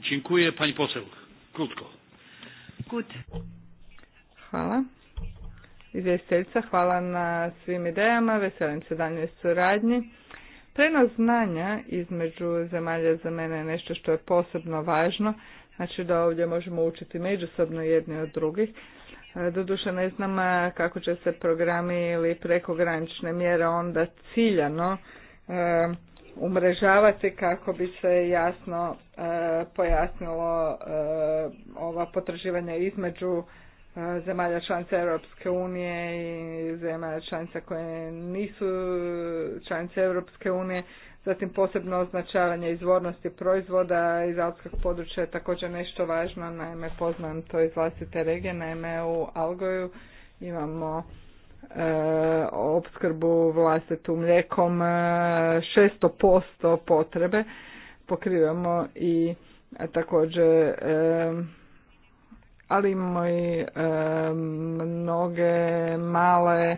Dziękuję. Hvala. Izvjestiteljica, hvala na svim idejama, veselim se danje suradnji. Prenos znanja između zemalja za mene je nešto što je posebno važno, znači da ovdje možemo učiti međusobno jedni od drugih. Doduše ne znam kako će se programi ili prekogranične mjere onda ciljano umrežavati kako bi se jasno e, pojasnilo e, ova potraživanja između e, zemalja članica Europske unije i zemalja članica koje nisu članice Europske unije. Zatim posebno označavanje izvornosti proizvoda iz alpskog područja je također nešto važno. Naime, poznam to iz vlastite regije. Naime, u Algoju imamo E, opskrbu vlastitu mlijekom 600% e, potrebe pokrivamo i e, također ali imamo i mnoge male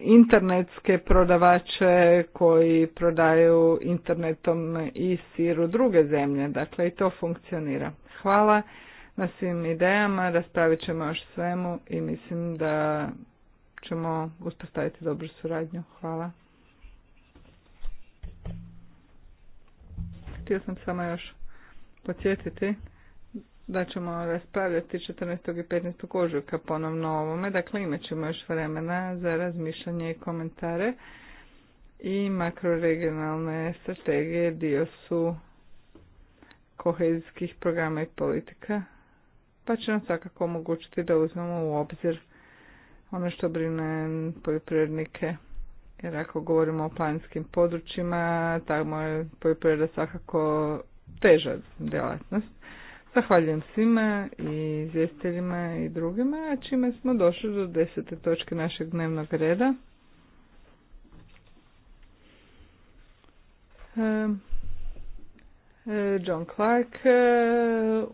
internetske prodavače koji prodaju internetom i siru druge zemlje. Dakle, i to funkcionira. Hvala na svim idejama, raspravit ćemo još svemu i mislim da ćemo uspostaviti dobru suradnju. Hvala. Htio sam samo još podsjetiti da ćemo raspravljati 14. i 15. ožujka ponovno o ovome. Dakle, imat ćemo još vremena za razmišljanje i komentare. I makroregionalne strategije dio su kohezijskih programa i politika pa će nam svakako omogućiti da uzmemo u obzir ono što brine poljoprivrednike. Jer ako govorimo o planinskim područjima, tamo je poljoprivreda svakako teža djelatnost. Zahvaljujem svima i izvjestiteljima i drugima, a čime smo došli do desete točke našeg dnevnog reda. E, Eh, John Clark eh,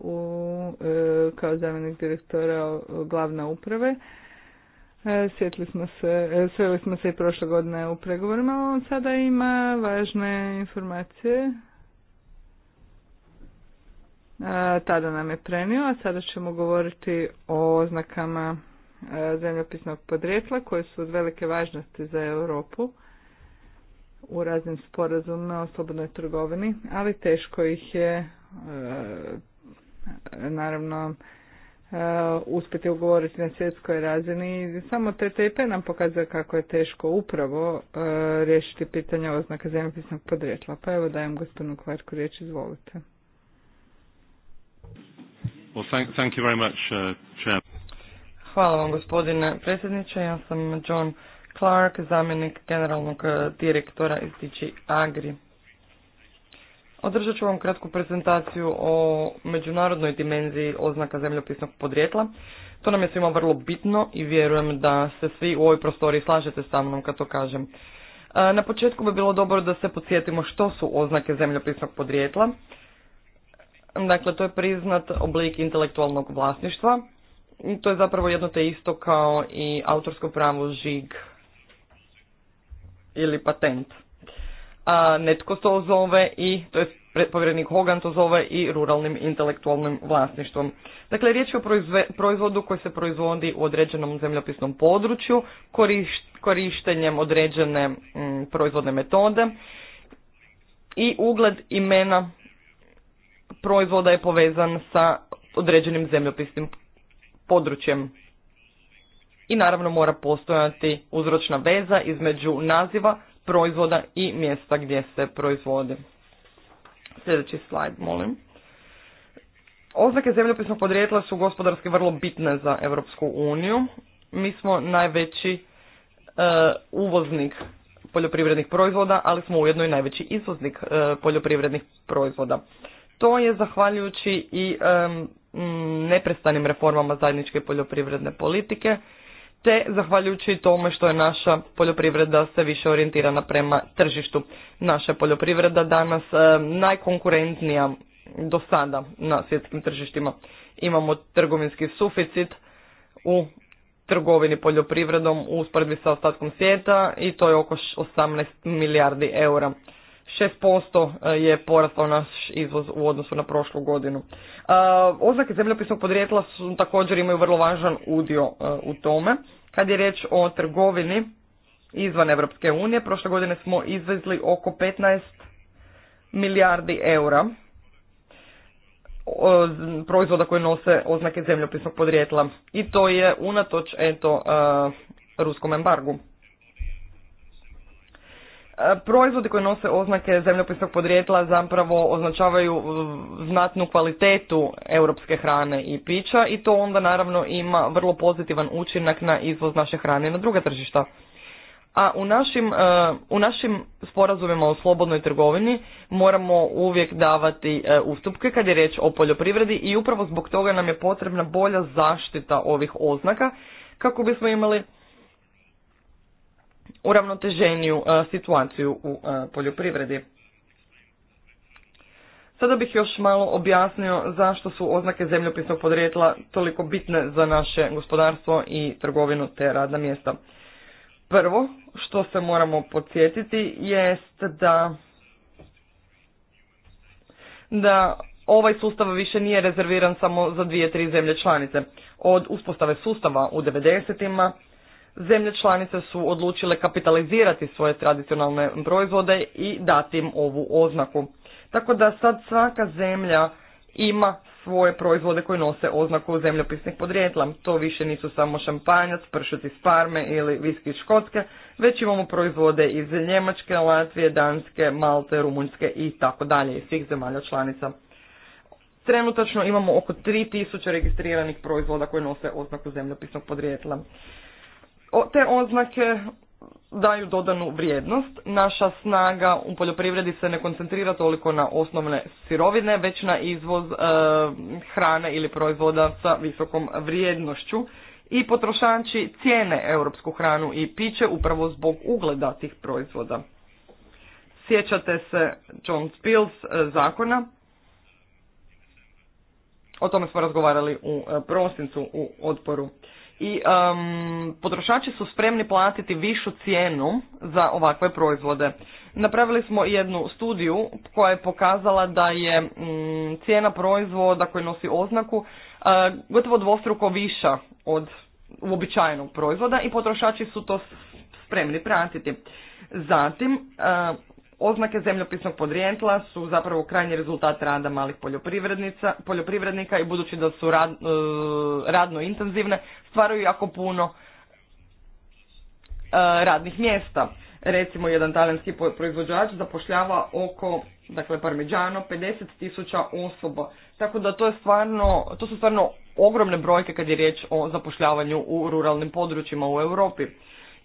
u, eh, kao zamjenik direktora glavne uprave. Sjetili smo se, sreli smo se i prošle godine u pregovorima, on sada ima važne informacije. Tada nam je prenio, a sada ćemo govoriti o oznakama zemljopisnog podrijetla koje su od velike važnosti za Europu u raznim sporazumima o slobodnoj trgovini, ali teško ih je e, naravno e, uspjeti ugovoriti na svjetskoj razini. Samo TTIP nam pokazuje kako je teško upravo e, riješiti pitanje oznaka zemljopisnog podrijetla. Pa evo dajem gospodinu Kvarku riječ, izvolite. Uh, Hvala vam gospodine predsjedniče, ja sam John Clark, zamjenik generalnog e, direktora iz Agri. Održat ću vam kratku prezentaciju o međunarodnoj dimenziji oznaka zemljopisnog podrijetla. To nam je svima vrlo bitno i vjerujem da se svi u ovoj prostoriji slažete sa mnom kad to kažem. E, na početku bi bilo dobro da se podsjetimo što su oznake zemljopisnog podrijetla. Dakle, to je priznat oblik intelektualnog vlasništva. To je zapravo jedno te isto kao i autorsko pravo žig ili patent. A netko to zove i, to je povjerenik Hogan to zove i ruralnim intelektualnim vlasništvom. Dakle, riječ je o proizvodu koji se proizvodi u određenom zemljopisnom području, korištenjem određene mm, proizvodne metode i ugled imena proizvoda je povezan sa određenim zemljopisnim područjem i naravno mora postojati uzročna veza između naziva, proizvoda i mjesta gdje se proizvode. Sljedeći slajd, molim. Oznake zemljopisnog podrijetla su gospodarski vrlo bitne za Europsku uniju. Mi smo najveći e, uvoznik poljoprivrednih proizvoda, ali smo ujedno i najveći izvoznik e, poljoprivrednih proizvoda. To je zahvaljujući i e, neprestanim reformama zajedničke poljoprivredne politike te zahvaljujući tome što je naša poljoprivreda se više orijentirana prema tržištu. Naša poljoprivreda danas e, najkonkurentnija do sada na svjetskim tržištima. Imamo trgovinski suficit u trgovini poljoprivredom u usporedbi sa ostatkom svijeta i to je oko 18 milijardi eura. 6% e, je porastao naš izvoz u odnosu na prošlu godinu. E, oznake zemljopisnog podrijetla su također imaju vrlo važan udio e, u tome. Kad je riječ o trgovini izvan Europske unije, prošle godine smo izvezli oko 15 milijardi eura proizvoda koje nose oznake zemljopisnog podrijetla. I to je unatoč eto ruskom embargu. E, proizvodi koji nose oznake zemljopisnog podrijetla zapravo označavaju e, znatnu kvalitetu europske hrane i pića i to onda naravno ima vrlo pozitivan učinak na izvoz naše hrane na druga tržišta. A u našim, e, u našim sporazumima o slobodnoj trgovini moramo uvijek davati ustupke kad je riječ o poljoprivredi i upravo zbog toga nam je potrebna bolja zaštita ovih oznaka kako bismo imali uravnoteženiju e, situaciju u e, poljoprivredi. Sada bih još malo objasnio zašto su oznake zemljopisnog podrijetla toliko bitne za naše gospodarstvo i trgovinu te radna mjesta. Prvo što se moramo podsjetiti jest da da ovaj sustav više nije rezerviran samo za dvije, tri zemlje članice. Od uspostave sustava u 90-ima zemlje članice su odlučile kapitalizirati svoje tradicionalne proizvode i dati im ovu oznaku. Tako da sad svaka zemlja ima svoje proizvode koji nose oznaku zemljopisnih podrijetla. To više nisu samo šampanjac, pršut iz Parme ili viski iz Škotske, već imamo proizvode iz Njemačke, Latvije, Danske, Malte, Rumunjske i tako dalje, iz svih zemalja članica. Trenutačno imamo oko 3000 registriranih proizvoda koji nose oznaku zemljopisnog podrijetla te oznake daju dodanu vrijednost. Naša snaga u poljoprivredi se ne koncentrira toliko na osnovne sirovine, već na izvoz e, hrane ili proizvoda sa visokom vrijednošću i potrošači cijene europsku hranu i piće upravo zbog ugleda tih proizvoda. Sjećate se John Spills e, zakona, o tome smo razgovarali u e, prosincu u odporu i um, potrošači su spremni platiti višu cijenu za ovakve proizvode. Napravili smo jednu studiju koja je pokazala da je mm, cijena proizvoda koji nosi oznaku uh, gotovo dvostruko viša od uobičajenog proizvoda i potrošači su to spremni pratiti. Zatim, uh, Oznake zemljopisnog podrijetla su zapravo krajnji rezultat rada malih poljoprivrednika i budući da su e, radno intenzivne, stvaraju jako puno e, radnih mjesta. Recimo, jedan talijanski proizvođač zapošljava oko, dakle, parmeđano, 50 tisuća osoba. Tako da to, je stvarno, to su stvarno ogromne brojke kad je riječ o zapošljavanju u ruralnim područjima u Europi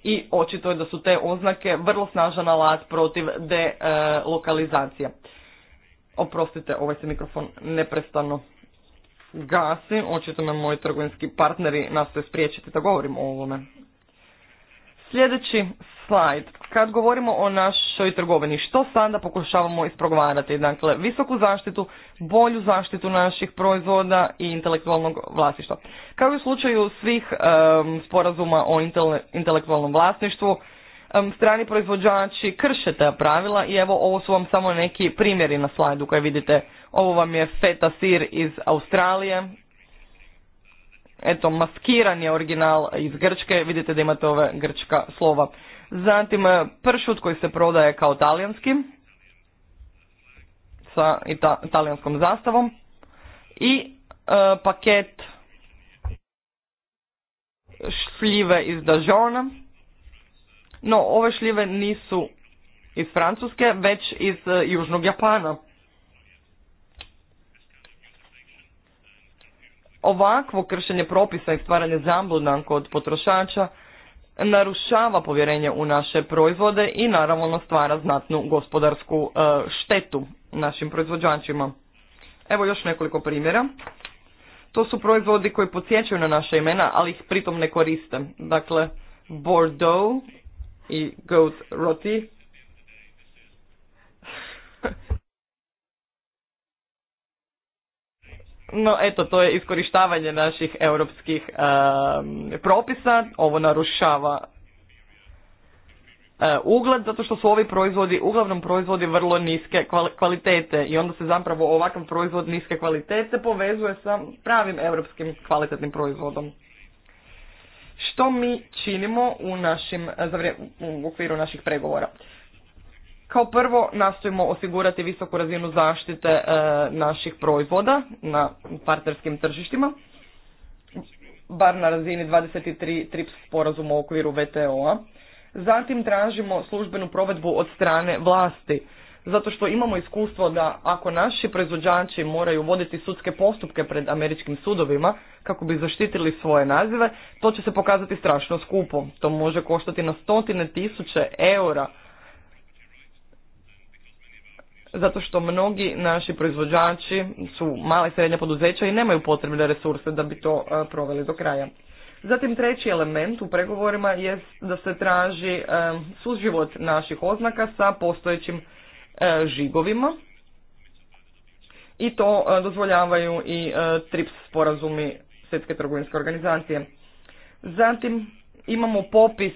i očito je da su te oznake vrlo snažan alat protiv delokalizacije. Oprostite, ovaj se mikrofon neprestano gasi, očito me moji trgovinski partneri nastoje spriječiti da govorim o ovome Sljedeći slajd. Kad govorimo o našoj trgovini, što sada pokušavamo isprogovarati? Dakle, visoku zaštitu, bolju zaštitu naših proizvoda i intelektualnog vlasništva. Kao i u slučaju svih sporazuma o intelektualnom vlasništvu, strani proizvođači krše ta pravila i evo ovo su vam samo neki primjeri na slajdu koje vidite. Ovo vam je feta sir iz Australije, eto, maskiran je original iz Grčke, vidite da imate ove grčka slova. Zatim e, pršut koji se prodaje kao talijanski, sa ita, talijanskom zastavom i e, paket šljive iz Dajona, No, ove šljive nisu iz Francuske, već iz e, Južnog Japana. Ovakvo kršenje propisa i stvaranje zambluda kod potrošača narušava povjerenje u naše proizvode i naravno stvara znatnu gospodarsku e, štetu našim proizvođačima. Evo još nekoliko primjera. To su proizvodi koji podsjećaju na naše imena, ali ih pritom ne koriste. Dakle, Bordeaux i Goat Roti. No eto, to je iskorištavanje naših europskih propisa, ovo narušava e, ugled, zato što su ovi proizvodi, uglavnom proizvodi vrlo niske kvalitete i onda se zapravo ovakav proizvod niske kvalitete povezuje sa pravim europskim kvalitetnim proizvodom. Što mi činimo u, našim, u okviru naših pregovora? Kao prvo nastojimo osigurati visoku razinu zaštite e, naših proizvoda na partnerskim tržištima, bar na razini 23 TRIPS sporazuma u okviru VTO-a. Zatim tražimo službenu provedbu od strane vlasti, zato što imamo iskustvo da ako naši proizvođači moraju voditi sudske postupke pred američkim sudovima kako bi zaštitili svoje nazive, to će se pokazati strašno skupo. To može koštati na stotine tisuće eura zato što mnogi naši proizvođači su male i srednje poduzeća i nemaju potrebne resurse da bi to e, proveli do kraja. Zatim treći element u pregovorima je da se traži e, suživot naših oznaka sa postojećim e, žigovima i to dozvoljavaju i TRIPS sporazumi Svjetske trgovinske organizacije. Zatim imamo popis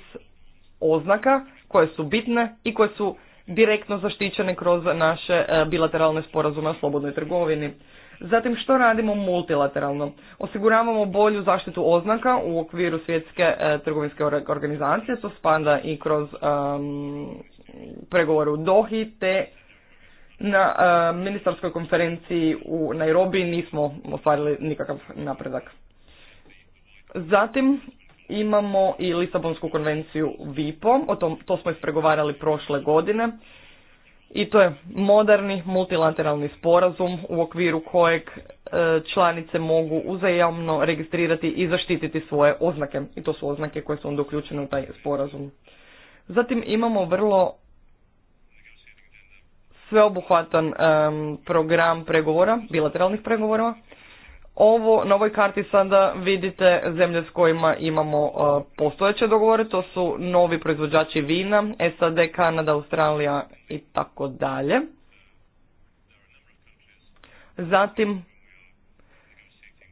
oznaka koje su bitne i koje su direktno zaštićene kroz naše e, bilateralne sporazume o slobodnoj trgovini. Zatim što radimo multilateralno? Osiguravamo bolju zaštitu oznaka u okviru svjetske e, trgovinske organizacije, to spada i kroz um, pregovore u Dohi, te na e, ministarskoj konferenciji u Nairobi nismo ostvarili nikakav napredak. Zatim imamo i Lisabonsku konvenciju VIPO, o tom, to smo ispregovarali prošle godine. I to je moderni multilateralni sporazum u okviru kojeg e, članice mogu uzajamno registrirati i zaštititi svoje oznake. I to su oznake koje su onda uključene u taj sporazum. Zatim imamo vrlo sveobuhvatan program pregovora, bilateralnih pregovora ovo, na ovoj karti sada vidite zemlje s kojima imamo e, postojeće dogovore, to su novi proizvođači vina, SAD, Kanada, Australija i tako dalje. Zatim,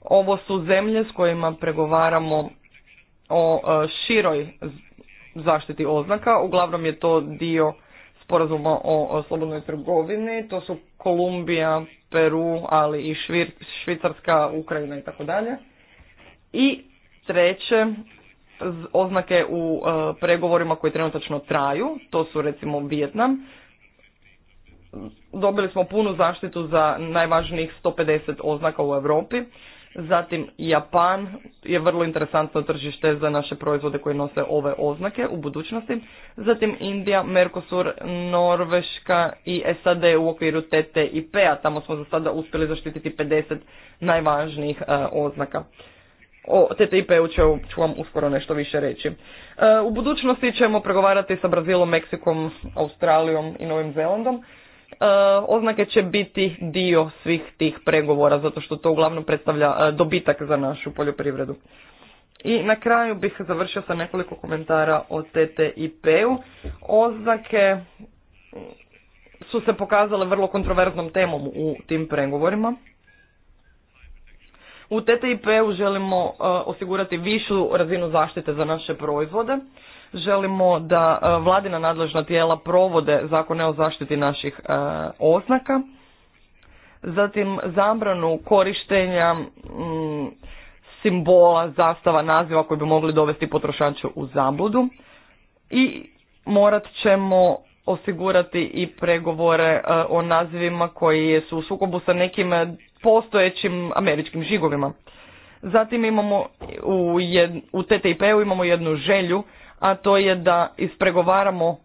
ovo su zemlje s kojima pregovaramo o e, široj zaštiti oznaka, uglavnom je to dio sporazuma o, slobodnoj trgovini, to su Kolumbija, Peru, ali i Švicarska, Ukrajina i tako dalje. I treće, oznake u e, pregovorima koji trenutačno traju, to su recimo Vijetnam. Dobili smo punu zaštitu za najvažnijih 150 oznaka u Europi. Zatim Japan je vrlo interesantno tržište za naše proizvode koji nose ove oznake u budućnosti. Zatim Indija, Mercosur, Norveška i SAD u okviru TTIP-a. Tamo smo za sada uspjeli zaštititi 50 najvažnijih e, oznaka. O TTIP-u ću vam uskoro nešto više reći. E, u budućnosti ćemo pregovarati sa Brazilom, Meksikom, Australijom i Novim Zelandom Eh, oznake će biti dio svih tih pregovora zato što to uglavnom predstavlja eh, dobitak za našu poljoprivredu. I na kraju bih završio sa nekoliko komentara o TTIP-u. Oznake mm, su se pokazale vrlo kontroverznom temom u tim pregovorima. U TTIP-u želimo eh, osigurati višu razinu zaštite za naše proizvode Želimo da e, vladina nadležna tijela provode zakone o zaštiti naših e, oznaka. Zatim zabranu korištenja simbola, zastava, naziva koji bi mogli dovesti potrošače u zabludu. I morat ćemo osigurati i pregovore e, o nazivima koji su u sukobu sa nekim postojećim američkim žigovima. Zatim imamo u, u TTIP-u imamo jednu želju a to je da ispregovaramo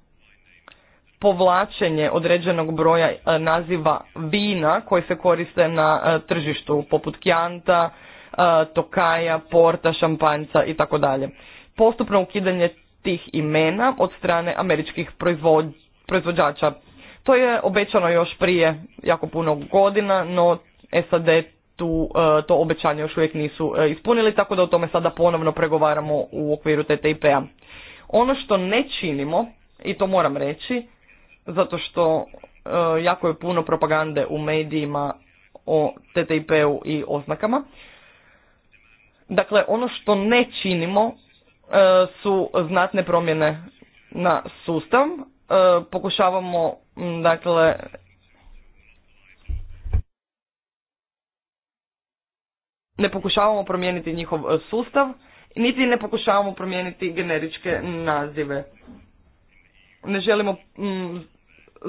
povlačenje određenog broja e, naziva vina koji se koriste na e, tržištu, poput kjanta, e, tokaja, porta, šampanjca i tako dalje. Postupno ukidanje tih imena od strane američkih proizvođača. To je obećano još prije jako puno godina, no SAD tu to obećanje još uvijek nisu ispunili, tako da o tome sada ponovno pregovaramo u okviru TTIP-a. Ono što ne činimo, i to moram reći, zato što e, jako je puno propagande u medijima o TTIP-u i oznakama. Dakle, ono što ne činimo e, su znatne promjene na sustav. E, pokušavamo, dakle, ne pokušavamo promijeniti njihov sustav niti ne pokušavamo promijeniti generičke nazive. Ne želimo mm,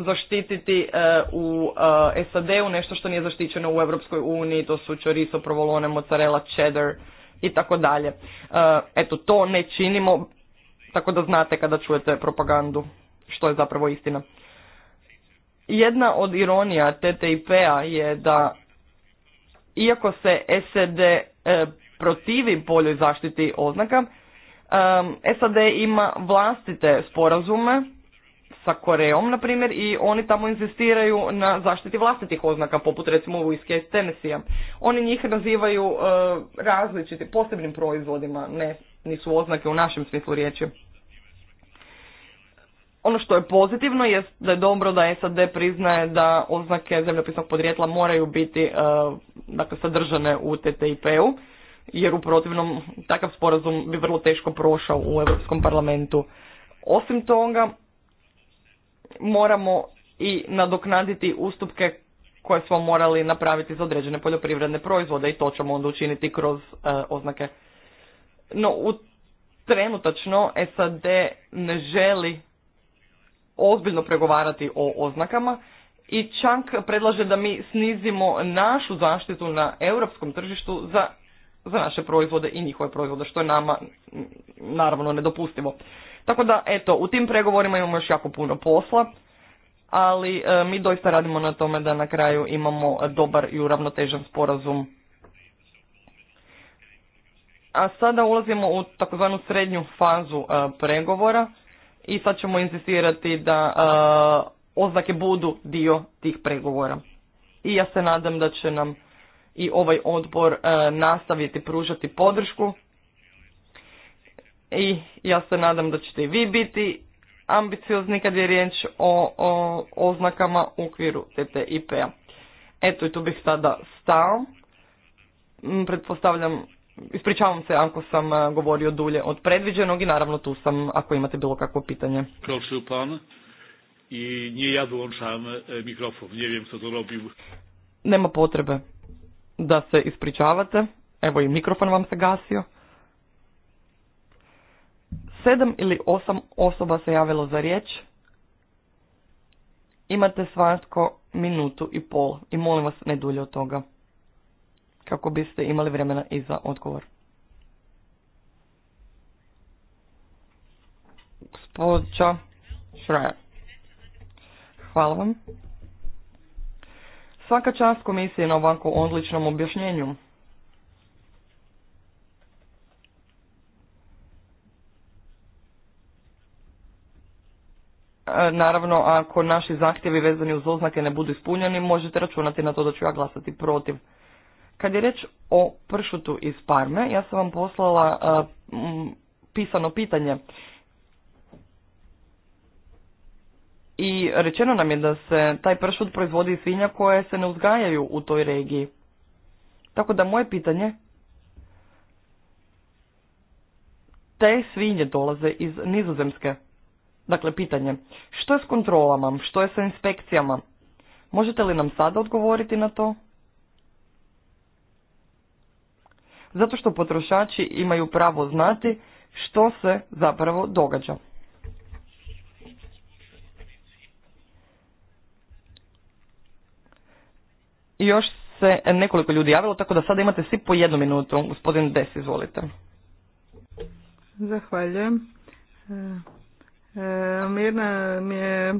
zaštititi e, u e, SAD-u nešto što nije zaštićeno u Europskoj uniji, to su chorizo, provolone, mozzarella, cheddar i tako dalje. E, eto, to ne činimo, tako da znate kada čujete propagandu što je zapravo istina. Jedna od ironija TTIP-a je da iako se SAD... E, protivi boljoj zaštiti oznaka, SAD ima vlastite sporazume sa Koreom, na primjer, i oni tamo insistiraju na zaštiti vlastitih oznaka, poput recimo Whiskey Oni njih nazivaju e, različitim, posebnim proizvodima, ne, nisu oznake u našem smislu riječi. Ono što je pozitivno je da je dobro da SAD priznaje da oznake zemljopisnog podrijetla moraju biti e, dakle, sadržane u TTIP-u jer u protivnom takav sporazum bi vrlo teško prošao u Europskom parlamentu. Osim toga, moramo i nadoknaditi ustupke koje smo morali napraviti za određene poljoprivredne proizvode i to ćemo onda učiniti kroz e, oznake. No, u trenutačno SAD ne želi ozbiljno pregovarati o oznakama i čak predlaže da mi snizimo našu zaštitu na europskom tržištu za za naše proizvode i njihove proizvode, što je nama naravno nedopustivo. Tako da, eto, u tim pregovorima imamo još jako puno posla, ali e, mi doista radimo na tome da na kraju imamo dobar i uravnotežen sporazum. A sada ulazimo u takozvanu srednju fazu e, pregovora i sad ćemo insistirati da e, oznake budu dio tih pregovora. I ja se nadam da će nam i ovaj odbor e, nastaviti pružati podršku i ja se nadam da ćete i vi biti ambiciozni kad je riječ o, oznakama u okviru TTIP-a. Eto i tu bih sada stao. Pretpostavljam, ispričavam se ako sam e, govorio dulje od predviđenog i naravno tu sam ako imate bilo kakvo pitanje. pan i nije ja e, mikrofon, ne vijem što to Nema potrebe da se ispričavate. Evo i mikrofon vam se gasio. Sedam ili osam osoba se javilo za riječ. Imate svatko minutu i pol i molim vas ne dulje od toga kako biste imali vremena i za odgovor. Gospodča Šraja. Hvala vam. Svaka čast komisije na ovako odličnom objašnjenju. E, naravno, ako naši zahtjevi vezani uz oznake ne budu ispunjeni, možete računati na to da ću ja glasati protiv. Kad je reč o pršutu iz Parme, ja sam vam poslala e, pisano pitanje i rečeno nam je da se taj pršut proizvodi svinja koje se ne uzgajaju u toj regiji. Tako da moje pitanje, te svinje dolaze iz nizozemske. Dakle, pitanje, što je s kontrolama, što je sa inspekcijama? Možete li nam sada odgovoriti na to? Zato što potrošači imaju pravo znati što se zapravo događa. još se nekoliko ljudi javilo, tako da sada imate svi po jednu minutu. Gospodin Des, izvolite. Zahvaljujem. E, e, Mirna mi je e,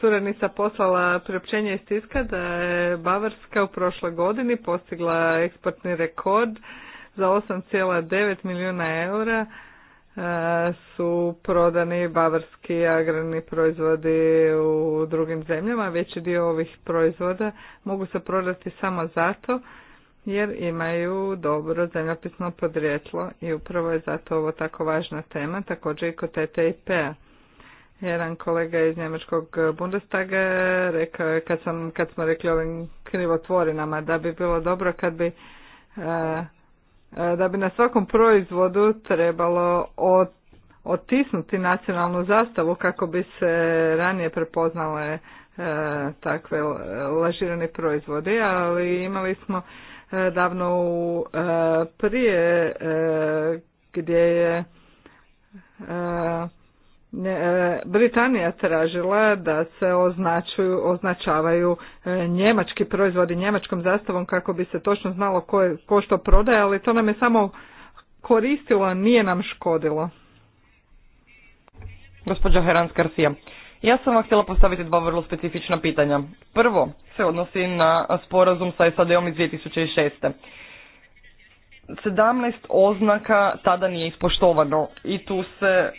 suradnica poslala priopćenje iz tiska da je Bavarska u prošloj godini postigla eksportni rekord za 8,9 milijuna eura E, su prodani bavarski agrarni proizvodi u drugim zemljama. Veći dio ovih proizvoda mogu se prodati samo zato jer imaju dobro zemljopisno podrijetlo i upravo je zato ovo tako važna tema, također i kod TTIP-a. Jedan kolega iz njemačkog Bundestaga rekao je kad, sam, kad smo rekli ovim krivotvorinama da bi bilo dobro kad bi e, E, da bi na svakom proizvodu trebalo otisnuti nacionalnu zastavu kako bi se ranije prepoznale e, takve e, lažirane proizvode, ali imali smo davno u, prije gdje je E, Britanija tražila da se označuju, označavaju e, njemački proizvodi njemačkom zastavom kako bi se točno znalo ko, je, ko što prodaje, ali to nam je samo koristilo, nije nam škodilo. Gospođa Herans Garcia, ja sam vam htjela postaviti dva vrlo specifična pitanja. Prvo se odnosi na sporazum sa SAD-om iz 2006. 17 oznaka tada nije ispoštovano i tu, se,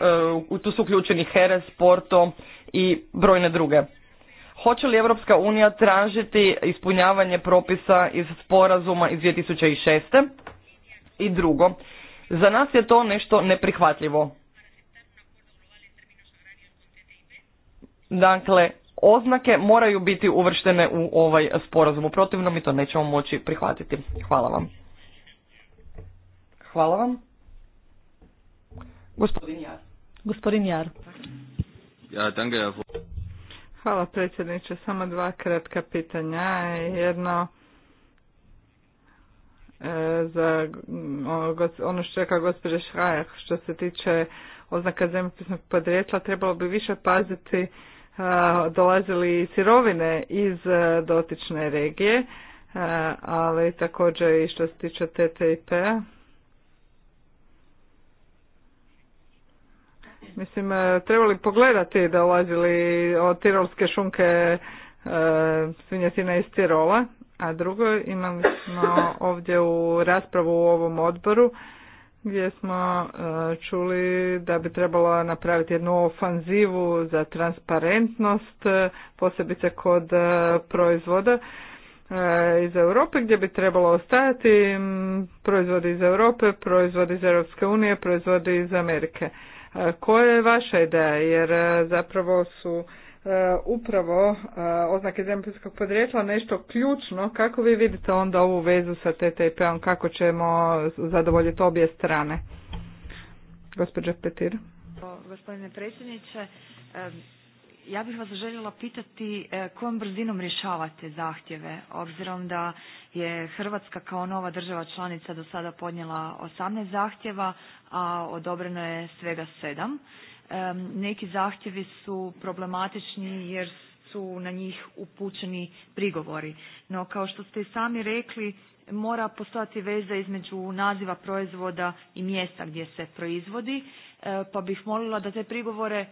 e, tu su uključeni HERE, Sporto i brojne druge. Hoće li Europska unija tražiti ispunjavanje propisa iz sporazuma iz 2006. I drugo, za nas je to nešto neprihvatljivo. Dakle, oznake moraju biti uvrštene u ovaj sporazum. U protivnom mi to nećemo moći prihvatiti. Hvala vam. Hvala vam. Gospodin Jar. Gospodin Jar. Ja, danke. Hvala predsjedniče. Samo dva kratka pitanja. Jedno e, za ono što čeka gospođa Šrajah što se tiče oznaka zemljopisnog podrijetla trebalo bi više paziti e, dolazili sirovine iz e, dotične regije ali također i što se tiče TTIP-a Mislim, e, trebali pogledati da ulazili od tirolske šunke e, svinjetina iz Tirola, a drugo imali smo ovdje u raspravu u ovom odboru gdje smo e, čuli da bi trebalo napraviti jednu ofanzivu za transparentnost, posebice kod proizvoda iz Europe gdje bi trebalo ostajati proizvodi iz Europe, proizvodi iz Europske unije, proizvodi iz Amerike. Koja je vaša ideja? Jer e, zapravo su e, upravo e, oznake zemljopisnog podrijetla nešto ključno. Kako vi vidite onda ovu vezu sa TTIP-om? Kako ćemo zadovoljiti obje strane? Gospođa Petir. Gospodine predsjedniče, ja bih vas željela pitati e, kojom brzinom rješavate zahtjeve, obzirom da je Hrvatska kao nova država članica do sada podnijela 18 zahtjeva, a odobreno je svega 7. E, neki zahtjevi su problematični jer su na njih upućeni prigovori. No, kao što ste i sami rekli, mora postojati veza između naziva proizvoda i mjesta gdje se proizvodi, e, pa bih molila da te prigovore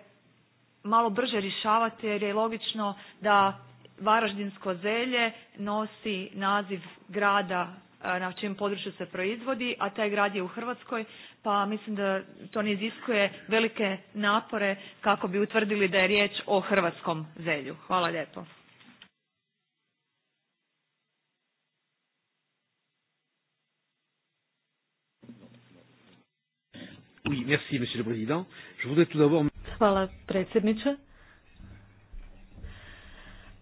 malo brže rješavati jer je logično da varaždinsko zelje nosi naziv grada na čijem području se proizvodi, a taj grad je u Hrvatskoj, pa mislim da to ne iziskuje velike napore kako bi utvrdili da je riječ o hrvatskom zelju. Hvala lijepo. Je Hvala, predsjedniče.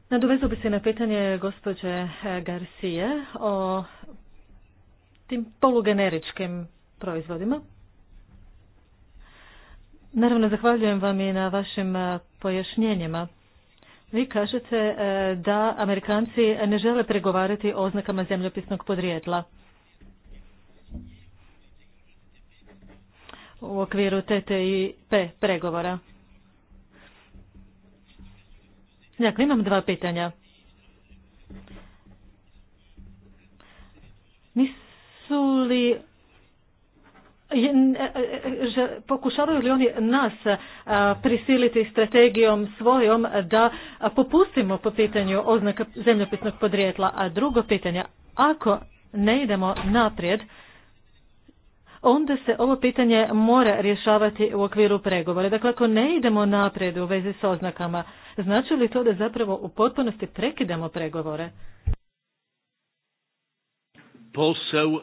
Nadovezao bi se na pitanje gospođe eh, Garcije o tim polugeneričkim proizvodima. Naravno, zahvaljujem vam i na vašim eh, pojašnjenjima. Vi kažete eh, da Amerikanci ne žele pregovarati o oznakama zemljopisnog podrijetla. u okviru TTIP pregovora. Dakle, imam dva pitanja. Nisu li e, e, e, pokušavaju li oni nas prisiliti strategijom svojom da popustimo po pitanju oznaka zemljopisnog podrijetla? A drugo pitanje, ako ne idemo naprijed, onda se ovo pitanje mora rješavati u okviru pregovora. Dakle, ako ne idemo naprijed u vezi s oznakama, znači li to da zapravo u potpunosti prekidamo pregovore? Posao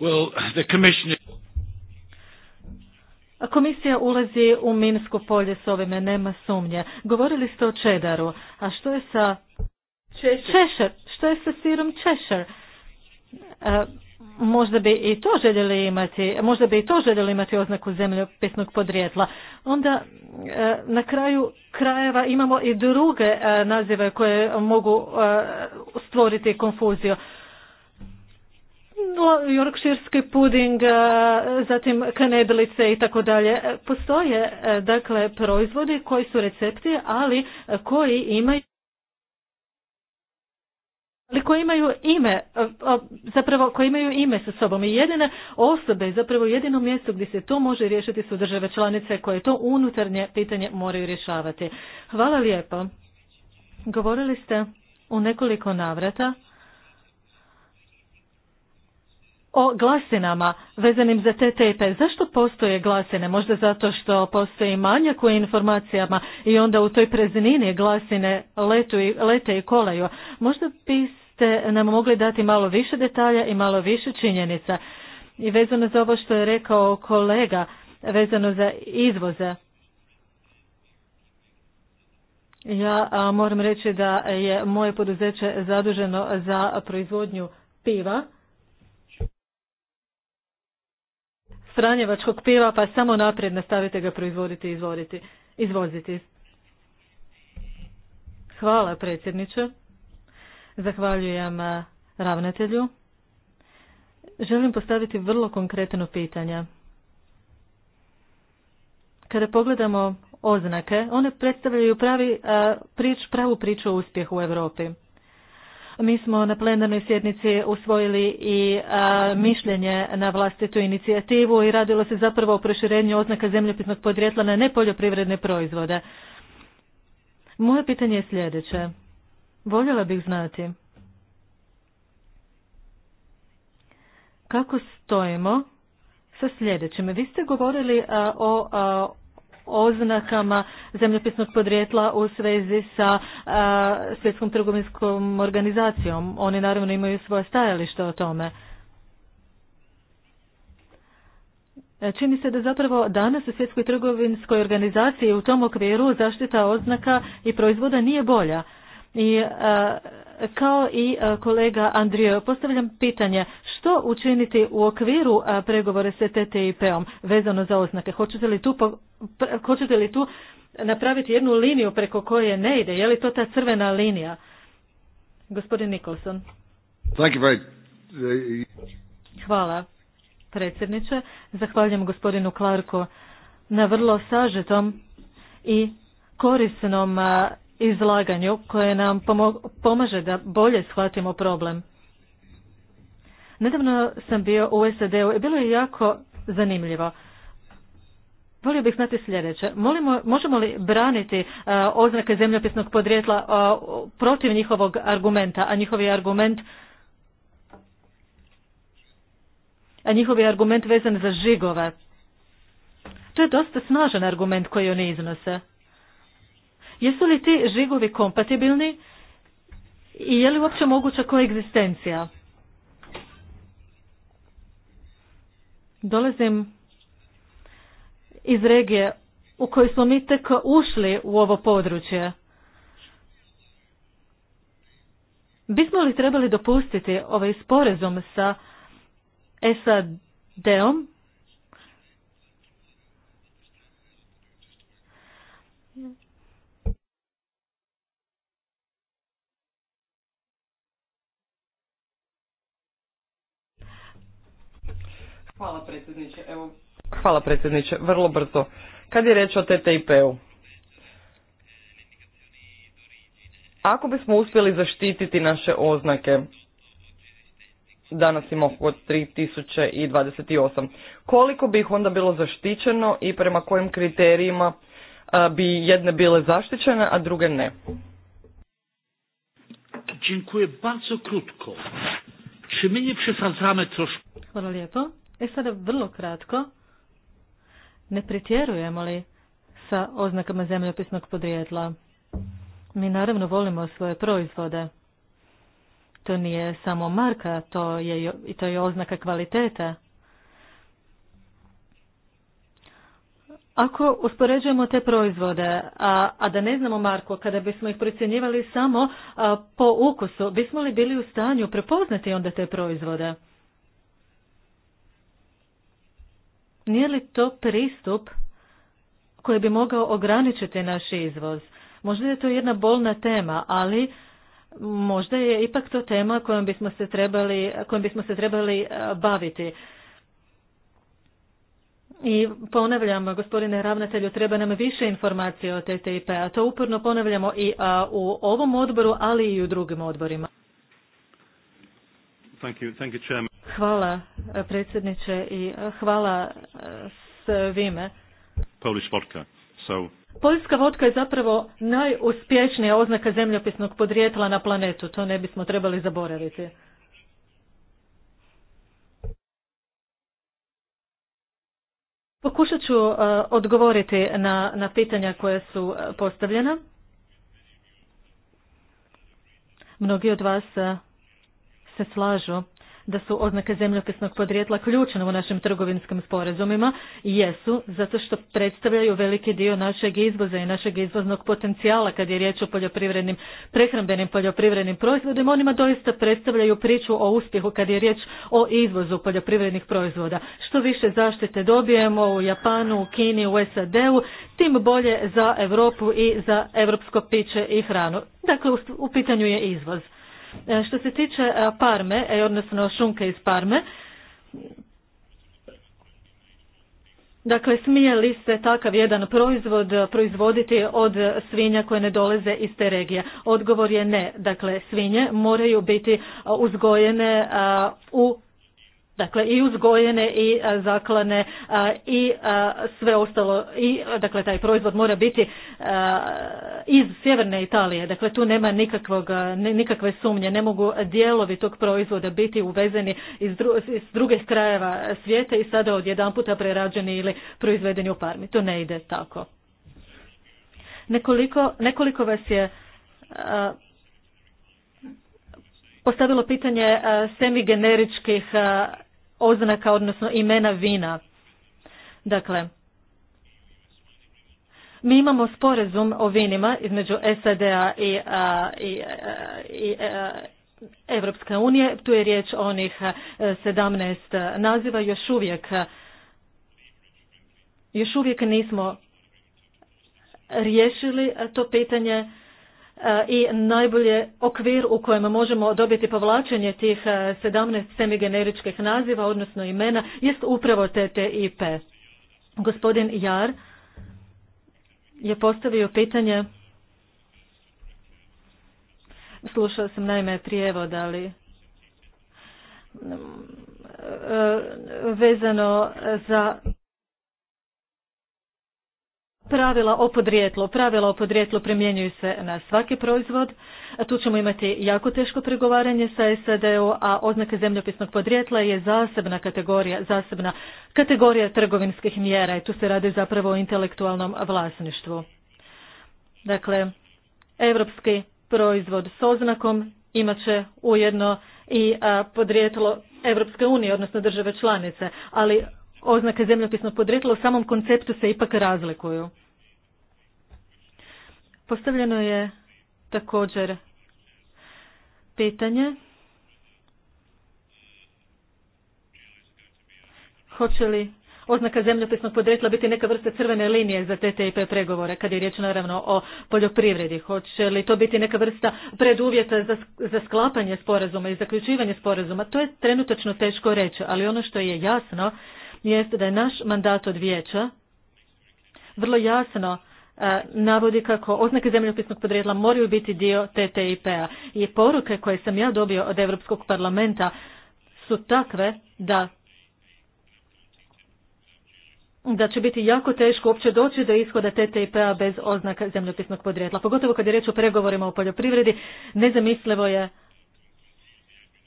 Well, the Komisija ulazi u Minsko polje s ovime, nema sumnje. Govorili ste o Čedaru, a što je sa... Češer. Što je sa sirom Češer? E, možda bi i to željeli imati, možda bi i to željeli imati oznaku zemljopisnog podrijetla. Onda e, na kraju krajeva imamo i druge e, nazive koje mogu stvoriti konfuziju. yorkshireski puding, zatim kanedlice i tako dalje. Postoje dakle proizvodi koji su recepti, ali koji imaju ali koji imaju ime, e, e, zapravo koji imaju ime sa sobom i jedine osobe, zapravo jedino mjesto gdje se to može riješiti su države članice koje to unutarnje pitanje moraju rješavati. Hvala lijepo. Govorili ste u nekoliko navrata o glasinama vezanim za tepe, Zašto postoje glasine? Možda zato što postoji manjak u informacijama i onda u toj prezinini glasine letu i, lete i kolaju. Možda biste nam mogli dati malo više detalja i malo više činjenica. I vezano za ovo što je rekao kolega, vezano za izvoze. Ja moram reći da je moje poduzeće zaduženo za proizvodnju piva franjevačkog piva, pa samo naprijed nastavite ga proizvoditi i izvoziti. Hvala predsjedniče. Zahvaljujem eh, ravnatelju. Želim postaviti vrlo konkretno pitanje. Kada pogledamo oznake, one predstavljaju pravi, eh, prič, pravu priču o uspjehu u Europi. Mi smo na plenarnoj sjednici usvojili i mišljenje na vlastitu inicijativu i radilo se zapravo o proširenju oznaka zemljopisnog podrijetla na nepoljoprivredne proizvode. Moje pitanje je sljedeće. Voljela bih znati kako stojimo sa sljedećim. Vi ste govorili o oznakama zemljopisnog podrijetla u svezi sa svjetskom trgovinskom organizacijom. Oni naravno imaju svoje stajalište o tome. E, čini se da zapravo danas u svjetskoj trgovinskoj organizaciji u tom okviru zaštita oznaka i proizvoda nije bolja. I kao i kolega Andrije, postavljam pitanje to učiniti u okviru pregovore s TTIP-om vezano za oznake? Hoćete li tu, hoćete li tu napraviti jednu liniju preko koje ne ide? Je li to ta crvena linija? Gospodin Nikolson. Uh, Hvala predsjedniče. Zahvaljujem gospodinu Clarku na vrlo sažetom i korisnom izlaganju koje nam pomaže da bolje shvatimo problem. Nedavno sam bio u SAD-u i bilo je jako zanimljivo. Volio bih znati sljedeće. Molimo, možemo li braniti e, oznake zemljopisnog podrijetla e, protiv njihovog argumenta, a njihovi argument a njihov argument vezan za žigove. To je dosta snažan argument koji oni iznose. Jesu li ti žigovi kompatibilni i je li uopće moguća koegzistencija? Dolazim iz regije u kojoj smo mi tek ušli u ovo područje. Bismo li trebali dopustiti ovaj sporazum sa SAD-om Hvala predsjedniče. Evo... Hvala predsjedniče. Vrlo brzo. Kad je reč o TTIP-u? Ako bismo uspjeli zaštititi naše oznake, danas imamo oko 3028, koliko bi ih onda bilo zaštićeno i prema kojim kriterijima bi jedne bile zaštićene, a druge ne? Dziękuję bardzo krótko. Czy my Hvala lijepo. E sada vrlo kratko, ne pretjerujemo li sa oznakama zemljopisnog podrijetla? Mi naravno volimo svoje proizvode. To nije samo marka, to je, i to je oznaka kvaliteta. Ako uspoređujemo te proizvode, a, a da ne znamo Marko, kada bismo ih procjenjivali samo po ukusu, bismo li bili u stanju prepoznati onda te proizvode? Nije li to pristup koji bi mogao ograničiti naš izvoz? Možda je to jedna bolna tema, ali možda je ipak to tema kojom bismo se trebali, kojom bismo se trebali e, baviti. I ponavljam, gospodine ravnatelju, treba nam više informacije o TTIP, a to uporno ponavljamo i e, u ovom odboru, ali i u drugim odborima hvala eh, predsjedniče i eh, hvala eh, svime. Poljska vodka je zapravo najuspješnija oznaka zemljopisnog podrijetla na planetu. To ne bismo trebali zaboraviti. Pokušat ću odgovoriti na, na pitanja koja su postavljena. Mnogi od vas se slažu da su oznake zemljopisnog podrijetla ključne u našim trgovinskim sporazumima i jesu zato što predstavljaju veliki dio našeg izvoza i našeg izvoznog potencijala kad je riječ o poljoprivrednim, prehrambenim poljoprivrednim proizvodima. Onima doista predstavljaju priču o uspjehu kad je riječ o izvozu poljoprivrednih proizvoda. Što više zaštite dobijemo u Japanu, u Kini, u SAD-u, tim bolje za Europu i za europsko piće i hranu. Dakle, u pitanju je izvoz. E, što se tiče e, Parme, e, odnosno šunke iz Parme, Dakle, smije li se takav jedan proizvod proizvoditi od svinja koje ne dolaze iz te regije? Odgovor je ne. Dakle, svinje moraju biti uzgojene u dakle i uzgojene i e, zaklane e, i e, sve ostalo i dakle taj proizvod mora biti iz sjeverne Italije dakle tu nema nikakvog, nikakve sumnje ne mogu dijelovi tog proizvoda biti uvezeni iz, dru, iz drugih krajeva svijeta i sada odjedanputa puta prerađeni ili proizvedeni u Parmi to ne ide tako nekoliko, nekoliko vas je postavilo pitanje semigeneričkih oznaka, odnosno imena vina. Dakle, mi imamo sporazum o vinima između SAD-a i, a, i, i Evropske unije. Tu je riječ o onih 17 naziva. Još uvijek, još uvijek nismo riješili to pitanje E, i najbolje okvir u kojem možemo dobiti povlačenje tih 17 e, semigeneričkih naziva, odnosno imena, jest upravo TTIP. Gospodin Jar je postavio pitanje, slušao sam naime prijevod, ali mm, e, vezano za Pravila o podrijetlu. Pravila o podrijetlu primjenjuju se na svaki proizvod. Tu ćemo imati jako teško pregovaranje sa SAD-u, a oznake zemljopisnog podrijetla je zasebna kategorija, zasebna kategorija trgovinskih mjera i tu se radi zapravo o intelektualnom vlasništvu. Dakle, evropski proizvod s oznakom imat će ujedno i podrijetlo Evropske unije, odnosno države članice, ali oznake zemljopisnog podrijetla u samom konceptu se ipak razlikuju. Postavljeno je također pitanje hoće li oznaka zemljopisnog podrijetla biti neka vrsta crvene linije za TTIP pregovore, kad je riječ naravno o poljoprivredi? Hoće li to biti neka vrsta preduvjeta za, za sklapanje sporazuma i zaključivanje sporazuma? To je trenutačno teško reći, ali ono što je jasno jest da je naš mandat od vijeća vrlo jasno e, navodi kako oznake zemljopisnog podrijetla moraju biti dio TTIP-a i poruke koje sam ja dobio od Europskog parlamenta su takve da da će biti jako teško uopće doći do ishoda TTIP-a bez oznaka zemljopisnog podrijetla. Pogotovo kad je riječ o pregovorima o poljoprivredi, nezamislivo je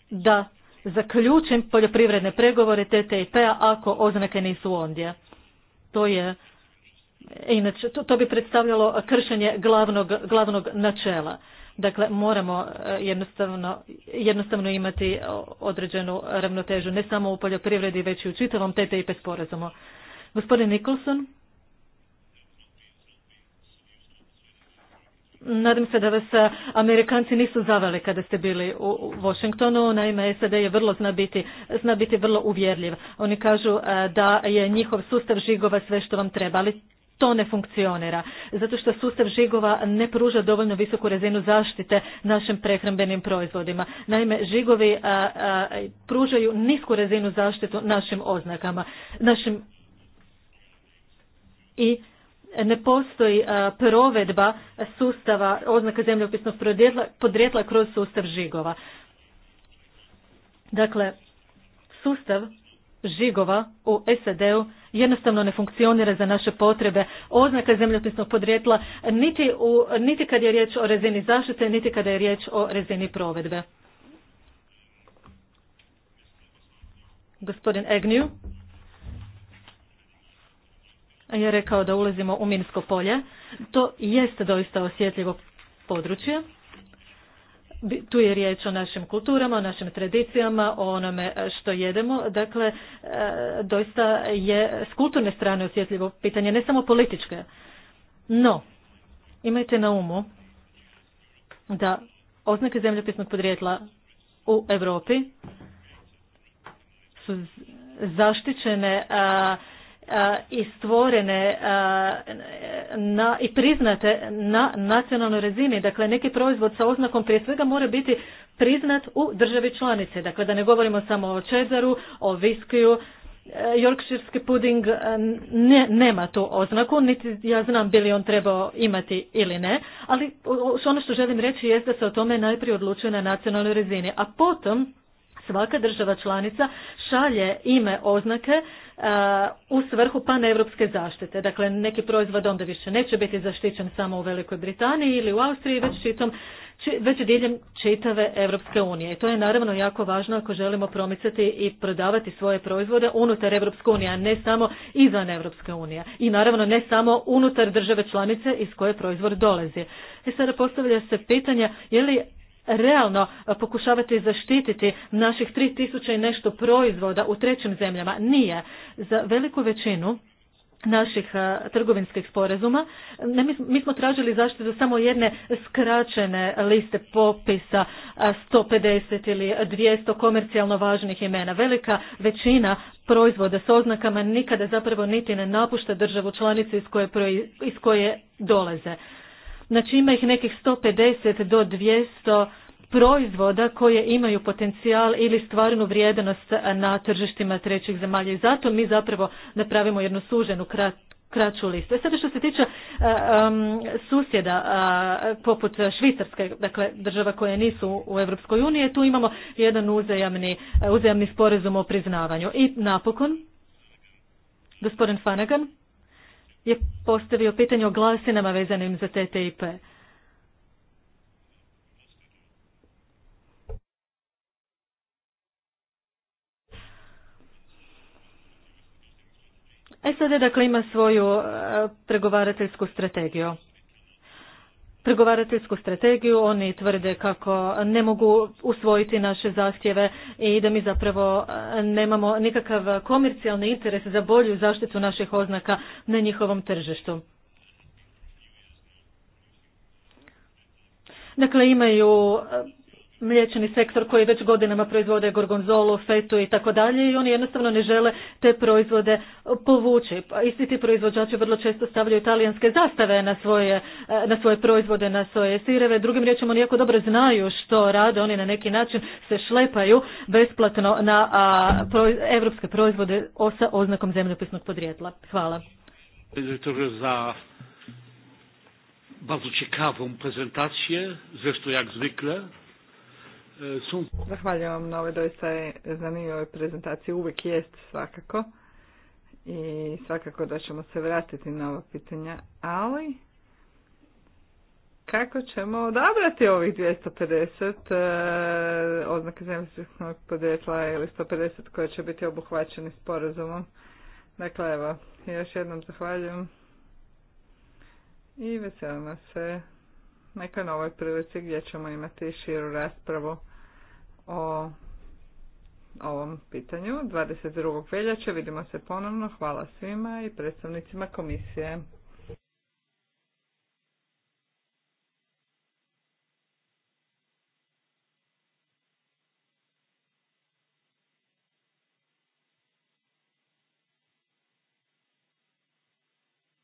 da zaključim poljoprivredne pregovore TTIP-a ako oznake nisu ondje. To je Inače, to, to bi predstavljalo kršenje glavnog, glavnog načela. Dakle, moramo e, jednostavno, jednostavno imati e, određenu ravnotežu, ne samo u poljoprivredi, već i u čitavom TTIP sporazumu. Gospodin Nikolson, Nadam se da vas eh, Amerikanci nisu zavali kada ste bili u Washingtonu, naime SAD je vrlo zna biti, vrlo uvjerljiv. Oni kažu eh, da je njihov sustav žigova sve što vam treba, ali to ne funkcionira, zato što sustav žigova ne pruža dovoljno visoku razinu zaštite našim prehrambenim proizvodima. Naime, žigovi eh, pružaju nisku razinu zaštitu našim oznakama, našim i ne postoji e, provedba sustava oznaka zemljopisnog podrijetla kroz sustav žigova. Dakle, sustav žigova u SAD-u jednostavno ne funkcionira za naše potrebe. Oznaka zemljopisnog podrijetla niti, u, niti kad je riječ o rezini zaštite, niti kada je riječ o rezini provedbe. Gospodin Egnju je rekao da ulazimo u Minsko polje. To jeste doista osjetljivo područje. Tu je riječ o našim kulturama, o našim tradicijama, o onome e, što jedemo. Dakle, e, doista je s kulturne strane osjetljivo pitanje, ne samo političke. No, imajte na umu da oznake zemljopisnog podrijetla u Europi su zaštićene Eh, i stvorene eh, na, i priznate na nacionalnoj razini. Dakle, neki proizvod sa oznakom prije svega mora biti priznat u državi članice. Dakle, da ne govorimo samo o čezaru, o viskiju, jorkširski eh, puding ne, nema tu oznaku, niti ja znam bi li on trebao imati ili ne, ali ono što želim reći je da se o tome najprije odlučuje na nacionalnoj razini, a potom svaka država članica šalje ime oznake e, u svrhu paneuropske zaštite. Dakle, neki proizvod onda više neće biti zaštićen samo u Velikoj Britaniji ili u Austriji, već, čitom, već diljem čitave Europske unije. I to je naravno jako važno ako želimo promicati i prodavati svoje proizvode unutar Europske unije, a ne samo izvan Europske unije. I naravno ne samo unutar države članice iz koje proizvod dolazi. I e, sada postavlja se pitanje je li realno eh, pokušavati zaštititi naših 3000 i nešto proizvoda u trećim zemljama? Nije. Za veliku većinu naših eh, trgovinskih sporazuma. Eh, mi smo tražili zaštitu samo jedne skraćene liste popisa 150 ili 200 komercijalno važnih imena. Velika većina proizvoda s oznakama nikada zapravo niti ne napušta državu članice iz koje, iz koje dolaze. Znači ima ih nekih 150 do 200 proizvoda koje imaju potencijal ili stvarnu vrijednost eh, na tržištima trećih zemalja i zato mi zapravo napravimo jednu suženu krat, kraću listu. E, sada što se tiče eh, susjeda eh, poput Švicarske, dakle država koje nisu u Europskoj uniji, tu imamo jedan uzajamni, uzajamni sporazum o priznavanju. I napokon, gospodin Fanagan je postavio pitanje o glasinama vezanim za TTIP. SAD dakle ima svoju e, pregovarateljsku strategiju. Pregovarateljsku strategiju oni tvrde kako ne mogu usvojiti naše zahtjeve i da mi zapravo e, nemamo nikakav komercijalni interes za bolju zaštitu naših oznaka na njihovom tržištu. Dakle, imaju mliječni sektor koji već godinama proizvode gorgonzolu, fetu i tako dalje i oni jednostavno ne žele te proizvode povući. Pa isti ti proizvođači vrlo često stavljaju talijanske zastave na svoje, eh, na svoje proizvode, na svoje sireve. Drugim riječima oni jako dobro znaju što rade, oni na neki način se šlepaju besplatno na a, evropske proizvode sa oznakom zemljopisnog podrijetla. Hvala. za bardzo ciekawą prezentację, zresztą jak zwykle. Zahvaljujem vam na ovoj doista zanimljivoj prezentaciji, uvijek jest svakako. I svakako da ćemo se vratiti na ova pitanja, ali kako ćemo odabrati ovih 250 oznaka zemljskog podrijetla ili 150 koje će biti obuhvaćeni sporazumom. Dakle, evo, još jednom zahvaljujem i veselimo se nekoj novoj prilici gdje ćemo imati širu raspravu o ovom pitanju. 22. veljače vidimo se ponovno. Hvala svima i predstavnicima komisije.